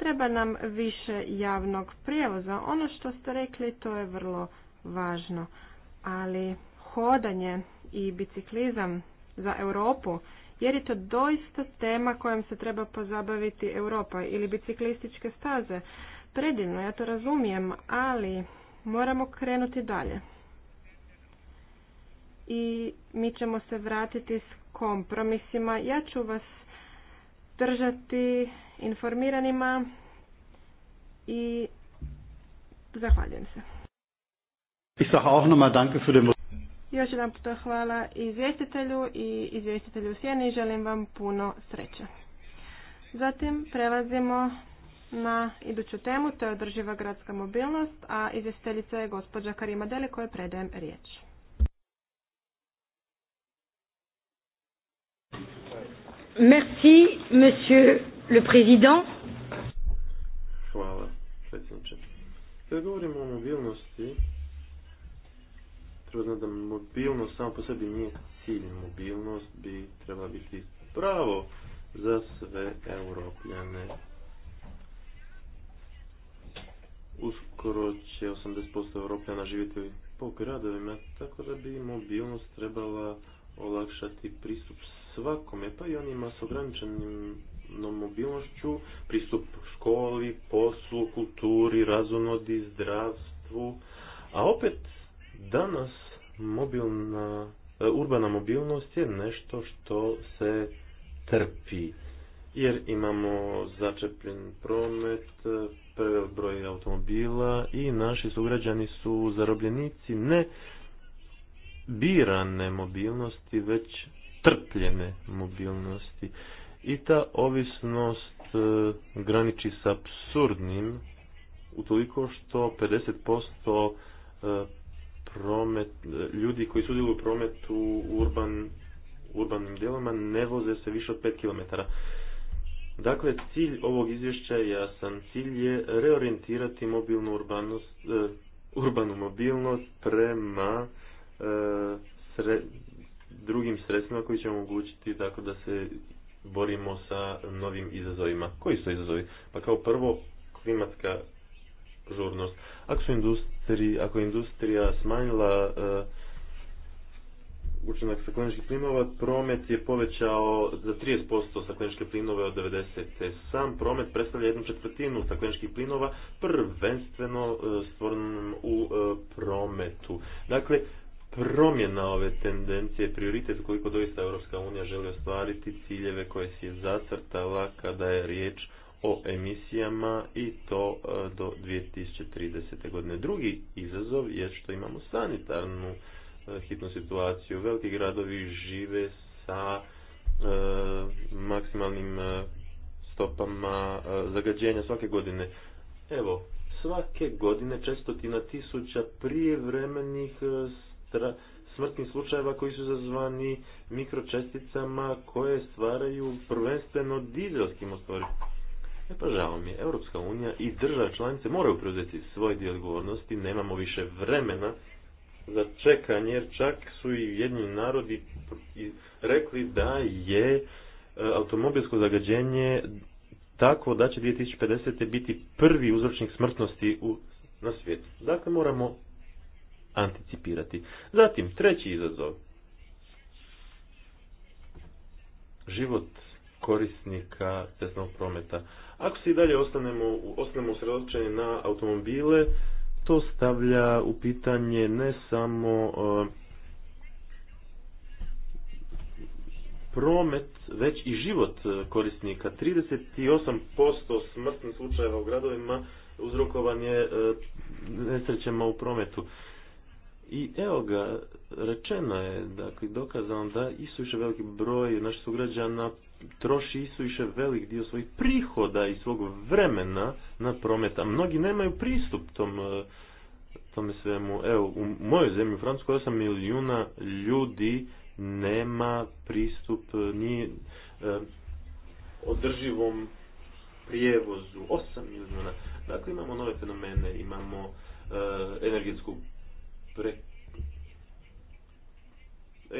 Speaker 3: Treba nam više javnog prijevoza. Ono što ste rekli to je vrlo važno, ali hodanje i biciklizam za Europu jer je to doista tema kojom se treba pozabaviti Europa ili biciklističke staze. Predivno, ja to razumijem, ali moramo krenuti dalje. I mi ćemo se vratiti s kompromisima. Ja ću vas držati informiranima i zahvaljujem se. Još jedan puta hvala izvjestitelju i izvjestitelju Sjeni i želim vam puno sreće. Zatim prelazimo na iduću temu, to je održiva gradska mobilnost, a izvjestiteljica je gospođa Karima Deli koje predajem riječ. Merci, monsieur le président.
Speaker 1: Hvala, predsjedniče. Kada govorimo o mobilnosti, treba da mobilnost samo po sebi nije cilj. Mobilnost bi trebala biti pravo za sve europljane. Uskoro će 80% europljana živjeti po gradovima, tako da bi mobilnost trebala olakšati pristup svakome, pa i onima s ograničenom mobilnošću, pristup školi, poslu, kulturi, razonodi, zdravstvu. A opet danas mobilna, e, urbana mobilnost je nešto što se trpi. Jer imamo začepljen promet, prevelik broj automobila i naši sugrađani su zarobljenici ne birane mobilnosti, već trpljene mobilnosti. I ta ovisnost e, graniči s absurdnim utoliko što 50% e, promet, ljudi koji sudjeluju u prometu u urban, urbanim dijelovima ne voze se više od 5 km. Dakle, cilj ovog izvješća je jasan. Cilj je reorientirati mobilnu urbanost, e, urbanu mobilnost prema sre, drugim sredstvima koji će omogućiti tako da se borimo sa novim izazovima. Koji su izazovi? Pa kao prvo, klimatska žurnost. Ako, su industriji, ako je industrija smanjila eh, učinak stakleničkih plinova, promet je povećao za 30% stakleničke plinove od 90. Sam promet predstavlja jednu četvrtinu stakleničkih plinova, prvenstveno eh, stvornom u eh, prometu. Dakle, promjena ove tendencije, prioritet koliko doista Europska unija želi ostvariti ciljeve koje si je zacrtala kada je riječ o emisijama i to e, do 2030. godine. Drugi izazov je što imamo sanitarnu e, hitnu situaciju. Veliki gradovi žive sa e, maksimalnim stopama zagađenja svake godine. Evo, svake godine čestotina tisuća prijevremenih smrtnih slučajeva koji su zazvani mikročesticama koje stvaraju prvenstveno dizelski motori. E pa žao mi je, Europska unija i države članice moraju preuzeti svoj dio odgovornosti, nemamo više vremena za čekanje, jer čak su i jedni narodi rekli da je e, automobilsko zagađenje tako da će 2050. biti prvi uzročnik smrtnosti u, na svijetu. Dakle, moramo anticipirati. Zatim, treći izazov. Život korisnika cestovnog prometa. Ako se i dalje ostanemo, ostanemo na automobile, to stavlja u pitanje ne samo e, promet, već i život korisnika. 38% smrtnih slučajeva u gradovima uzrokovan je e, nesrećama u prometu. I evo ga, rečeno je, dakle, dokazano da više veliki broj naših sugrađana troši više velik dio svojih prihoda i svog vremena na prometa. mnogi nemaju pristup tom eh, tome svemu. Evo, u mojoj zemlji, u Francuskoj, 8 milijuna ljudi nema pristup eh, ni eh, održivom prijevozu. 8 milijuna. Dakle, imamo nove fenomene, imamo energetsku pre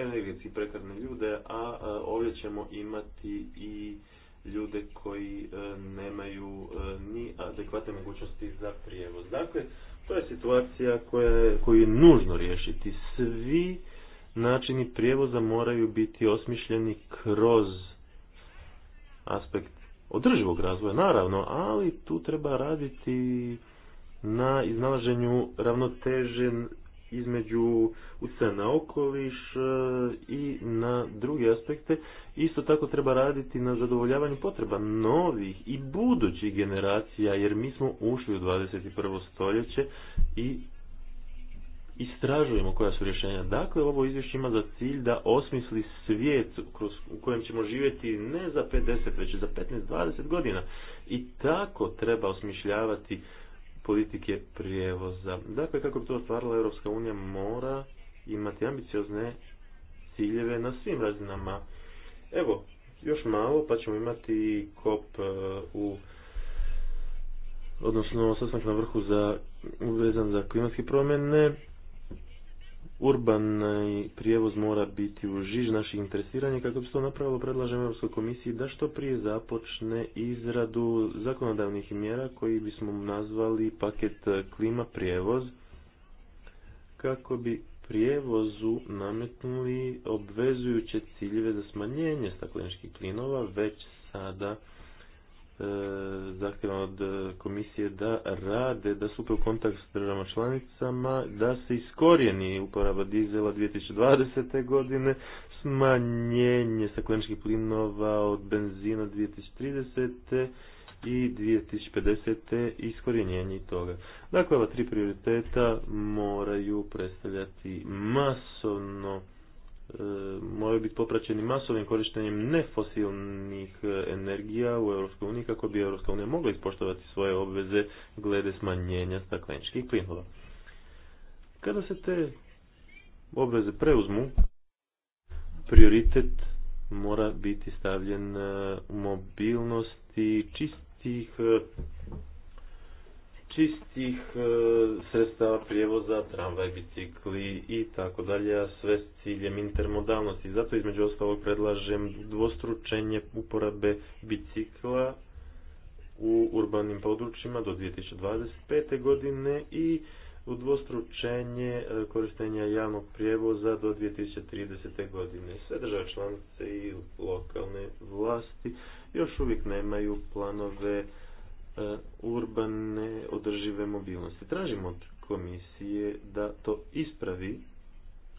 Speaker 1: energetski prekarne ljude, a ovdje ćemo imati i ljude koji e, nemaju e, ni adekvatne mogućnosti za prijevoz. Dakle, to je situacija koja je, koju je nužno riješiti. Svi načini prijevoza moraju biti osmišljeni kroz aspekt održivog razvoja, naravno, ali tu treba raditi na iznalaženju ravnoteže između utjecaja okoliš e, i na druge aspekte. Isto tako treba raditi na zadovoljavanju potreba novih i budućih generacija, jer mi smo ušli u 21. stoljeće i istražujemo koja su rješenja. Dakle, ovo izvješće ima za cilj da osmisli svijet u kojem ćemo živjeti ne za 50, već za 15-20 godina. I tako treba osmišljavati politike prijevoza. Dakle, kako bi to ostvarila Europska unija mora imati ambiciozne ciljeve na svim razinama. Evo, još malo pa ćemo imati kop e, u odnosno sastanak na vrhu za uvezan za klimatske promjene urbani e, prijevoz mora biti u žiž naših interesiranja. Kako bi se to napravilo, predlažem Europskoj komisiji da što prije započne izradu zakonodavnih mjera koji bismo nazvali paket klima prijevoz kako bi prijevozu nametnuli obvezujuće ciljeve za smanjenje stakleničkih plinova već sada E, zahtjevan od e, komisije da rade, da su u kontakt s državama članicama, da se iskorijeni uporaba dizela 2020. godine, smanjenje stakleničkih plinova od benzina 2030 i 2050. iskorjenjenje toga. Dakle, ova tri prioriteta moraju predstavljati masovno moraju biti popraćeni masovim korištenjem nefosilnih e, energija u EU kako bi EU mogla ispoštovati svoje obveze glede smanjenja stakleničkih plinova. Kada se te obveze preuzmu, prioritet mora biti stavljen e, mobilnosti čistih e, čistih e, sredstava prijevoza, tramvaj, bicikli i tako dalje, sve s ciljem intermodalnosti. Zato između ostalog predlažem dvostručenje uporabe bicikla u urbanim područjima do 2025. godine i udvostručenje e, korištenja javnog prijevoza do 2030. godine. Sve države članice i lokalne vlasti još uvijek nemaju planove E, urbane održive mobilnosti. Tražimo od komisije da to ispravi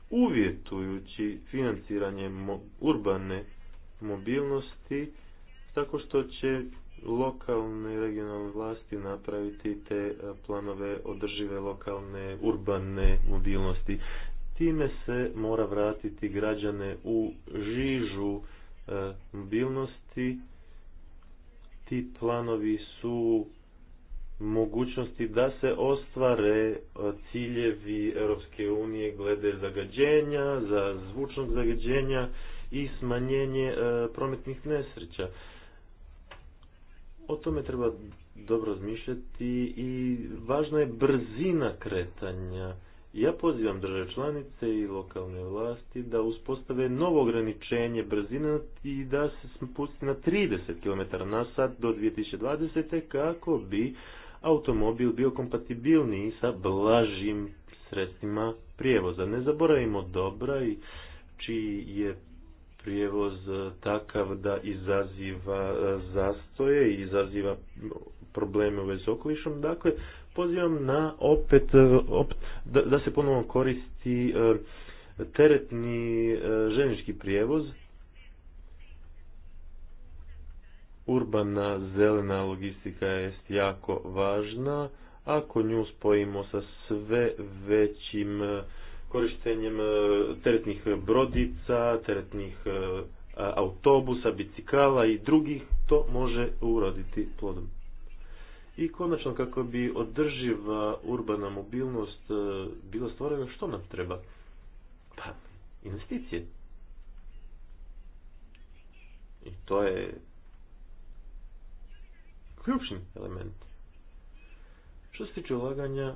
Speaker 1: uvjetujući financiranje urbane mobilnosti tako što će lokalne i regionalne vlasti napraviti te e, planove održive lokalne urbane mobilnosti. Time se mora vratiti građane u žižu e, mobilnosti planovi su mogućnosti da se ostvare ciljevi Europske unije glede zagađenja, za zvučnog zagađenja i smanjenje prometnih nesreća. O tome treba dobro razmišljati i važna je brzina kretanja ja pozivam države članice i lokalne vlasti da uspostave novo ograničenje brzina i da se spusti na 30 km na sat do 2020. kako bi automobil bio kompatibilniji sa blažim sredstvima prijevoza. Ne zaboravimo dobra i čiji je prijevoz takav da izaziva zastoje i izaziva probleme u vezi okolišom. Dakle, pozivam na e, opet, da, da se ponovno koristi e, teretni e, željeznički prijevoz urbana zelena logistika je jako važna ako nju spojimo sa sve većim korištenjem teretnih brodica, teretnih autobusa, bicikala i drugih, to može uroditi plodom. I konačno kako bi održiva urbana mobilnost e, bila stvorena, što nam treba? Pa, investicije. I to je ključni element. Što se tiče ulaganja,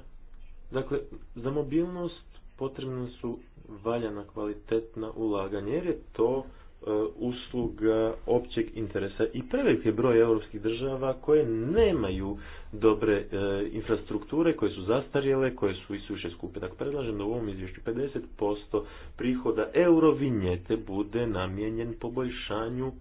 Speaker 1: dakle, za mobilnost potrebna su valjana kvalitetna ulaganja, jer je to E, usluga općeg interesa i je broj europskih država koje nemaju dobre e, infrastrukture, koje su zastarjele, koje su i suše skupe. Dakle, predlažem da u ovom izvješću 50% prihoda eurovinjete bude namijenjen poboljšanju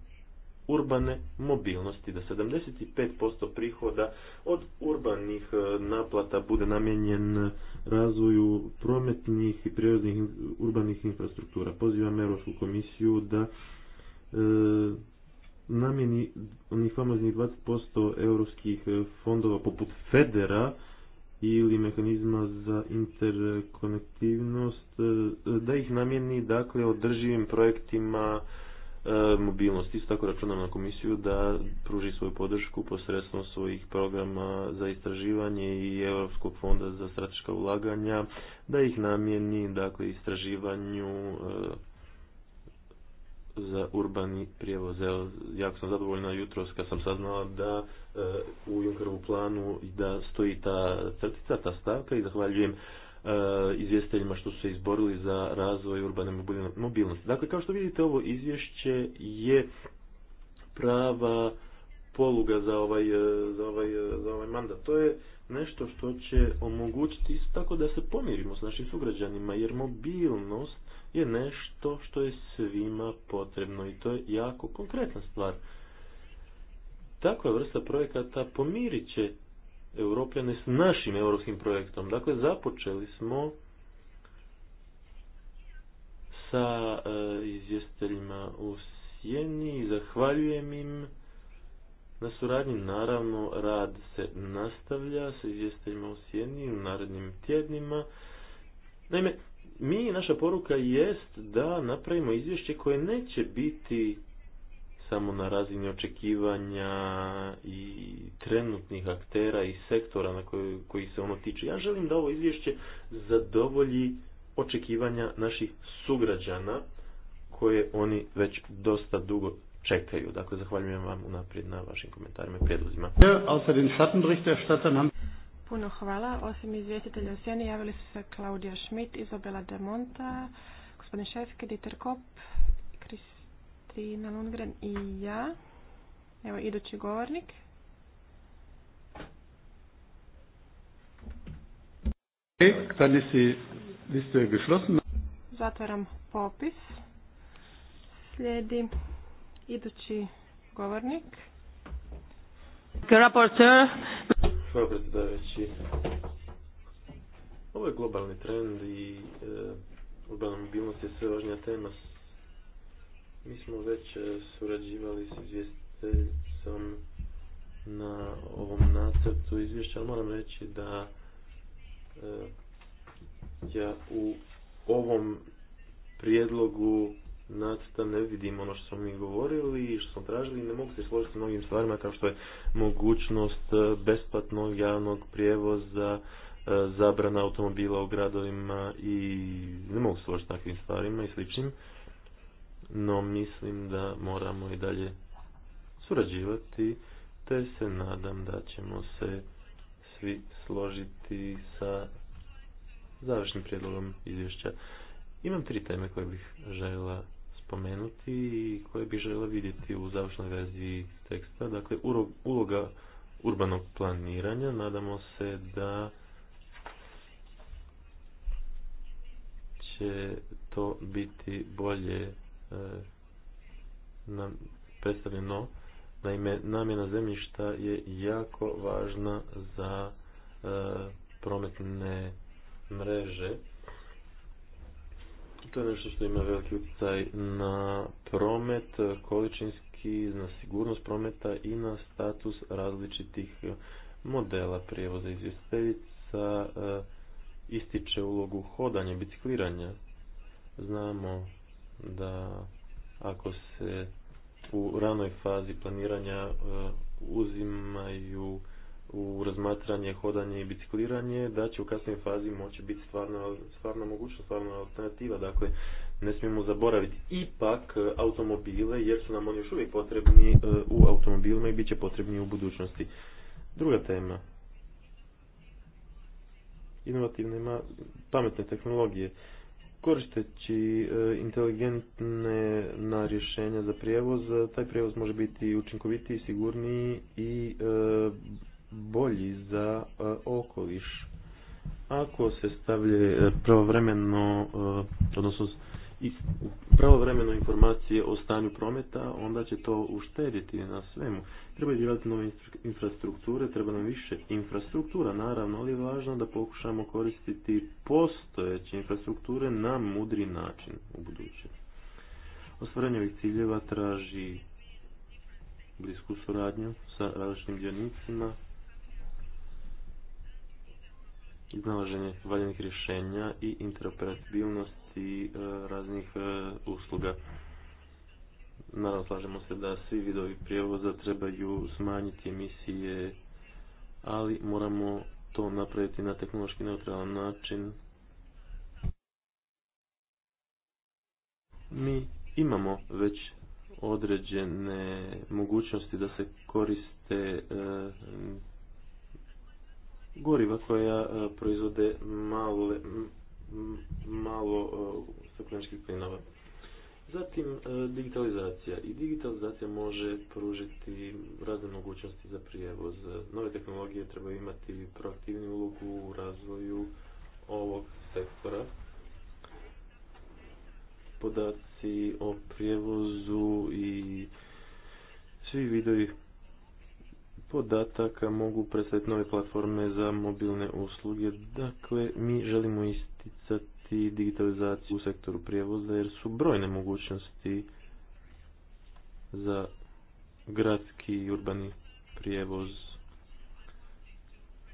Speaker 1: urbane mobilnosti, da 75% prihoda od urbanih e, naplata bude namijenjen razvoju prometnih i prirodnih urbanih infrastruktura. Pozivam Europsku komisiju da E, namjeni onih famoznih 20% europskih e, fondova poput Federa ili mehanizma za interkonektivnost, e, da ih namjeni dakle održivim projektima mobilnosti. Isto tako računam na komisiju da pruži svoju podršku posredstvom svojih programa za istraživanje i Europskog fonda za strateška ulaganja, da ih namjeni dakle istraživanju za urbani prijevoz. Evo, jako sam zadovoljna jutros kad sam saznao da e, u Junkerovu planu da stoji ta crtica, ta stavka i zahvaljujem e, izvjestiteljima što su se izborili za razvoj urbane mobilnosti. Dakle, kao što vidite, ovo izvješće je prava poluga za ovaj, e, za ovaj, e, za ovaj mandat. To je nešto što će omogućiti tako da se pomirimo s našim sugrađanima, jer mobilnost je nešto što je svima potrebno i to je jako konkretna stvar. Takva vrsta projekata pomirit će Europljane s našim europskim projektom. Dakle, započeli smo sa e, izvjestiteljima u Sjeni i zahvaljujem im na suradnji. Naravno, rad se nastavlja sa izvjestiteljima u Sjeni u narednim tjednima. Naime, mi, naša poruka jest da napravimo izvješće koje neće biti samo na razini očekivanja i trenutnih aktera i sektora na koji, koji se ono tiče. Ja želim da ovo izvješće zadovolji očekivanja naših sugrađana koje oni već dosta dugo čekaju. Dakle, zahvaljujem vam unaprijed na vašim komentarima i prijedlozima.
Speaker 3: Puno hvala. Osim izvjestitelja u sjeni javili su se Klaudija Schmidt, Izabela De Monta, gospodin Šefke, Dieter Kopp, Kristina Lundgren i ja. Evo idući govornik. Zatvaram popis. Slijedi idući govornik.
Speaker 1: Rapporteur, Hvala predsjedavajući. Ovo je globalni trend i globalna e, urbana mobilnost je sve važnija tema. Mi smo već e, surađivali s izvjestiteljicom na ovom nacrtu izvješća, ali moram reći da e, ja u ovom prijedlogu nacrta ne vidim ono što smo mi govorili i što smo tražili ne mogu se složiti s mnogim stvarima kao što je mogućnost e, besplatnog javnog prijevoza, e, zabrana automobila u gradovima i ne mogu se složiti s takvim stvarima i sličnim. No mislim da moramo i dalje surađivati te se nadam da ćemo se svi složiti sa završnim prijedlogom izvješća. Imam tri teme koje bih željela spomenuti i koje bih željela vidjeti u završnoj verziji teksta. Dakle, uloga urbanog planiranja. Nadamo se da će to biti bolje e, predstavljeno. Naime, namjena zemljišta je jako važna za e, prometne mreže to je nešto što ima veliki utjecaj na promet, količinski, na sigurnost prometa i na status različitih modela prijevoza. Izvjestiteljica e, ističe ulogu hodanja, bicikliranja. Znamo da ako se u ranoj fazi planiranja e, uzimaju u razmatranje, hodanje i bicikliranje, da će u kasnijoj fazi moći biti stvarno, stvarna mogućnost, stvarna alternativa. Dakle, ne smijemo zaboraviti ipak e, automobile, jer su nam oni još uvijek potrebni e, u automobilima i bit će potrebni u budućnosti. Druga tema. Inovativne, pametne tehnologije. Koristeći e, inteligentne na rješenja za prijevoz, taj prijevoz može biti učinkovitiji, sigurniji i bolji za e, okoliš. Ako se stavlje pravovremeno, e, odnosno pravovremeno informacije o stanju prometa, onda će to uštediti na svemu. Treba izgledati nove infrastrukture, treba nam više infrastruktura, naravno, ali je važno da pokušamo koristiti postojeće infrastrukture na mudri način u budućem. Ostvarenje ovih ciljeva traži blisku suradnju sa različitim dionicima, iznalaženje valjenih rješenja i interoperabilnosti e, raznih e, usluga. Naravno, slažemo se da svi vidovi prijevoza trebaju smanjiti emisije, ali moramo to napraviti na tehnološki neutralan način. Mi imamo već određene mogućnosti da se koriste e, goriva koja e, proizvode malo, malo e, stakleničkih plinova. Zatim e, digitalizacija. I digitalizacija može pružiti razne mogućnosti za prijevoz. Nove tehnologije trebaju imati proaktivnu ulogu u razvoju ovog sektora. Podaci o prijevozu i svi vidovi podataka mogu predstaviti nove platforme za mobilne usluge. Dakle, mi želimo isticati digitalizaciju u sektoru prijevoza jer su brojne mogućnosti za gradski i urbani prijevoz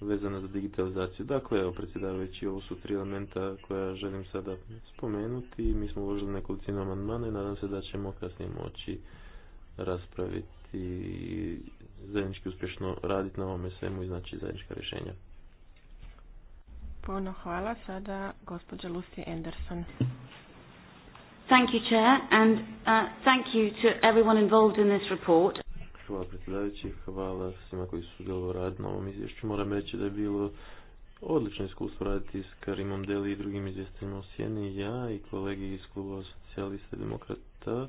Speaker 1: vezana za digitalizaciju. Dakle, evo predsjedavajući, ovo su tri elementa koja želim sada spomenuti. Mi smo uložili nekolicinu amandmana i nadam se da ćemo kasnije moći raspraviti zajednički uspješno raditi na ovome svemu i znači zajednička rješenja.
Speaker 3: Puno hvala. Sada gospođa Lucy Anderson. Thank you, Chair, and uh, thank you to everyone involved in this report.
Speaker 1: Hvala predsjedavajući, hvala svima koji su sudjelovali rad na ovom izvješću. Moram reći da je bilo odlično iskustvo raditi s Karimom Deli i drugim izvjestima u Sjeni. Ja i kolege iz kluba socijalista i demokrata e,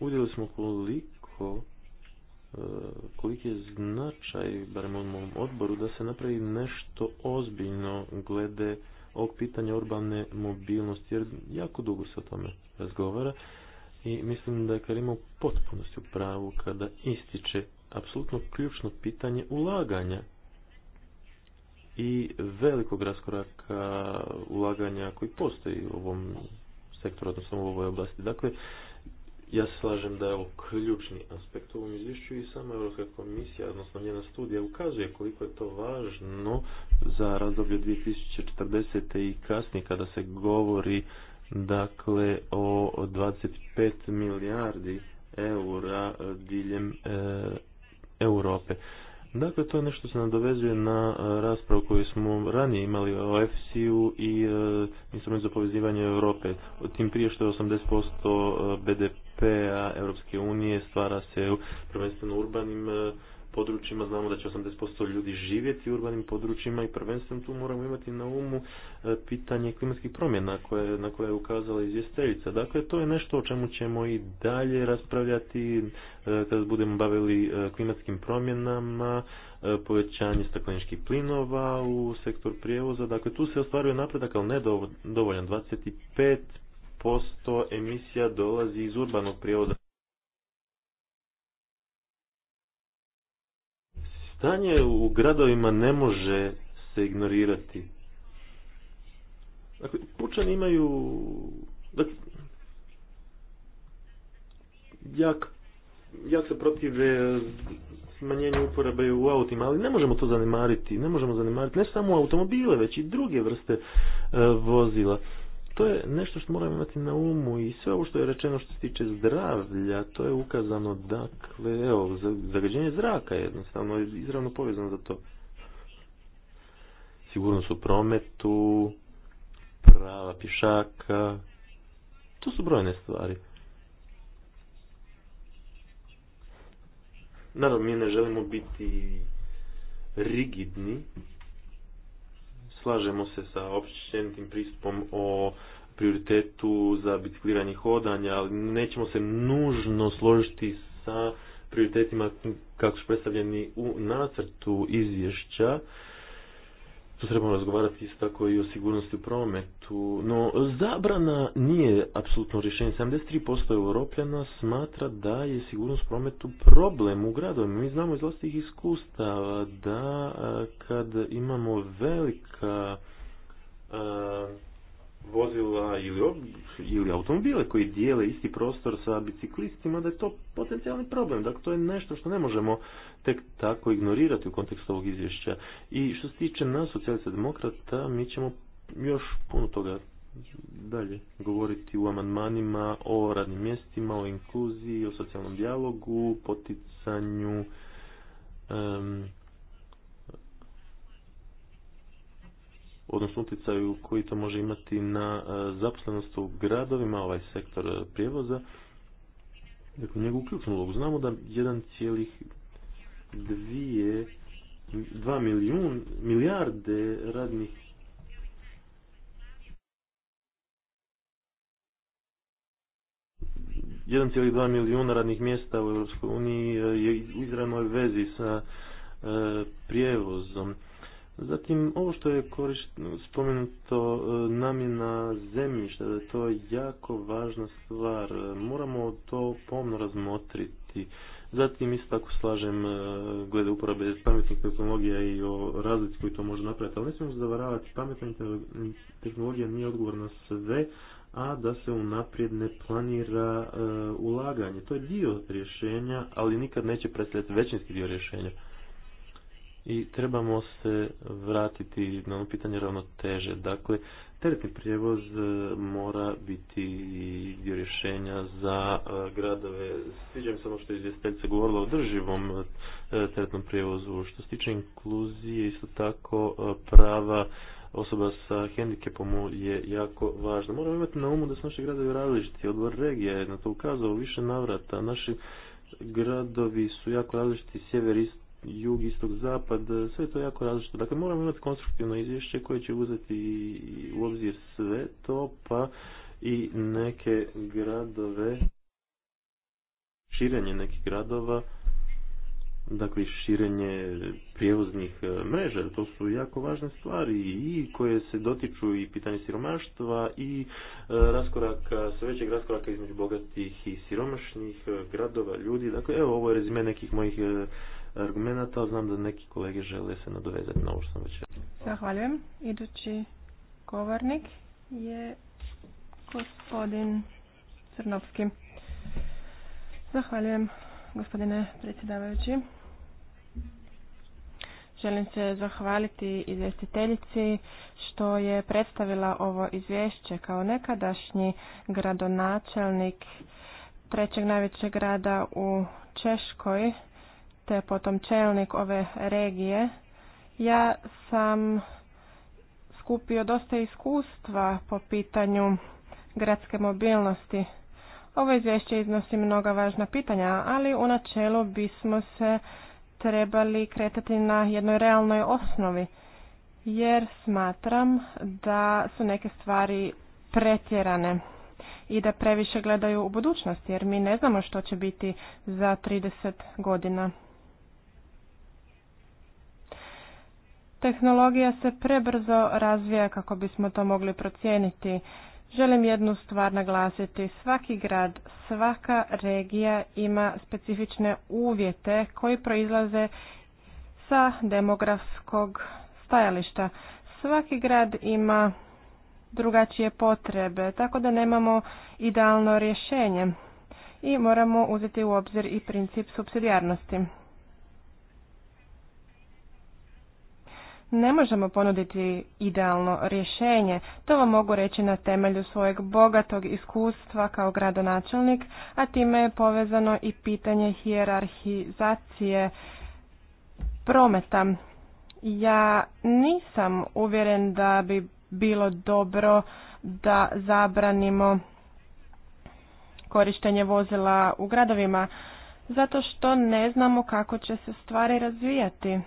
Speaker 1: udjeli smo koliko jako e, koliki je značaj, barem u mom odboru, da se napravi nešto ozbiljno glede ovog pitanja urbane mobilnosti, jer jako dugo se o tome razgovara i mislim da je Karimo potpunosti u pravu kada ističe apsolutno ključno pitanje ulaganja i velikog raskoraka ulaganja koji postoji u ovom sektoru, odnosno u ovoj oblasti. Dakle, ja se slažem da je ovo ključni aspekt u ovom izvješću i sama Europska komisija, odnosno njena studija, ukazuje koliko je to važno za razdoblje 2040. i kasnije kada se govori dakle o 25 milijardi eura diljem e, Europe. Dakle, to je nešto se nadovezuje na e, raspravu koju smo ranije imali o efsi i e, instrument za povezivanje Europe. Tim prije što je 80% e, BDP-a Europske unije stvara se prvenstveno urbanim područjima, znamo da će 80% ljudi živjeti u urbanim područjima i prvenstveno tu moramo imati na umu e, pitanje klimatskih promjena koje, na koje je ukazala izvjesteljica. Dakle, to je nešto o čemu ćemo i dalje raspravljati e, kada budemo bavili e, klimatskim promjenama, povećanje stakleničkih plinova u sektor prijevoza. Dakle, tu se ostvaruje napredak, ali ne dovoljan. 25% emisija dolazi iz urbanog prijevoza. Stanje u gradovima ne može se ignorirati. Dakle, pučani imaju dakle, jak, jak se protiv smanjenja uporabe u autima, ali ne možemo to zanemariti, ne možemo zanemariti ne samo automobile, već i druge vrste e, vozila to je nešto što moramo imati na umu i sve ovo što je rečeno što se tiče zdravlja, to je ukazano dakle, evo, zagađenje zraka je jednostavno izravno povezano za to. Sigurnost u prometu, prava pješaka, to su brojne stvari. Naravno, mi ne želimo biti rigidni, slažemo se sa općenitim pristupom o prioritetu za bicikliranje hodanja, ali nećemo se nužno složiti sa prioritetima kako su predstavljeni u nacrtu izvješća tu trebamo razgovarati isto tako i o sigurnosti u prometu. No, zabrana nije apsolutno rješenje. 73% europljana smatra da je sigurnost u prometu problem u gradovima. Mi znamo iz vlastih iskustava da kad imamo velika vozila ili, ili automobile koji dijele isti prostor sa biciklistima, da je to potencijalni problem. Dakle, to je nešto što ne možemo tek tako ignorirati u kontekstu ovog izvješća. I što se tiče nas, socijalista demokrata, mi ćemo još puno toga dalje govoriti u amandmanima o radnim mjestima, o inkluziji, o socijalnom dijalogu, poticanju um, odnosno utjecaju koji to može imati na e, zaposlenost u gradovima, ovaj sektor prijevoza, dakle njegovu ključnu ulogu. Znamo da cijelih dvije, dva milijun, milijarde radnih jedan dva milijuna radnih mjesta u Europskoj uniji e, je u izravnoj vezi sa e, prijevozom. Zatim, ovo što je spomenuto e, namjena zemljišta, da je to jako važna stvar. Moramo to pomno razmotriti. Zatim isto tako slažem e, glede uporabe pametnih tehnologija i o razlici koju to može napraviti, ali ne smijemo zavaravati, pametna tehnologija nije odgovor na sve, a da se unaprijed ne planira e, ulaganje. To je dio rješenja, ali nikad neće predstavljati većinski dio rješenja i trebamo se vratiti na ono pitanje ravnoteže. Dakle, teretni prijevoz e, mora biti dio rješenja za e, gradove. Sviđa mi se ono što je izvjestiteljica govorila o drživom e, teretnom prijevozu. Što se tiče inkluzije, isto tako prava osoba sa hendikepom je jako važna. Moramo imati na umu da su naši gradovi različiti. Odbor regija je na to ukazao više navrata. Naši gradovi su jako različiti sjever, ist, jug, istok zapad, sve to jako različito. Dakle, moramo imati konstruktivno izvješće koje će uzeti u obzir sve to, pa i neke gradove, širenje nekih gradova, dakle širenje prijevoznih e, mreža, to su jako važne stvari i koje se dotiču i pitanje siromaštva i e, raskoraka, sve većeg raskoraka između bogatih i siromašnih e, gradova, ljudi. Dakle, evo ovo je rezime nekih mojih argumenta, znam da neki kolege žele se nadovezati na ovo što sam već.
Speaker 3: Zahvaljujem. Idući govornik je gospodin Crnovski. Zahvaljujem gospodine predsjedavajući. Želim se zahvaliti izvjestiteljici što je predstavila ovo izvješće kao nekadašnji gradonačelnik trećeg najvećeg grada u Češkoj te potom čelnik ove regije, ja sam skupio dosta iskustva po pitanju gradske mobilnosti. Ovo izvješće iznosi mnoga važna pitanja, ali u načelu bismo se trebali kretati na jednoj realnoj osnovi, jer smatram da su neke stvari pretjerane i da previše gledaju u budućnost, jer mi ne znamo što će biti za 30 godina. Tehnologija se prebrzo razvija kako bismo to mogli procijeniti. Želim jednu stvar naglasiti. Svaki grad, svaka regija ima specifične uvjete koji proizlaze sa demografskog stajališta. Svaki grad ima drugačije potrebe, tako da nemamo idealno rješenje i moramo uzeti u obzir i princip subsidijarnosti. ne možemo ponuditi idealno rješenje. To vam mogu reći na temelju svojeg bogatog iskustva kao gradonačelnik, a time je povezano i pitanje hijerarhizacije prometa. Ja nisam uvjeren da bi bilo dobro da zabranimo korištenje vozila u gradovima, zato što ne znamo kako će se stvari razvijati.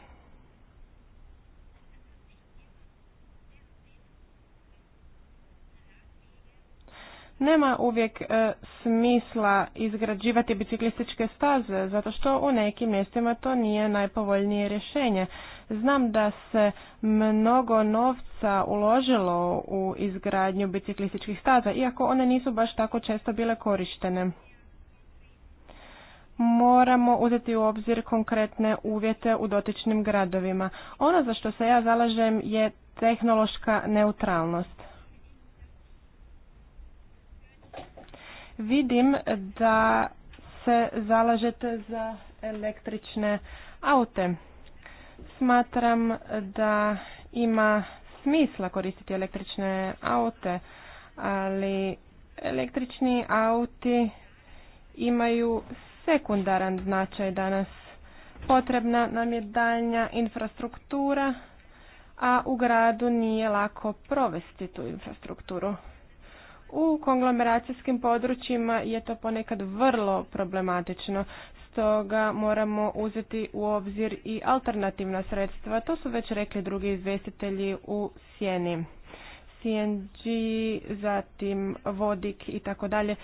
Speaker 3: Nema uvijek e, smisla izgrađivati biciklističke staze, zato što u nekim mjestima to nije najpovoljnije rješenje. Znam da se mnogo novca uložilo u izgradnju biciklističkih staza, iako one nisu baš tako često bile korištene. Moramo uzeti u obzir konkretne uvjete u dotičnim gradovima. Ono za što se ja zalažem je tehnološka neutralnost. Vidim da se zalažete za električne aute. Smatram da ima smisla koristiti električne aute, ali električni auti imaju sekundaran značaj danas. Potrebna nam je daljnja infrastruktura, a u gradu nije lako provesti tu infrastrukturu. U konglomeracijskim područjima je to ponekad vrlo problematično, stoga moramo uzeti u obzir i alternativna sredstva. To su već rekli drugi izvestitelji u sjeni. CNG, zatim vodik i tako dalje.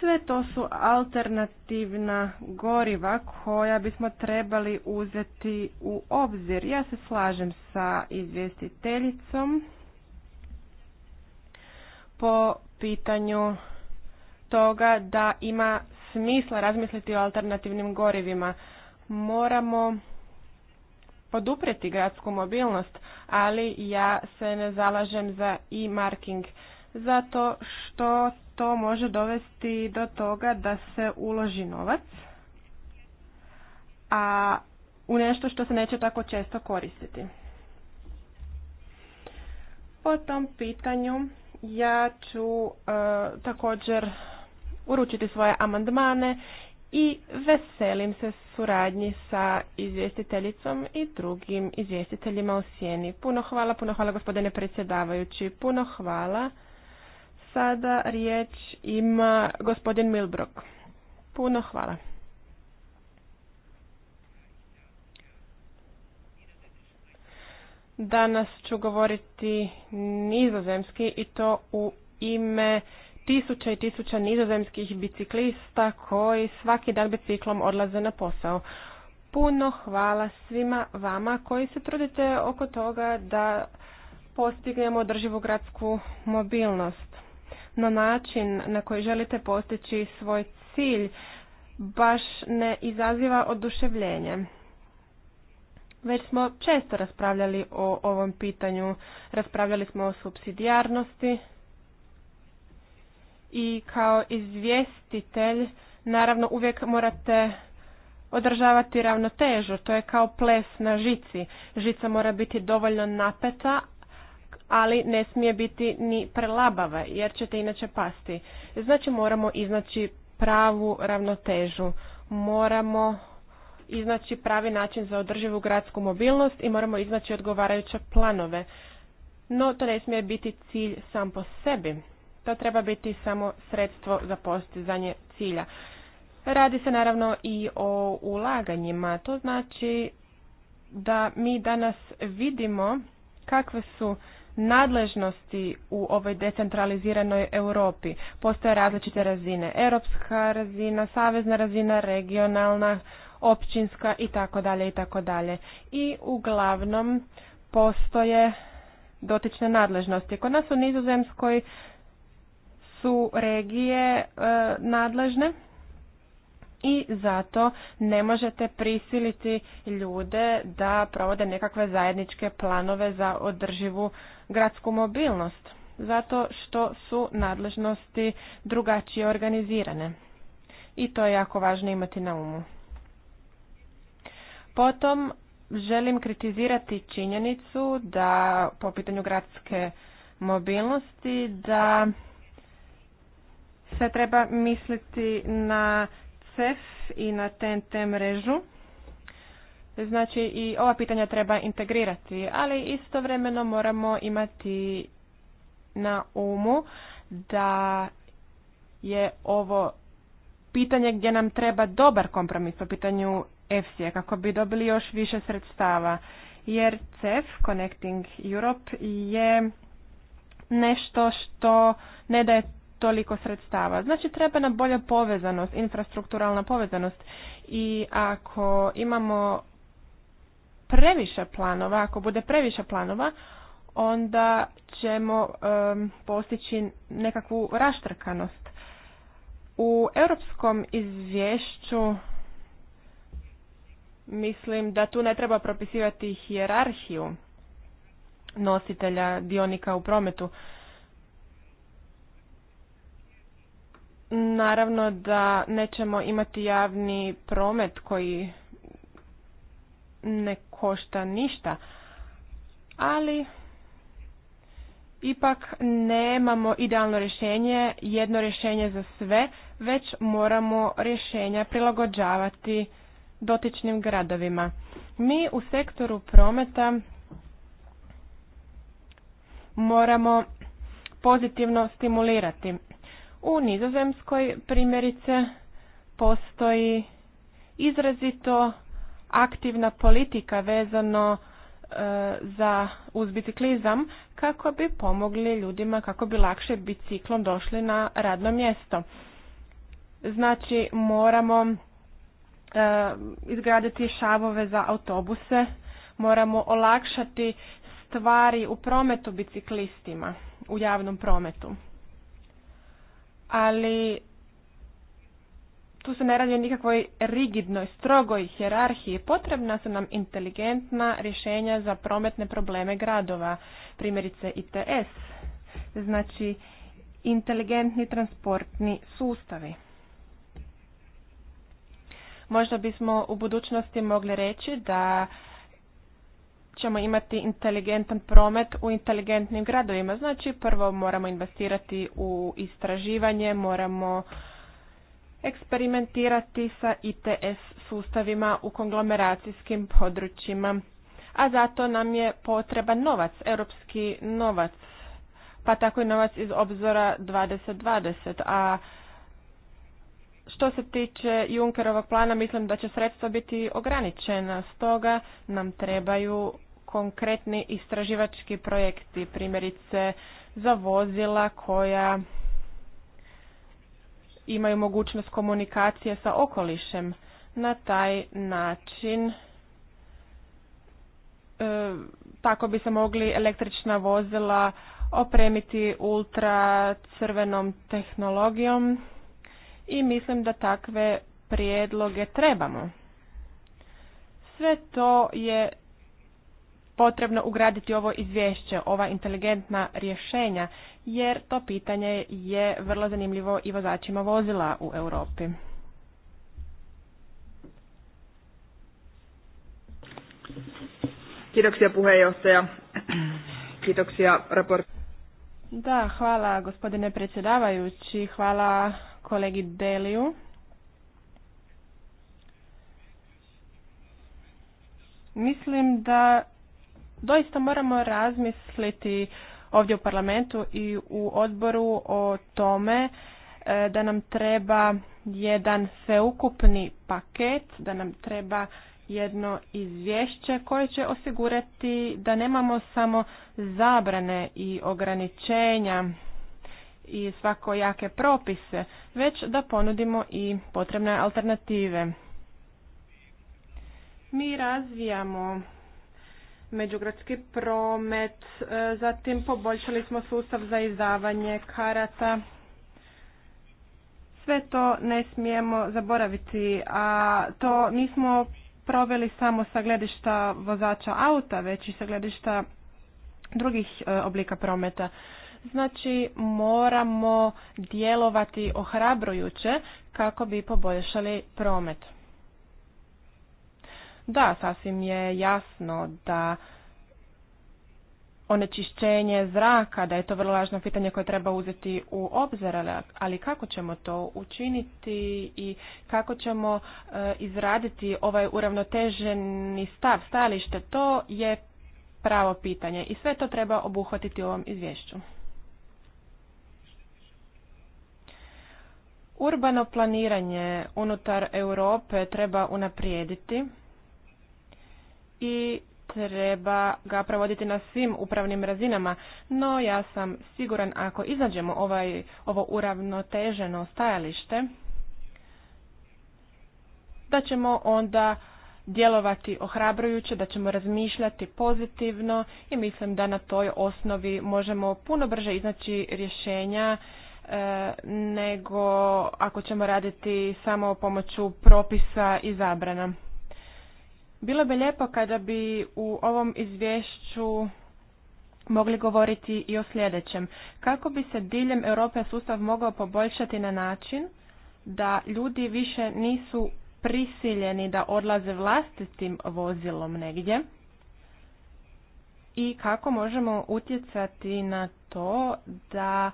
Speaker 3: Sve to su alternativna goriva koja bismo trebali uzeti u obzir. Ja se slažem sa izvjestiteljicom po pitanju toga da ima smisla razmisliti o alternativnim gorivima. Moramo poduprijeti gradsku mobilnost, ali ja se ne zalažem za e-marking, zato što to može dovesti do toga da se uloži novac, a u nešto što se neće tako često koristiti. Po tom pitanju ja ću e, također uručiti svoje amandmane i veselim se suradnji sa izvjestiteljicom i drugim izvjestiteljima u sjeni. Puno hvala, puno hvala gospodine predsjedavajući, puno hvala. Sada riječ ima gospodin Milbrok. Puno hvala. Danas ću govoriti nizozemski i to u ime tisuća i tisuća nizozemskih biciklista koji svaki dan biciklom odlaze na posao. Puno hvala svima vama koji se trudite oko toga da postignemo održivu gradsku mobilnost. No način na koji želite postići svoj cilj baš ne izaziva oduševljenje. Već smo često raspravljali o ovom pitanju, raspravljali smo o subsidijarnosti i kao izvjestitelj naravno uvijek morate održavati ravnotežu, to je kao ples na žici. Žica mora biti dovoljno napeta, ali ne smije biti ni prelabava jer ćete inače pasti. Znači moramo iznaći pravu ravnotežu. Moramo iznaći pravi način za održivu gradsku mobilnost i moramo iznaći odgovarajuće planove. No, to ne smije biti cilj sam po sebi. To treba biti samo sredstvo za postizanje cilja. Radi se naravno i o ulaganjima. To znači da mi danas vidimo kakve su nadležnosti u ovoj decentraliziranoj Europi. Postoje različite razine. Europska razina, savezna razina, regionalna, općinska i tako dalje i tako dalje. I uglavnom postoje dotične nadležnosti. Kod nas u Nizozemskoj su regije e, nadležne i zato ne možete prisiliti ljude da provode nekakve zajedničke planove za održivu gradsku mobilnost zato što su nadležnosti drugačije organizirane. I to je jako važno imati na umu. Potom želim kritizirati činjenicu da po pitanju gradske mobilnosti da se treba misliti na CEF i na TNT mrežu. Znači i ova pitanja treba integrirati, ali istovremeno moramo imati na umu da je ovo pitanje gdje nam treba dobar kompromis po pitanju efsi kako bi dobili još više sredstava. Jer CEF, Connecting Europe, je nešto što ne daje toliko sredstava. Znači treba nam bolja povezanost, infrastrukturalna povezanost i ako imamo previše planova, ako bude previše planova, onda ćemo postići nekakvu raštrkanost. U europskom izvješću Mislim da tu ne treba propisivati hijerarhiju nositelja dionika u prometu. Naravno da nećemo imati javni promet koji ne košta ništa, ali ipak nemamo idealno rješenje, jedno rješenje za sve, već moramo rješenja prilagođavati dotičnim gradovima. Mi u sektoru prometa moramo pozitivno stimulirati. U Nizozemskoj primjerice postoji izrazito aktivna politika vezano e, za uz biciklizam kako bi pomogli ljudima kako bi lakše biciklom došli na radno mjesto. Znači moramo E, izgraditi šavove za autobuse, moramo olakšati stvari u prometu biciklistima, u javnom prometu. Ali tu se ne radi o nikakvoj rigidnoj, strogoj hjerarhiji. Potrebna su nam inteligentna rješenja za prometne probleme gradova, primjerice ITS, znači inteligentni transportni sustavi. Možda bismo u budućnosti mogli reći da ćemo imati inteligentan promet u inteligentnim gradovima. Znači prvo moramo investirati u istraživanje, moramo eksperimentirati sa ITS sustavima u konglomeracijskim područjima. A zato nam je potreban novac, europski novac, pa tako i novac iz obzora 2020, a što se tiče Junkerovog plana, mislim da će sredstva biti ograničena, stoga nam trebaju konkretni istraživački projekti, primjerice za vozila koja imaju mogućnost komunikacije sa okolišem. Na taj način e, tako bi se mogli električna vozila opremiti ultracrvenom tehnologijom i mislim da takve prijedloge trebamo. Sve to je potrebno ugraditi ovo izvješće, ova inteligentna rješenja, jer to pitanje je vrlo zanimljivo i vozačima vozila u Europi.
Speaker 2: Kiitoksia puheenjohtaja. Kiitoksia raport...
Speaker 3: Da, hvala gospodine predsjedavajući, hvala kolegi Deliju. Mislim da doista moramo razmisliti ovdje u parlamentu i u odboru o tome e, da nam treba jedan sveukupni paket, da nam treba jedno izvješće koje će osigurati da nemamo samo zabrane i ograničenja i svakojake propise, već da ponudimo i potrebne alternative. Mi razvijamo međugradski promet, e, zatim poboljšali smo sustav za izdavanje karata. Sve to ne smijemo zaboraviti, a to nismo proveli samo sa gledišta vozača auta, već i sa gledišta drugih e, oblika prometa. Znači moramo djelovati ohrabrujuće kako bi poboljšali promet. Da, sasvim je jasno da onečišćenje zraka, da je to vrlo važno pitanje koje treba uzeti u obzir, ali kako ćemo to učiniti i kako ćemo e, izraditi ovaj uravnoteženi stav, stajalište, to je pravo pitanje i sve to treba obuhvatiti u ovom izvješću. Urbano planiranje unutar Europe treba unaprijediti i treba ga provoditi na svim upravnim razinama, no ja sam siguran ako iznađemo ovaj, ovo uravnoteženo stajalište, da ćemo onda djelovati ohrabrujuće, da ćemo razmišljati pozitivno i mislim da na toj osnovi možemo puno brže iznaći rješenja E, nego ako ćemo raditi samo pomoću propisa i zabrana. Bilo bi lijepo kada bi u ovom izvješću mogli govoriti i o sljedećem. Kako bi se diljem Europe sustav mogao poboljšati na način da ljudi više nisu prisiljeni da odlaze vlastitim vozilom negdje i kako možemo utjecati na to da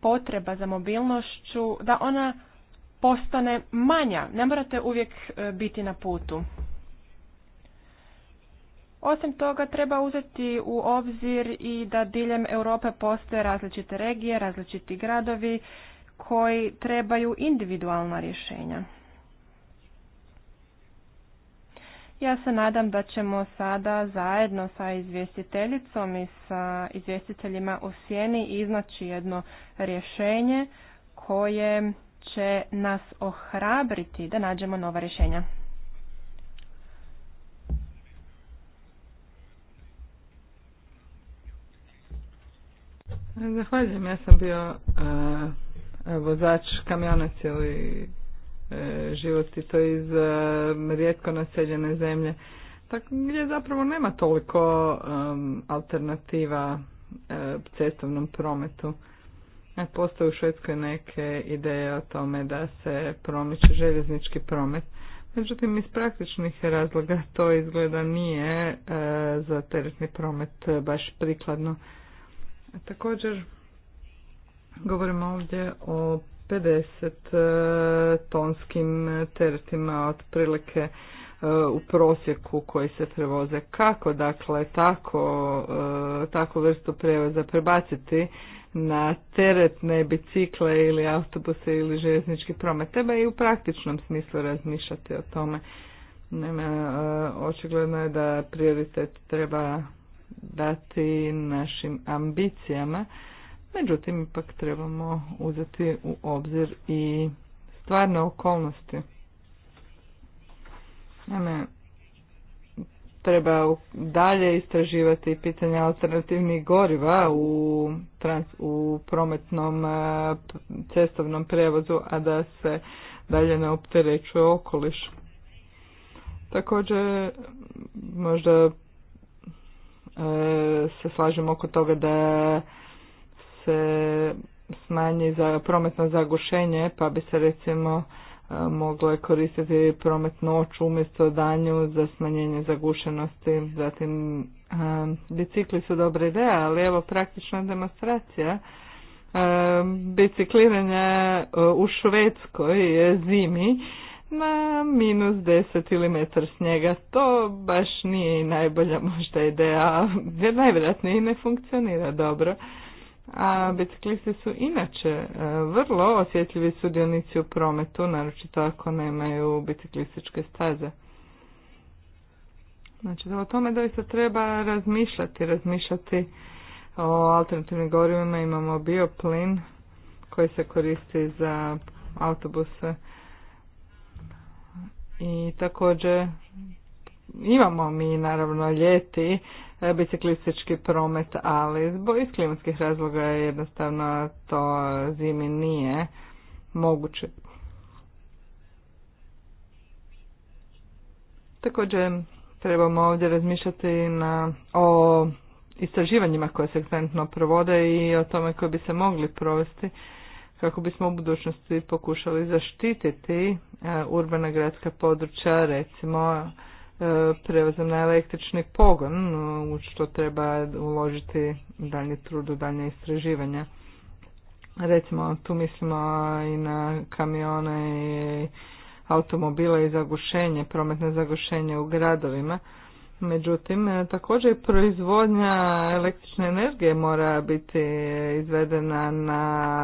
Speaker 3: potreba za mobilnošću, da ona postane manja. Ne morate uvijek e, biti na putu. Osim toga, treba uzeti u obzir i da diljem Europe postoje različite regije, različiti gradovi koji trebaju individualna rješenja. Ja se nadam da ćemo sada zajedno sa izvjestiteljicom i sa izvjestiteljima u sjeni iznaći jedno rješenje koje će nas ohrabriti da nađemo nova rješenja.
Speaker 2: Zahvaljujem, ja sam bio e, vozač i život i to iz e, rijetko naseljene zemlje. Tako gdje zapravo nema toliko alternativa e, cestovnom prometu. E, postoje u Švedskoj neke ideje o tome da se promiče željeznički promet. Međutim, iz praktičnih razloga to izgleda nije za teretni promet baš prikladno. Također, govorimo ovdje o 50 e, tonskim teretima otprilike e, u prosjeku koji se prevoze. Kako dakle tako, e, tako vrstu prevoza prebaciti na teretne bicikle ili autobuse ili željeznički promet? Treba i u praktičnom smislu razmišljati o tome. Nema, očigledno je da prioritet treba dati našim ambicijama Međutim, ipak trebamo uzeti u obzir i stvarne okolnosti. Naime, treba dalje istraživati pitanja alternativnih goriva u, trans, u prometnom e, cestovnom prijevozu, a da se dalje ne opterećuje okoliš. Također, možda e, se slažemo oko toga da se smanji za prometno zagušenje, pa bi se recimo e, moglo koristiti promet oču umjesto danju za smanjenje zagušenosti. Zatim e, bicikli su dobra ideja, ali evo praktična demonstracija. E, Bicikliranje u Švedskoj zimi na minus 10 ili snijega. To baš nije najbolja možda ideja, jer najvjerojatnije i ne funkcionira dobro a biciklisti su inače e, vrlo osjetljivi sudionici u prometu, naročito ako nemaju biciklističke staze. Znači, o tome doista treba razmišljati, razmišljati o alternativnim gorivima, imamo bioplin koji se koristi za autobuse i također imamo mi naravno ljeti E, biciklistički promet, ali zbog iz klimatskih razloga jednostavno to zimi nije moguće. Također trebamo ovdje razmišljati na, o istraživanjima koje se trenutno provode i o tome koje bi se mogli provesti kako bismo u budućnosti pokušali zaštititi e, urbana gradska područja recimo prevozom na električni pogon, u što treba uložiti dalje trudu, u dalje istraživanja. Recimo, tu mislimo i na kamione i automobile i zagušenje, prometne zagušenje u gradovima. Međutim, e, također proizvodnja električne energije mora biti izvedena na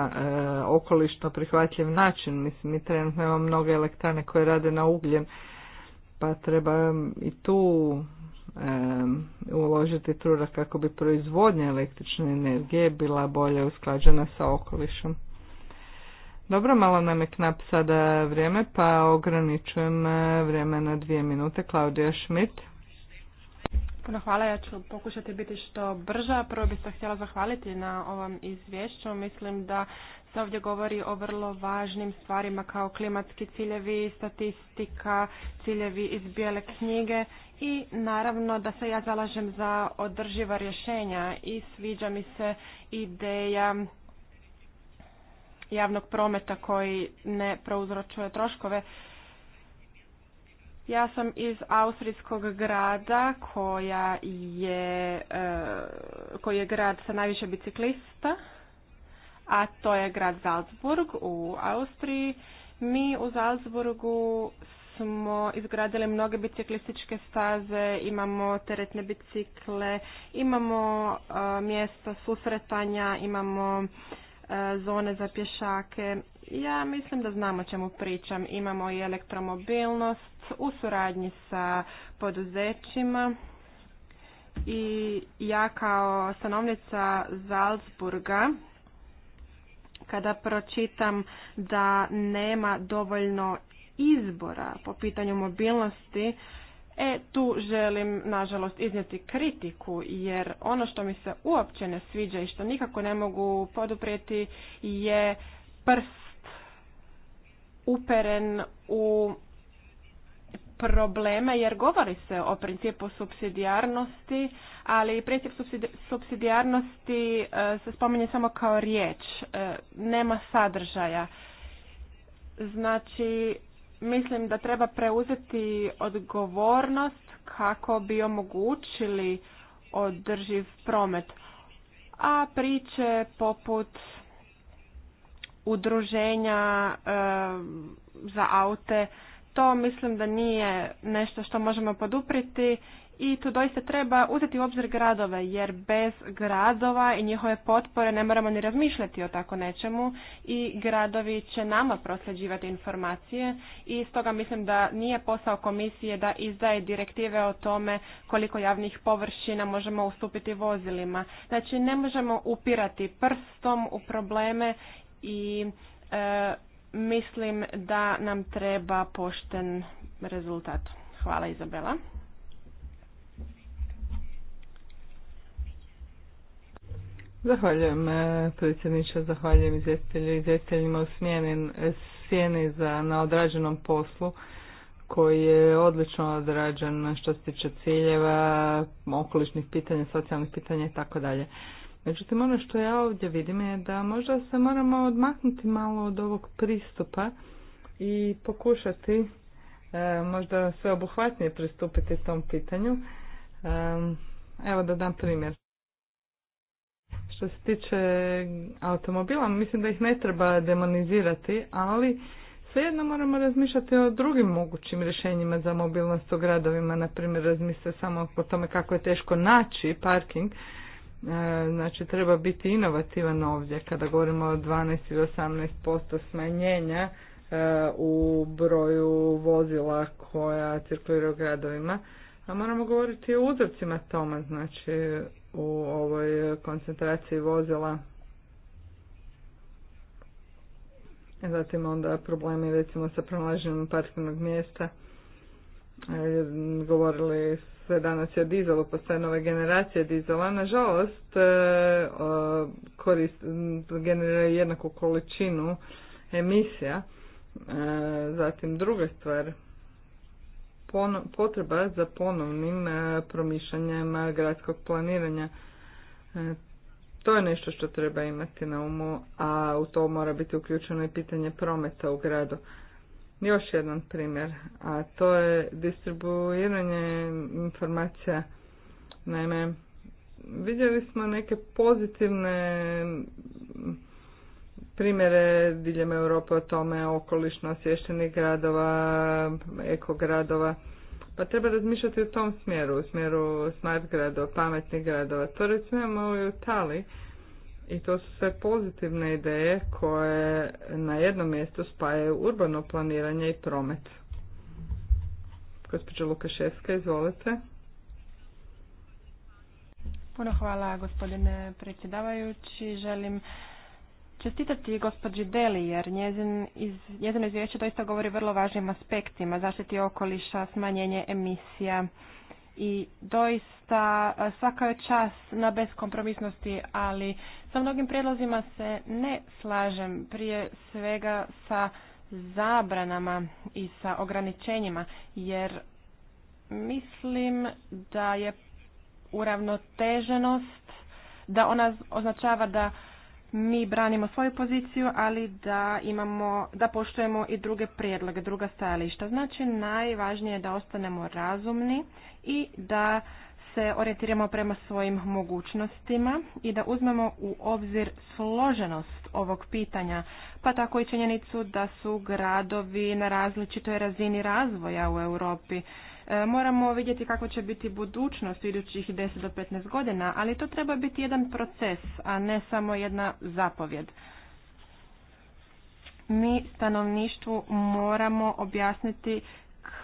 Speaker 2: e, okolišno prihvatljiv način. Mislim, mi trenutno imamo mnoge elektrane koje rade na ugljen pa treba i tu uložiti truda kako bi proizvodnja električne energije bila bolje usklađena sa okolišom. Dobro, malo nam je knap sada vrijeme, pa ograničujem vrijeme na dvije minute. Klaudija Schmidt.
Speaker 3: Puno hvala, ja ću pokušati biti što brža. Prvo bih se htjela zahvaliti na ovom izvješću. Mislim da se ovdje govori o vrlo važnim stvarima kao klimatski ciljevi, statistika, ciljevi iz bijele knjige i naravno da se ja zalažem za održiva rješenja i sviđa mi se ideja javnog prometa koji ne prouzročuje troškove ja sam iz austrijskog grada koja je, e, koji je grad sa najviše biciklista, a to je grad Salzburg u Austriji. Mi u Salzburgu smo izgradili mnoge biciklističke staze, imamo teretne bicikle, imamo e, mjesta susretanja, imamo e, zone za pješake ja mislim da znamo čemu pričam. Imamo i elektromobilnost u suradnji sa poduzećima i ja kao stanovnica Salzburga kada pročitam da nema dovoljno izbora po pitanju mobilnosti, e tu želim nažalost iznijeti kritiku jer ono što mi se uopće ne sviđa i što nikako ne mogu poduprijeti je prs uperen u probleme jer govori se o principu subsidijarnosti, ali princip subsidijarnosti e, se spominje samo kao riječ, e, nema sadržaja. Znači, mislim da treba preuzeti odgovornost kako bi omogućili održiv promet. A priče poput udruženja e, za aute. To mislim da nije nešto što možemo podupriti i tu doista treba uzeti u obzir gradove, jer bez gradova i njihove potpore ne moramo ni razmišljati o tako nečemu i gradovi će nama prosljeđivati informacije i stoga mislim da nije posao komisije da izdaje direktive o tome koliko javnih površina možemo ustupiti vozilima. Znači ne možemo upirati prstom u probleme i e, mislim da nam treba pošten rezultat. Hvala Izabela.
Speaker 2: Zahvaljujem e, predsjedniče, zahvaljujem izvjestitelju i izvjestiteljima u e, sjeni za, na odrađenom poslu koji je odlično odrađen što se tiče ciljeva, okolišnih pitanja, socijalnih pitanja i tako dalje. Međutim, ono što ja ovdje vidim je da možda se moramo odmaknuti malo od ovog pristupa i pokušati e, možda sve obuhvatnije pristupiti tom pitanju. E, evo da dam primjer. Što se tiče automobila, mislim da ih ne treba demonizirati, ali svejedno moramo razmišljati o drugim mogućim rješenjima za mobilnost u gradovima. Naprimjer, razmislite samo o tome kako je teško naći parking, E, znači treba biti inovativan ovdje kada govorimo o 12 ili 18% smanjenja e, u broju vozila koja cirkuliraju u gradovima. A moramo govoriti o uzrocima toma znači u ovoj koncentraciji vozila. Zatim onda problemi recimo sa pronalaženjem parkirnog mjesta. E, govorili se danas je dizalo, postoje nove generacije dizela, nažalost e, korist, generira jednaku količinu emisija. E, zatim druga stvar, potreba za ponovnim e, promišljanjem gradskog planiranja. To je nešto što treba imati na umu, a u to mora biti uključeno i pitanje prometa u gradu još jedan primjer, a to je distribuiranje informacija. Naime, vidjeli smo neke pozitivne primjere diljem Europe o tome okolišno osviještenih gradova, ekogradova. Pa treba razmišljati u tom smjeru, u smjeru smart gradova, pametnih gradova. To recimo imamo i u Italiji i to su sve pozitivne ideje koje na jednom mjestu spajaju urbano planiranje i promet. šeska Lukaševska, izvolite.
Speaker 3: Puno hvala gospodine predsjedavajući. Želim čestitati gospođi Deli jer njezin iz, njezino izvješće doista govori vrlo važnim aspektima zaštiti okoliša, smanjenje emisija i doista svaka je čas na beskompromisnosti, ali sa mnogim prijedlozima se ne slažem, prije svega sa zabranama i sa ograničenjima, jer mislim da je uravnoteženost, da ona označava da mi branimo svoju poziciju, ali da imamo, da poštujemo i druge prijedloge, druga stajališta. Znači najvažnije je da ostanemo razumni i da se orijentiramo prema svojim mogućnostima i da uzmemo u obzir složenost ovog pitanja, pa tako i činjenicu da su gradovi na različitoj razini razvoja u Europi. E, moramo vidjeti kako će biti budućnost u idućih 10 do 15 godina, ali to treba biti jedan proces, a ne samo jedna zapovjed. Mi stanovništvu moramo objasniti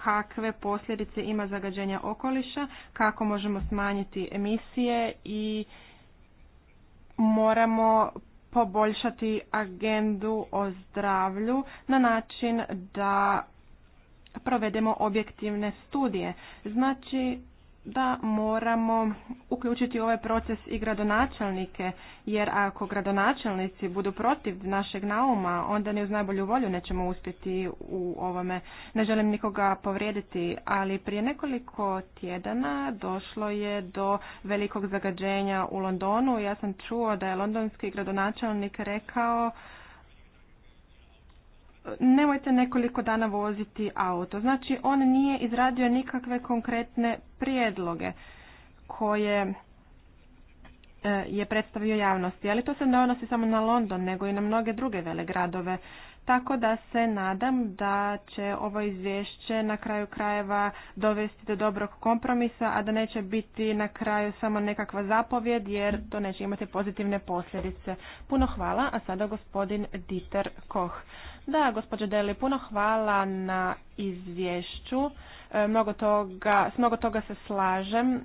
Speaker 3: kakve posljedice ima zagađenja okoliša, kako možemo smanjiti emisije i moramo poboljšati agendu o zdravlju na način da provedemo objektivne studije. Znači da moramo uključiti u ovaj proces i gradonačelnike, jer ako gradonačelnici budu protiv našeg nauma, onda ni uz najbolju volju nećemo uspjeti u ovome. Ne želim nikoga povrijediti, ali prije nekoliko tjedana došlo je do velikog zagađenja u Londonu. Ja sam čuo da je londonski gradonačelnik rekao nemojte nekoliko dana voziti auto. Znači, on nije izradio nikakve konkretne prijedloge koje e, je predstavio javnosti, ali to se ne odnosi samo na London, nego i na mnoge druge velegradove. Tako da se nadam da će ovo izvješće na kraju krajeva dovesti do dobrog kompromisa, a da neće biti na kraju samo nekakva zapovjed, jer to neće imati pozitivne posljedice. Puno hvala, a sada gospodin Dieter Koch. Da, gospođo Deli, puno hvala na izvješću. E, mnogo toga, s mnogo toga se slažem.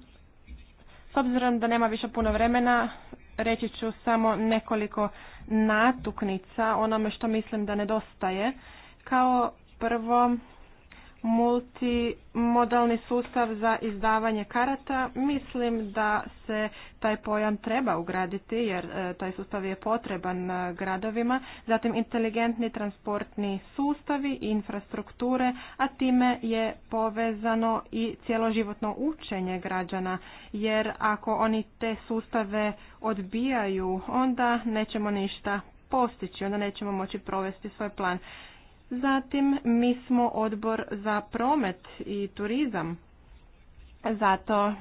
Speaker 3: S obzirom da nema više puno vremena, reći ću samo nekoliko natuknica onome što mislim da nedostaje. Kao prvo, multimodalni sustav za izdavanje karata. Mislim da se taj pojam treba ugraditi jer e, taj sustav je potreban e, gradovima. Zatim inteligentni transportni sustavi i infrastrukture, a time je povezano i cjeloživotno učenje građana jer ako oni te sustave odbijaju onda nećemo ništa postići, onda nećemo moći provesti svoj plan. Zatim mi smo odbor za promet i turizam. Zato e,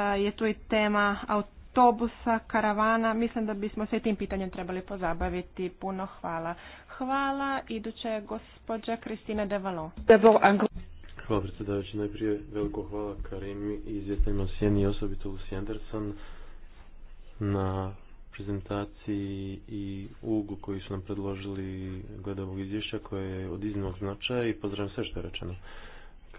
Speaker 3: je tu i tema autobusa, karavana. Mislim da bismo se tim pitanjem trebali pozabaviti. Puno hvala. Hvala. Iduće gospođa Kristina Devalo.
Speaker 1: Hvala predsjedavajući. Najprije veliko hvala Karimi i Sjeni i osobito u Anderson na prezentaciji i ugu koji su nam predložili glede ovog izvješća koje je od iznimnog značaja i pozdravljam sve što je rečeno.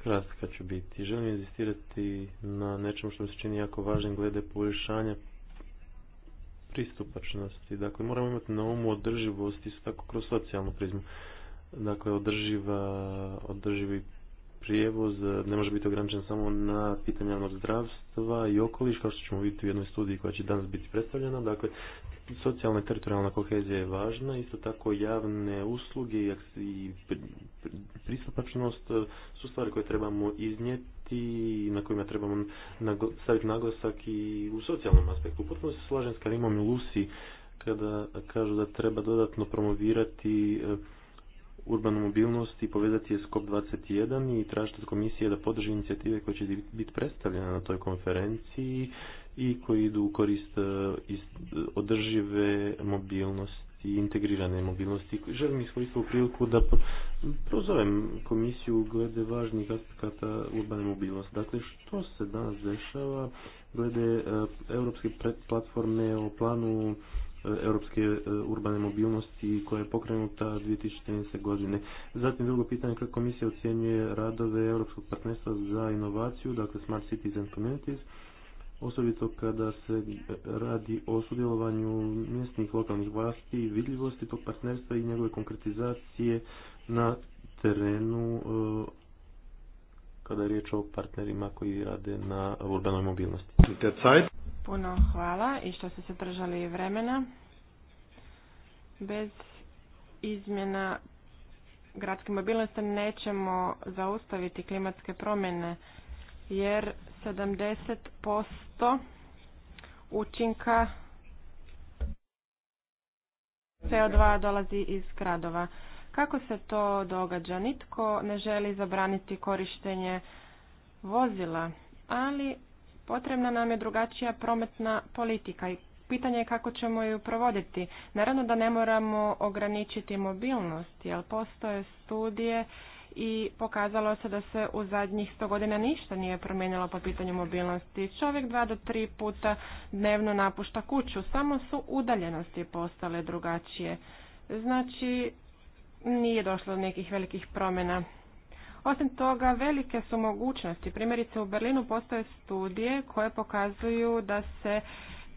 Speaker 1: Kratka ću biti. Želim inzistirati na nečemu što mi se čini jako važnim glede poboljšanja pristupačnosti. Dakle, moramo imati na umu održivost isto tako kroz socijalnu prizmu. Dakle, održiva, održivi prijevoz e, ne može biti ograničen samo na pitanje javnog zdravstva i okoliš, kao što ćemo vidjeti u jednoj studiji koja će danas biti predstavljena. Dakle, socijalna i teritorijalna kohezija je važna, isto tako javne usluge i pristupačnost e, su stvari koje trebamo iznijeti i na kojima trebamo staviti naglasak i u socijalnom aspektu. Potpuno se slažem s Karimom i Lusi kada kažu da treba dodatno promovirati e, urbanu mobilnost i povezati je s COP21 i tražiti od komisije da podrži inicijative koje će biti predstavljene na toj konferenciji i koji idu u korist e, održive mobilnosti i integrirane mobilnosti. Želim iskoristiti u priliku da prozovem komisiju glede važnih aspekata urbane mobilnosti. Dakle, što se danas dešava glede e, europske platforme o planu europske e, urbane mobilnosti koja je pokrenuta 2014. godine. Zatim drugo pitanje kako komisija ocjenjuje radove Europskog partnerstva za inovaciju, dakle Smart Cities and Communities, osobito kada se radi o sudjelovanju mjesnih lokalnih vlasti i vidljivosti tog partnerstva i njegove konkretizacije na terenu e, kada je riječ o partnerima koji rade na urbanoj mobilnosti.
Speaker 3: Puno hvala i što ste se držali vremena. Bez izmjena gradske mobilnosti nećemo zaustaviti klimatske promjene jer 70% učinka CO2 dolazi iz gradova. Kako se to događa? Nitko ne želi zabraniti korištenje vozila, ali Potrebna nam je drugačija prometna politika i pitanje je kako ćemo ju provoditi. Naravno da ne moramo ograničiti mobilnost, jer postoje studije i pokazalo se da se u zadnjih sto godina ništa nije promijenilo po pitanju mobilnosti. Čovjek dva do tri puta dnevno napušta kuću, samo su udaljenosti postale drugačije. Znači, nije došlo do nekih velikih promjena osim toga, velike su mogućnosti. Primjerice u Berlinu postoje studije koje pokazuju da se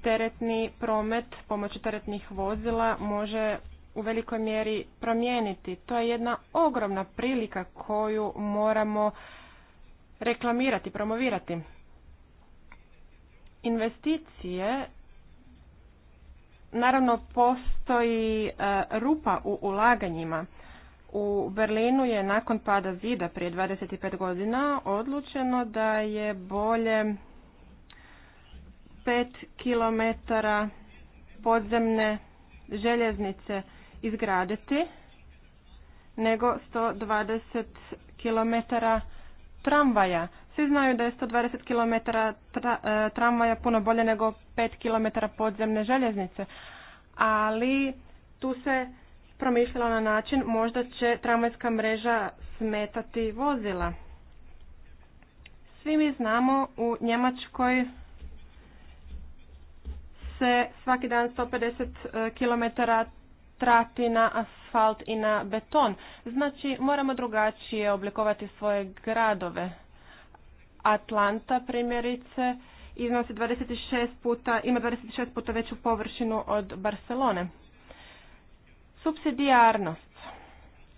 Speaker 3: teretni promet pomoću teretnih vozila može u velikoj mjeri promijeniti. To je jedna ogromna prilika koju moramo reklamirati, promovirati. Investicije naravno postoji e, rupa u ulaganjima. U Berlinu je nakon pada zida prije 25 godina odlučeno da je bolje 5 km podzemne željeznice izgraditi nego 120 km tramvaja. Svi znaju da je 120 km tra, e, tramvaja puno bolje nego 5 km podzemne željeznice, ali tu se promišljala na način možda će tramvajska mreža smetati vozila. Svi mi znamo u Njemačkoj se svaki dan 150 e, km trati na asfalt i na beton. Znači moramo drugačije oblikovati svoje gradove. Atlanta primjerice iznosi 26 puta, ima 26 puta veću površinu od Barcelone. Subsidijarnost.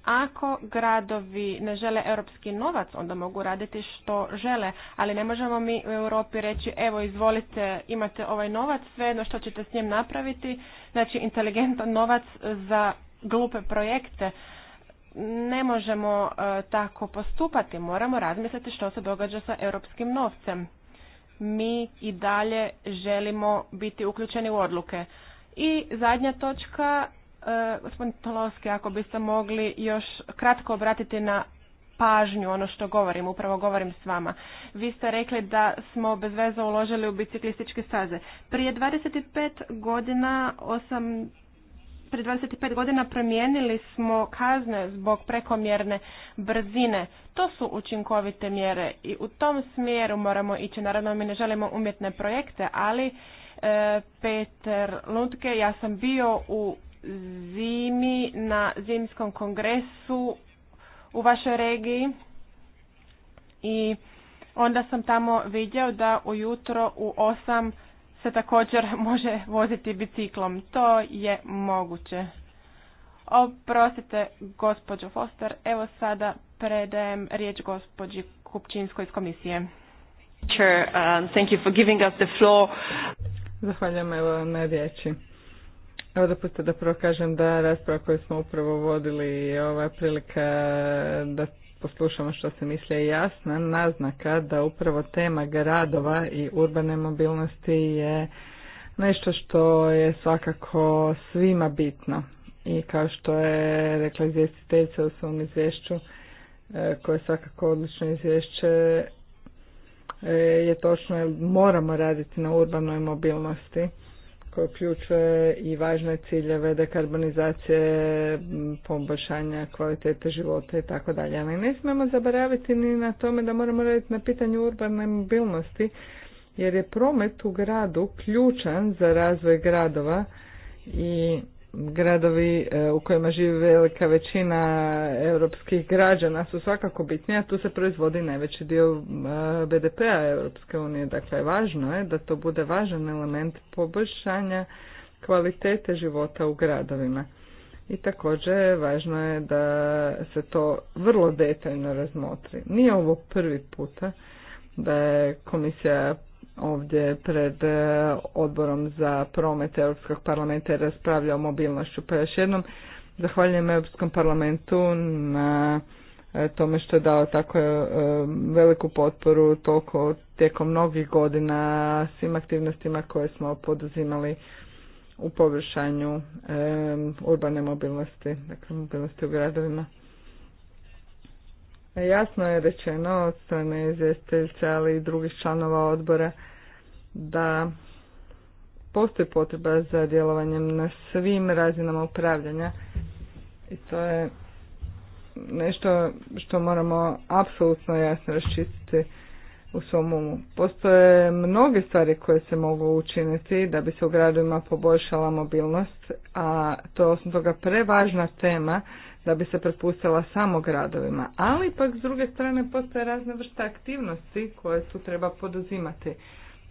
Speaker 3: Ako gradovi ne žele europski novac, onda mogu raditi što žele, ali ne možemo mi u Europi reći evo izvolite imate ovaj novac, svejedno što ćete s njim napraviti, znači inteligentan novac za glupe projekte. Ne možemo e, tako postupati, moramo razmisliti što se događa sa europskim novcem. Mi i dalje želimo biti uključeni u odluke. I zadnja točka E, gospodin Tolovski, ako biste mogli još kratko obratiti na pažnju ono što govorim, upravo govorim s vama. Vi ste rekli da smo bez veza uložili u biciklističke staze. Prije 25 godina osam prije 25 godina promijenili smo kazne zbog prekomjerne brzine. To su učinkovite mjere i u tom smjeru moramo ići. Naravno, mi ne želimo umjetne projekte, ali e, Peter Lundke, ja sam bio u zimi na zimskom kongresu u vašoj regiji i onda sam tamo vidio da ujutro u 8 se također može voziti biciklom. To je moguće. Oprostite, gospođo Foster, evo sada predajem riječ gospođi Kupčinskoj iz komisije.
Speaker 2: Sure, um, for giving Zahvaljujem na riječi. Evo dopustite da prvo kažem da rasprava koju smo upravo vodili je ova prilika da poslušamo što se misli je jasna naznaka da upravo tema gradova i urbane mobilnosti je nešto što je svakako svima bitno. I kao što je rekla izvjestiteljica u svom izvješću, e, koje je svakako odlično izvješće, e, je točno, moramo raditi na urbanoj mobilnosti koje uključuje i važne ciljeve dekarbonizacije, poboljšanja kvalitete života i tako dalje. Ali ne smijemo zaboraviti ni na tome da moramo raditi na pitanju urbane mobilnosti, jer je promet u gradu ključan za razvoj gradova i gradovi e, u kojima živi velika većina europskih građana su svakako bitni, a tu se proizvodi najveći dio e, BDP-a Europske unije. Dakle, važno je da to bude važan element poboljšanja kvalitete života u gradovima. I također važno je da se to vrlo detaljno razmotri. Nije ovo prvi puta da je komisija ovdje pred e, odborom za promet Europskog parlamenta i raspravljao o mobilnošću. Pa još jednom zahvaljujem Europskom parlamentu na e, tome što je dao tako e, veliku potporu toliko tijekom mnogih godina svim aktivnostima koje smo poduzimali u površanju urbane mobilnosti, dakle mobilnosti u gradovima. Jasno je rečeno od strane izvjestiteljice, ali i drugih članova odbora da postoji potreba za djelovanjem na svim razinama upravljanja i to je nešto što moramo apsolutno jasno raščistiti u svom umu. Postoje mnoge stvari koje se mogu učiniti da bi se u gradovima poboljšala mobilnost, a to je osim toga prevažna tema da bi se prepustila samo gradovima. Ali pak s druge strane postoje razne vrste aktivnosti koje su treba poduzimati.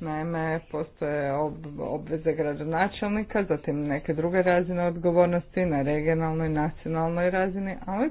Speaker 2: Naime, postoje obveze gradonačelnika, zatim neke druge razine odgovornosti na regionalnoj i nacionalnoj razini, ali